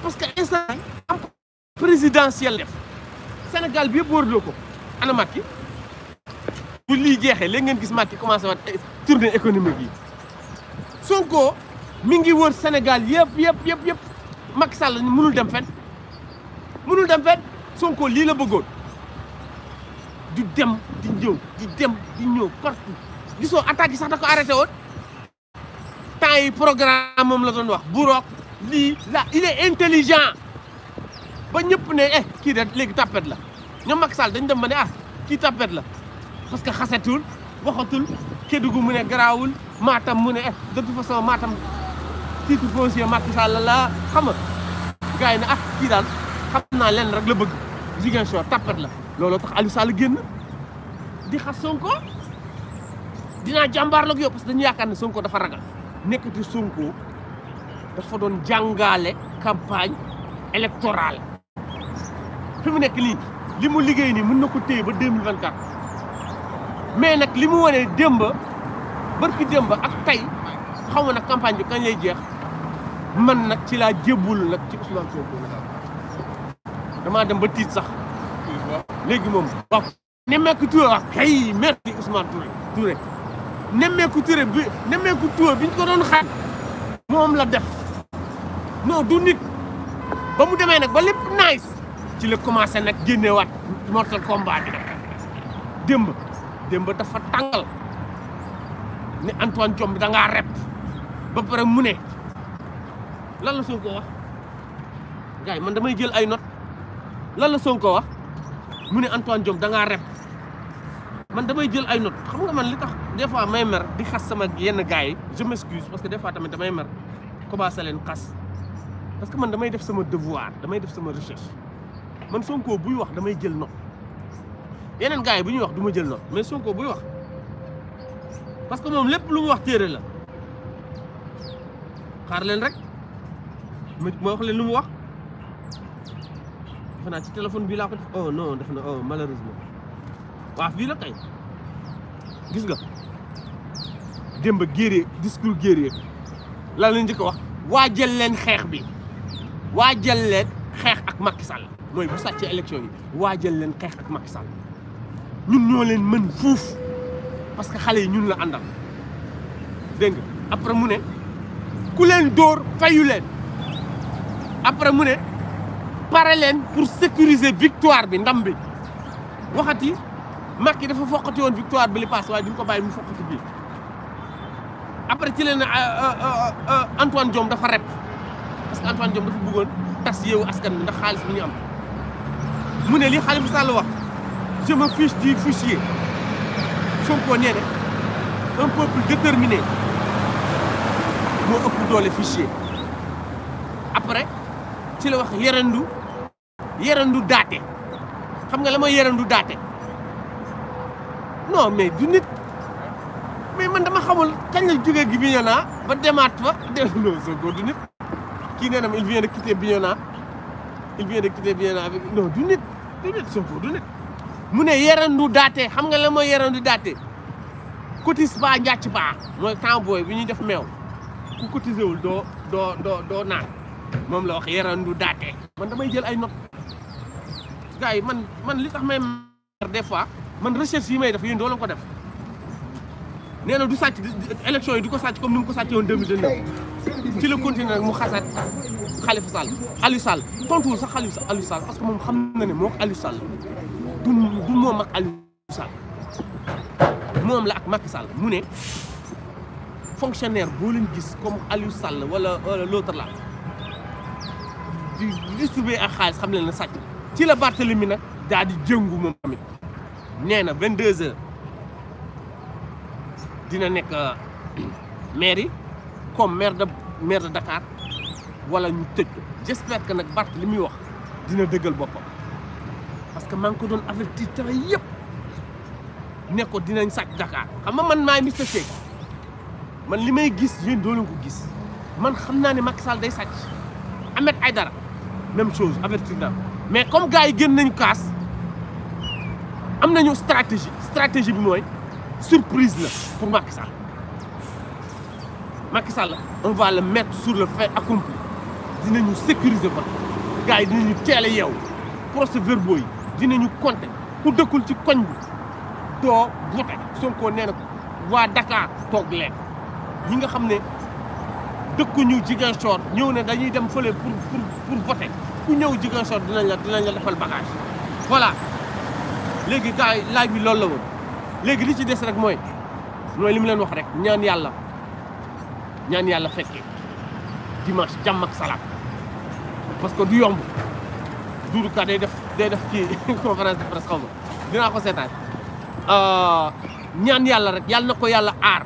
parce que instant am présidentiel def Sénégal bi yëpp wërloo ko ana Macky bu lii jeexee léegi ngeen gis Macky commencé waat tournée économique yi Sonko mi ngi wër Sénégal yëpp yëpp yëpp yëpp Macky Sall mënul dem fen mënul dem fen Sonko lii la bëggoon du dem di ñëw di dem di ñëw partout gisoo attaque yi sax da ko arrêté woon temps yi programme moom la doon wax bu li la il est intelligent ba ñep ne eh ki da léegi tapet la ñu mak sal dañ dem mané ah ki tapet la parce que xassatul waxatul Kédougou mu ne grawul Matam mu ne eh de toute façon Matam titre foncier mak sal la xam nga gay na ah ki dal xam naa leen rek la bëgg so tapet la lolo tax ali Sall génn di xas Sonko jambar lok yo parce que dañu yakane Sonko dafa ragal nekati Sonko dafa doon jàngaale campagne électorale fi mu nekk nii li mu liggéey nii mën na ko téye ba deux mille vingt quatre mais nag li mu wane démb barki démb ak tey xaw ma nag campagne bi kañ lay jeex man nag ci laa jébbul nag ci Ousmane Sonko damaa dem ba tiit sax léegi moom waaw Nemmeeku Touré wax merci Ousmane Touré Touré Nemmeeku bi Nemmeeku Touré bi ñu ko doon xaar moom la def non du nit ba mu demee nag ba lépp nice ci la commencé nekk génnewaat mortal combat bi nag démb démb dafa tàngal ne Antoine Diome da rep ba pare mu ne lan la Sonko wax gars yi man damay jël ay not lan la Sonko wax mu ne Antoine Diome da ngaa rep man damay jël ay not xam nga man li tax des fois may mer di xas sama yenn gars yi je m'excuse parce que des fois tamit damay mer commencé leen xas. parce que man damay def sama devoir damay def sama recherche man Sonko buy wax damay jël note yeneen gars yi bu ñuy wax duma ma jël note mais Sonko buy wax parce que moom lépp lu mu wax téere la xaar leen rek ma wax leen lu wax defe naa ci téléphone bi laa ko def oh na oh malheureusement waaw fii la kay gis nga démb guerrier discours guerrier lan la njëkk wax waa jël leen xeex bi waajal leen xeex ak Macky Sall mooy bu sacce élection yi waa jël leen xeex ak Macky Sall ñun ñoo leen mën fuuf parce que xale yi ñun la àndal dégg nga après mu ne ku leen dóor fayu leen après mu ne pare leen pour sécuriser victoire bi ndam bi waxati Macky dafa foqati woon victoire bi li paas waaye di ko bàyyi mu foqati bii après ci leen euh, euh, euh, Antoine Diome dafa rep parce que Antoine Diome dafa bëggoon tas yeewu askan bi ndax xaalis bi ñu am mu ne li Khalifa Sall wax je me fiche du fichier Sonko nee na un peuple déterminé moo ëpp doole fichier après ci la wax yerandu yerandu daate xam nga la mooy yerandu daate non mais du nit mais man dama xamul kañ la jógee gi bi naa ba demaat fa de (laughs) non Sonko du nit il vient de quitter Bignona il vient de quitter avec non du net. du nit Sonko du net. yerandu daate xam nga la yerandu pas cotise ba njàcc ba mooy temps booy def ou ku cotisé do, do, la yerandu man des fois recherche nee na du sàcc élection yi du ko sàcc comme ni mu ko sàccee woon 2019 ci la continuer nag mu xasaat Khalifa Sall Aliou Sall tontuwul sax Aliou Aliou Sall parce que moom xam na ne moom Aliou Sall du du moom ak Aliou Sall moom la ak Macky Sall mu ne fonctionnaire boo leen gis comme Aliou Sall wala wala l'autre là di distribuer ak xaalis xam leen ne sàcc ci la Barthélemy nag daal di jëngu moom tamit nee na 22 heures. dina nek euh, maire comme maire de maire de Dakar wala ñu j'espère que je Bart wax dina parce que man ko done avertir dina je dinañ Dakar xam man suis Mister Cheikh. man gis je ko gis man xamna ni Macky Sall day Ahmed Aïdara même chose avertir mais comme gars yi genn stratégie stratégie bi surprise pour Macky Sall on va le mettre sur le fait accompli nous sécuriser nous gars Il va nous a procès-verbaux compter ku dëkkul ci koñ bi nous voté Sonko nee nous Dakar toog leen ñi pour pour pour voter la la defal bagage voilà léegi gars yi léegi li ci des rek mooy mooy li mu leen wax rek ñaan yàlla ñaan yàlla fekkee dimanche jàmm ak salaam parce que du yomb Doudou Ka day def day def ci (laughs) conférence de presse xaw ma dinaa ko seetaan euh, ñaan yàlla rek yàlla na ko yàlla aar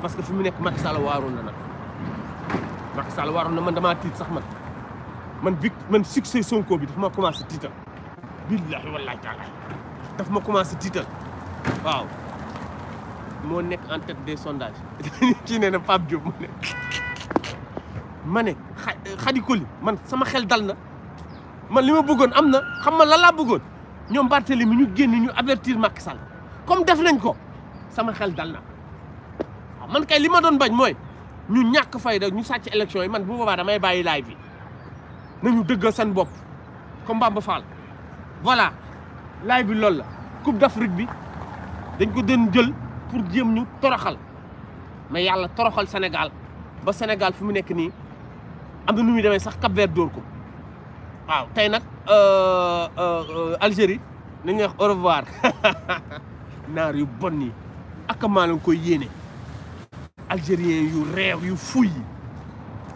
parce que fi mu nekk Macky Sall waaroon na nag Macky Sall waaroon na man damaa tiit sax man man bi man succès Sonko bi daf ma commencé tiita billahi wallahi taala daf ma commencé tiital waaw moo nekk en tête des sondages (laughs) kii nee na Pape Diop mu ne ma ne Khady Collin man sama xel dal na man li ma bëggoon am na xam ma lan laa bëggoon ñoom Barthélemy ñu génn ñu avertir Macky Sall comme def nañ ko sama xel dal na man kay li ma doon bañ mooy ñu ñàkk fayda ñu sàcc élection yi man bu boobaa damay bàyyi laay bi nañu dëggal seen bopp comme Bamba Fall voilà laay bi loolu la coupe d'Afrique bi dañ ko doon jël pour jëm ñu toroxal mais yalla toroxal Sénégal ba Sénégal fu mu nekk ni am na nu muy demee sax Cap Vert dóor ko waaw tey euh, euh Algérie nañ wax au revoir (laughs) nar yu bon ak ma leen koy yéné algérien yu réew yu fuy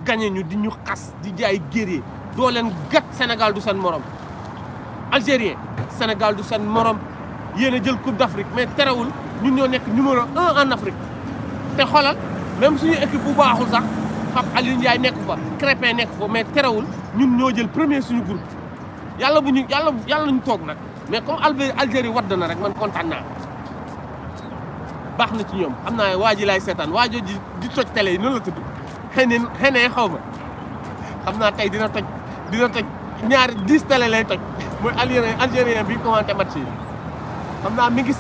gagné ñu di ñu xass di jaay guerrier do len gat Sénégal du sen morom algérien Sénégal du sen morom yéen a jël coupe d' mais terewul ñun ñoo nekk numéro un en Afrique te xoolal même suñu équipe bu baaxul sax Pape Alioune Ndiaye nekk fa Crépin nekk fa mais terewul ñun ñoo jël premier suñu groupe yàlla bu ñu yàlla yàlla ñu toog nag mais comme Algérie Algérie wadd na rek man kontaan naa baax na ci ñoom am naa waa ji laay seetaan waa ji di toj tele yi noonu la tudd xëy na xaw ma xam naa tey dina toj dina toj ñaari dix télé lay toj mooy Algérien Algérien bi commenté match yi comme ça mi ngi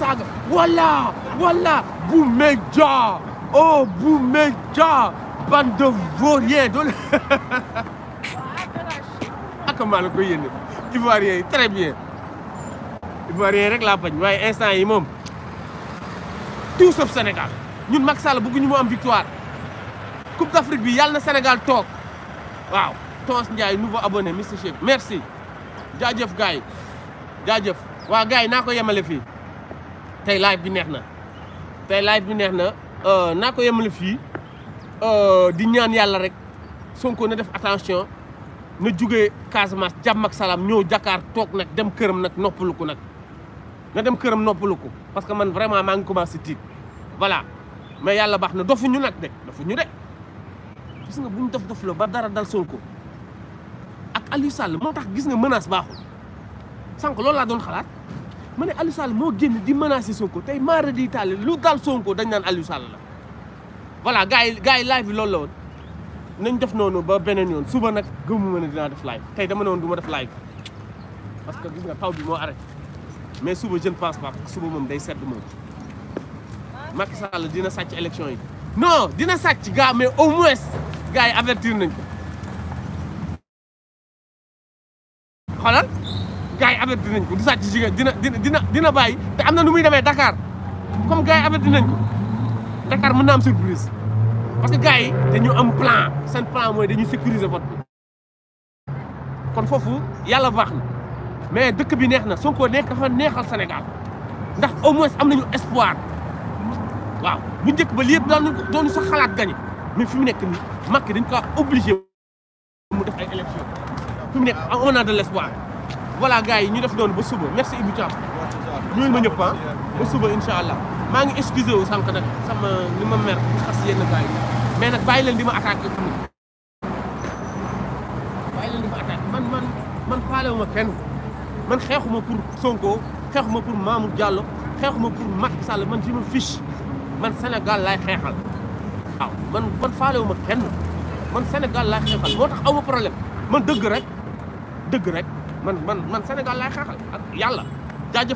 voilà voilà Boumédia oh Boumédia bande de vauriens Ah (laughs) comment maa la koy yëndee Ivoirien très bien Ivoirien rek la bañ waaye instant yi moom tout sauf Sénégal ñun Macky Sall bëgguñu mu am victoire Coupe d'Afrique bi yàlla na Sénégal toog waaw Tons Ndiaye nouveau abonné Mr Chef. merci jaajëf Gaye..! yi waa gars yi naa ko yemale fii tey live bi neex na tey live bi neex na euh, naa ko yemale fii euh, di ñaan yàlla rek Sonko na def attention na juge Casamance jàmm ak salaam ñëw Dakar toog nag dem këram nag noppalu ko nag na dem këram noppalu ko parce que man vraiment maa ngi commencé tiit voilà mais yàlla baax na dofuñu nag de dofu ñu de gis nga bu ñu dof dof la ba dara dal ko ak Aliou Sall moo tax gis nga menace baaxul sànq loolu laa doon xalaat. mane ne Aliou Sall moo génn di menacer Sonko tey maara di taal lu dal Sonko dañ naan Aliou Sall la voilà gars yi gars yi live bi loolu la woon nañ def noonu ba beneen yoon suba nag gëmuma ne dinaa def live tay dama ne woon du ma def live parce que gis nga taw bi moo arrêté mais suba je ne pense suba moom day sedd moom Macky Sall dina sàcc élection yi non dina sàcc gars mais au moins gars yi avertir nañ ko gars yi averti nañ ko du sàcc jigéen dina dina dina bàyyi te am na nu muy demee Dakar comme gars yi averti nañ ko Dakar mën na am surprise parce que gars yi dañu am plan seen plan mooy dañu sécuriser vote bi foofu yàlla baax na mais dëkk bi neex na Sonko nekk dafa neexal Sénégal ndax au moins am nañu espoir waaw bu njëkk ba lépp daal doonu su xalaat gañe mais fi mu nekk nii Macky dañ ko obligé mu def ay élection fi mu de l' espoir voilà gars yi ñu def doon ba suba merci Ibou suis ñuul ma ñëpp ah ba suba incha Je ngi excusé wu sànq nag sama li ma suis gars je mais nag bàyyi leen suis ma attaqué Je suis Je di je suis man man Je suis ma kenn Je suis pour Sonko Je pour Mamour Diallo je pour Macky Sall man suis fiche man Sénégal lay xéxal waaw man man faalewu ma kenn man Sénégal lay xéxal motax problème man dëgg rek dëgg man man man Sénégal laay xeexal ak yàlla jaajëf.